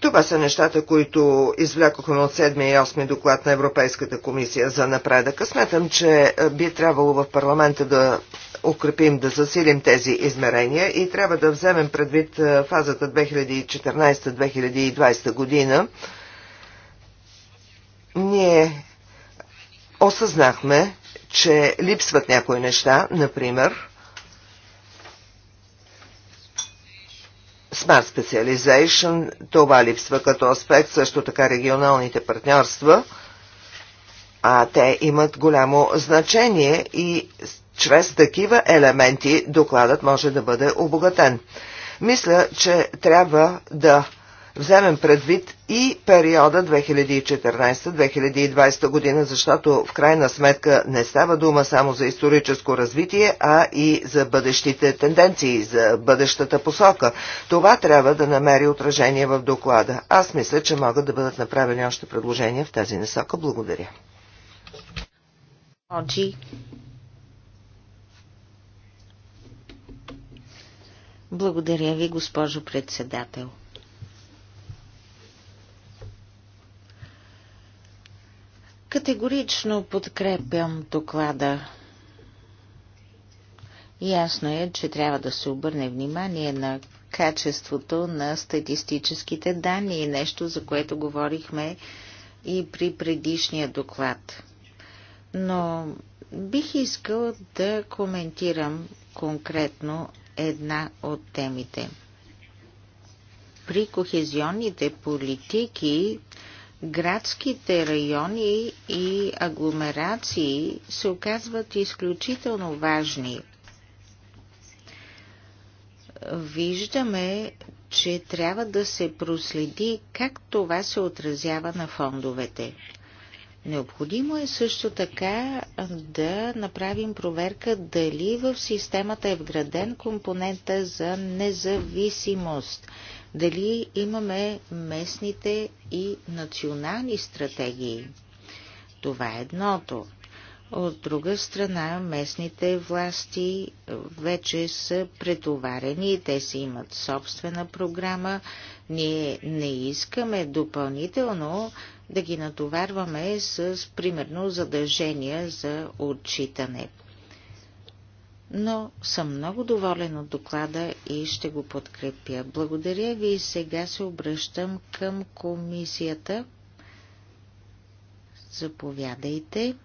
това са нещата, които извлякохме от 7 и 8 доклад на Европейската комисия за напредъка. Сметам, че е, би трябвало в парламента да укрепим, да засилим тези измерения и трябва да вземем предвид е, фазата 2014-2020 година. Ние осъзнахме, че липсват някои неща, например, Smart Specialization, това липсва като аспект, също така регионалните партньорства, а те имат голямо значение и чрез такива елементи докладът може да бъде обогатен. Мисля, че трябва да вземем предвид и периода 2014-2020 година, защото в крайна сметка не става дума само за историческо развитие, а и за бъдещите тенденции, за бъдещата посока. Това трябва да намери отражение в доклада. Аз мисля, че могат да бъдат направени още предложения в тази насока. Благодаря. Благодаря ви, госпожо председател. Категорично подкрепям доклада. Ясно е, че трябва да се обърне внимание на качеството на статистическите данни, нещо за което говорихме и при предишния доклад. Но бих искал да коментирам конкретно една от темите. При кохезионните политики градските райони и агломерации се оказват изключително важни. Виждаме, че трябва да се проследи как това се отразява на фондовете. Необходимо е също така да направим проверка дали в системата е вграден компонента за независимост дали имаме местните и национални стратегии. Това е едното. От друга страна, местните власти вече са претоварени, те си имат собствена програма. Ние не искаме допълнително да ги натоварваме с, примерно, задължения за отчитане но съм много доволен от доклада и ще го подкрепя. Благодаря ви и сега се обръщам към комисията. Заповядайте.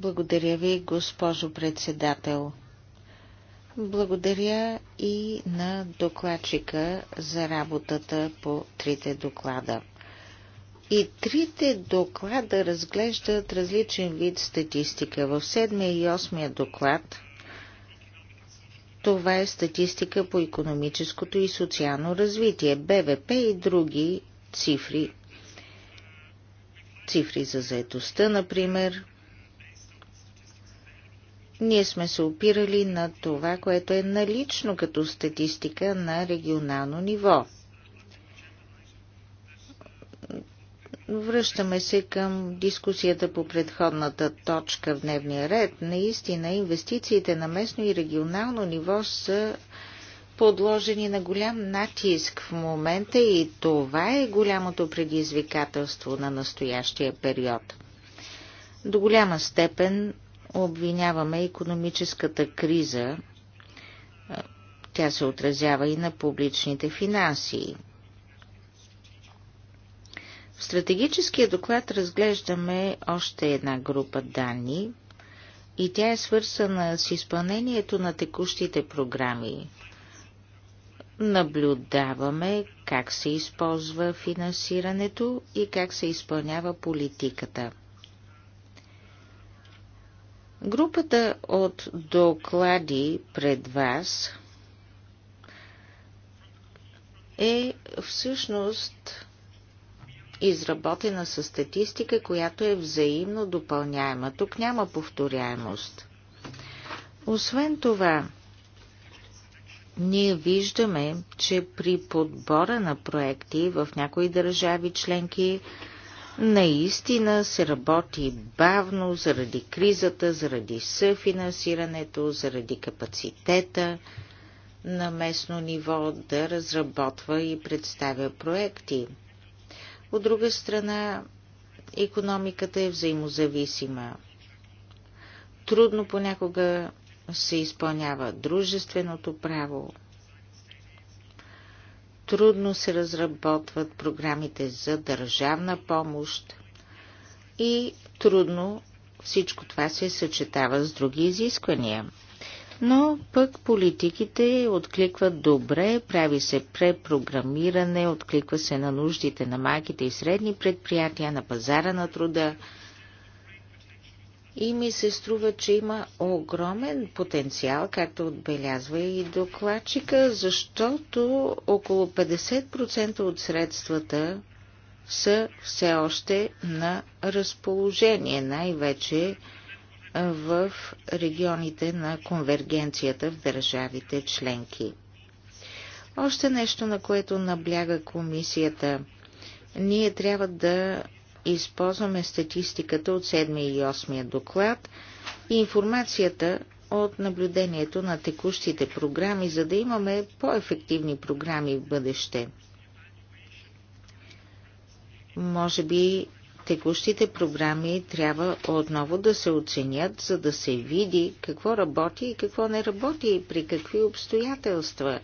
Благодаря ви, госпожо председател. Благодаря и на докладчика за работата по трите доклада. И трите доклада разглеждат различен вид статистика. В седмия и осмия доклад това е статистика по економическото и социално развитие, БВП и други цифри. Цифри за заедостта, например. Ние сме се опирали на това, което е налично като статистика на регионално ниво – Връщаме се към дискусията по предходната точка в дневния ред. Наистина инвестициите на местно и регионално ниво са подложени на голям натиск в момента и това е голямото предизвикателство на настоящия период. До голяма степен обвиняваме економическата криза. Тя се отразява и на публичните финанси. В стратегическия доклад разглеждаме още една група данни и тя е свързана с изпълнението на текущите програми. Наблюдаваме как се използва финансирането и как се изпълнява политиката. Групата от доклади пред вас е всъщност изработена със статистика, която е взаимно допълняема. Тук няма повторяемост. Освен това, ние виждаме, че при подбора на проекти в някои държави членки наистина се работи бавно заради кризата, заради съфинансирането, заради капацитета на местно ниво да разработва и представя проекти. От друга страна, економиката е взаимозависима. Трудно понякога се изпълнява дружественото право. Трудно се разработват програмите за държавна помощ и трудно всичко това се съчетава с други изисквания но пък политиките откликват добре, прави се препрограмиране, откликва се на нуждите на малките и средни предприятия, на пазара на труда. И ми се струва, че има огромен потенциал, както отбелязва и докладчика, защото около 50% от средствата са все още на разположение, най-вече в регионите на конвергенцията в държавите членки. Още нещо, на което набляга комисията. Ние трябва да използваме статистиката от 7 и 8 доклад и информацията от наблюдението на текущите програми, за да имаме по-ефективни програми в бъдеще. Може би текущите програми трябва отново да се оценят, за да се види какво работи и какво не работи, и при какви обстоятелства,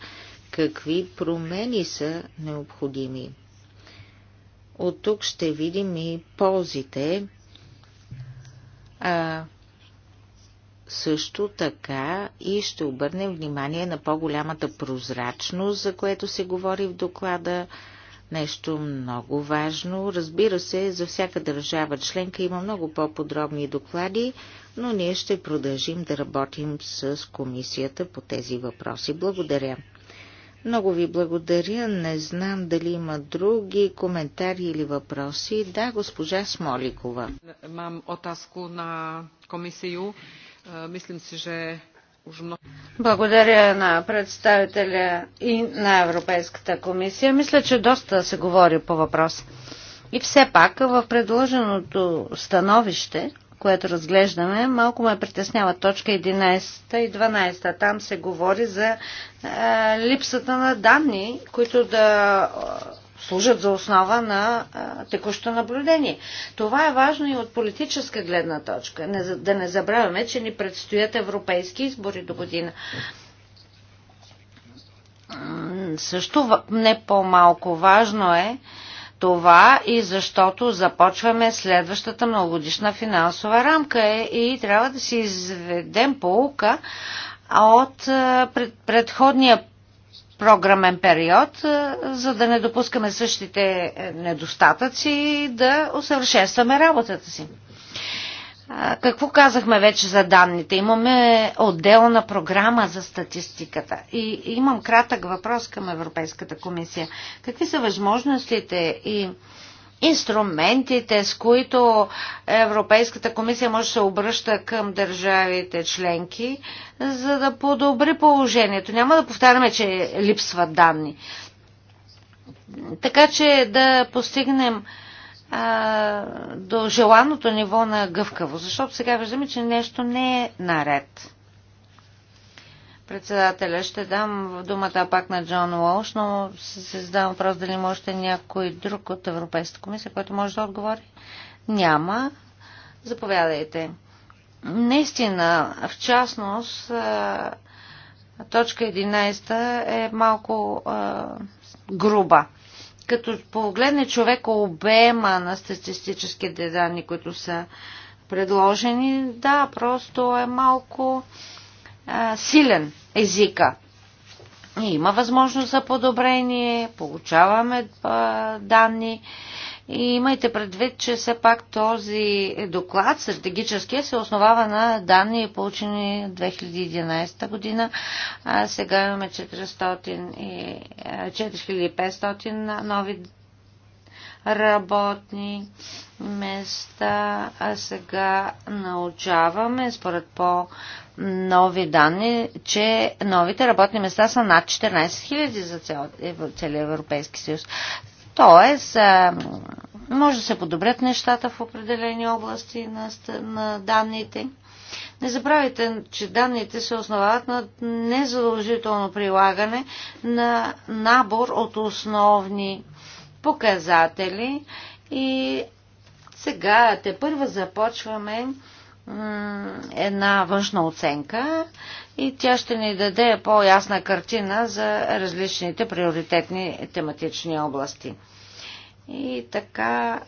какви промени са необходими. От тук ще видим и ползите, а също така и ще обърнем внимание на по-голямата прозрачност, за което се говори в доклада, нещо много важно. Разбира се, за всяка държава членка има много по-подробни доклади, но ние ще продължим да работим с комисията по тези въпроси. Благодаря. Много ви благодаря. Не знам дали има други коментари или въпроси. Да, госпожа Смоликова. Мам отазку на комисию. Мислим си, че благодаря на представителя и на Европейската комисия. Мисля, че доста се говори по въпрос. И все пак в предложеното становище, което разглеждаме, малко ме притеснява точка 11 и 12. Там се говори за е, липсата на данни, които да служат за основа на текущо наблюдение. Това е важно и от политическа гледна точка. Не, да не забравяме, че ни предстоят европейски избори до година. Също не по-малко важно е това и защото започваме следващата многогодишна финансова рамка е, и трябва да си изведем поука от предходния програмен период, за да не допускаме същите е, недостатъци и да усъвършенстваме работата си. Какво казахме вече за данните? Имаме отделна програма за статистиката. И имам кратък въпрос към Европейската комисия. Какви са възможностите и инструментите, с които Европейската комисия може да се обръща към държавите членки, за да подобри положението. Няма да повтаряме, че липсват данни. Така че да постигнем а, до желаното ниво на гъвкаво, защото сега виждаме, че нещо не е наред. Председателя ще дам думата пак на Джон Уолш, но се задавам въпрос дали може да някой друг от Европейската комисия, който може да отговори. Няма. Заповядайте. Наистина, в частност, точка 11 е малко груба като погледне човек обема на статистическите данни, които са предложени, да, просто е малко силен езика. Има възможност за подобрение, получаваме данни. И имайте предвид, че все пак този доклад, стратегическия, се основава на данни, получени 2011 година. А сега имаме 400 и 4500 нови работни места, а сега научаваме според по-нови данни, че новите работни места са над 14 000 за целия Европейски съюз. Тоест, може да се подобрят нещата в определени области на, на данните. Не забравяйте, че данните се основават на незадължително прилагане на набор от основни показатели и сега те първа започваме една външна оценка и тя ще ни даде по-ясна картина за различните приоритетни тематични области. И така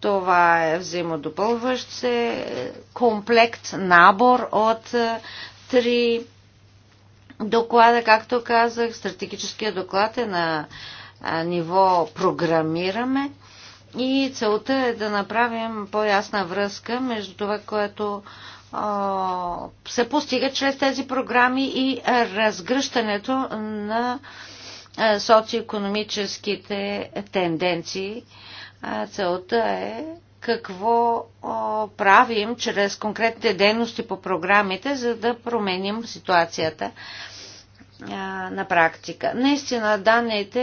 това е взаимодопълващ се комплект, набор от три доклада, както казах. Стратегическия доклад е на ниво програмираме и целта е да направим по-ясна връзка между това, което се постига чрез тези програми и разгръщането на социоекономическите тенденции. Целта е какво правим чрез конкретните дейности по програмите, за да променим ситуацията на практика. Наистина данните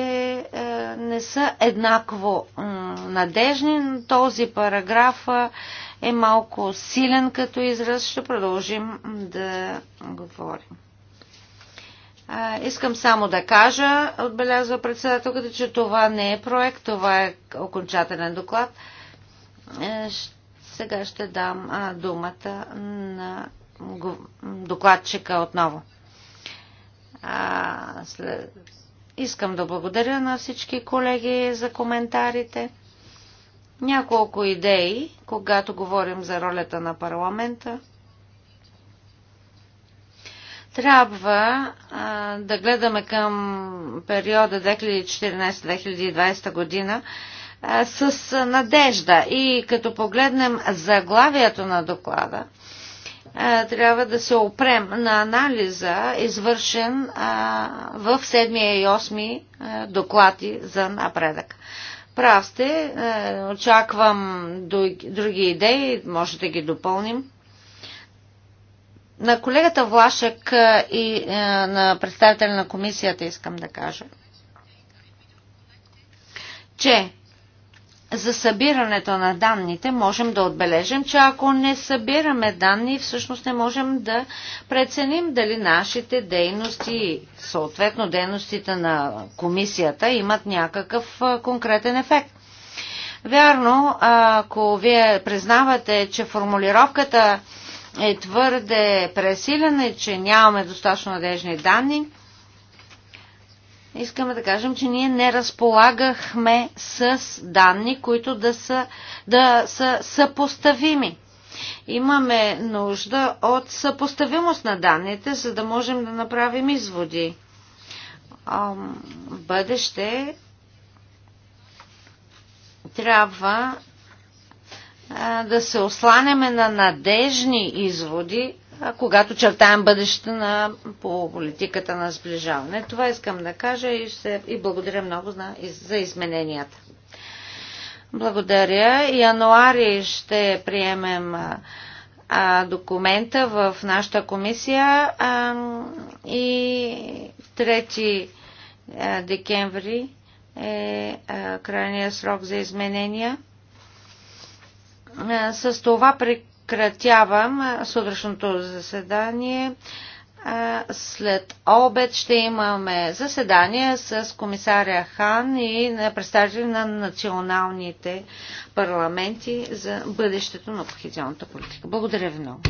е, не са еднакво надежни. Този параграф е малко силен като израз. Ще продължим да говорим. Искам само да кажа, отбелязва председателката, че това не е проект, това е окончателен доклад. Е, сега ще дам думата на докладчика отново. А, след... Искам да благодаря на всички колеги за коментарите. Няколко идеи, когато говорим за ролята на парламента. Трябва а, да гледаме към периода 2014-2020 година а, с надежда. И като погледнем заглавието на доклада, е, трябва да се опрем на анализа, извършен в 7 и 8 е, доклади за напредък. Прав сте, е, очаквам други идеи, може да ги допълним. На колегата Влашек и на представителя на комисията искам да кажа, че за събирането на данните можем да отбележим, че ако не събираме данни, всъщност не можем да преценим дали нашите дейности, съответно дейностите на комисията, имат някакъв конкретен ефект. Вярно, ако вие признавате, че формулировката е твърде пресилена и че нямаме достатъчно надежни данни, искаме да кажем, че ние не разполагахме с данни, които да са, да са съпоставими. Имаме нужда от съпоставимост на данните, за да можем да направим изводи. Ам, в бъдеще трябва а, да се осланяме на надежни изводи, когато чертаем бъдещето на по политиката на сближаване. Това искам да кажа и, ще, и благодаря много за, за измененията. Благодаря. Януари ще приемем а, документа в нашата комисия а, и 3 декември е а, крайния срок за изменения. А, с това прек прекратявам сутрешното заседание. След обед ще имаме заседание с комисаря Хан и на представители на националните парламенти за бъдещето на кохезионната политика. Благодаря ви много.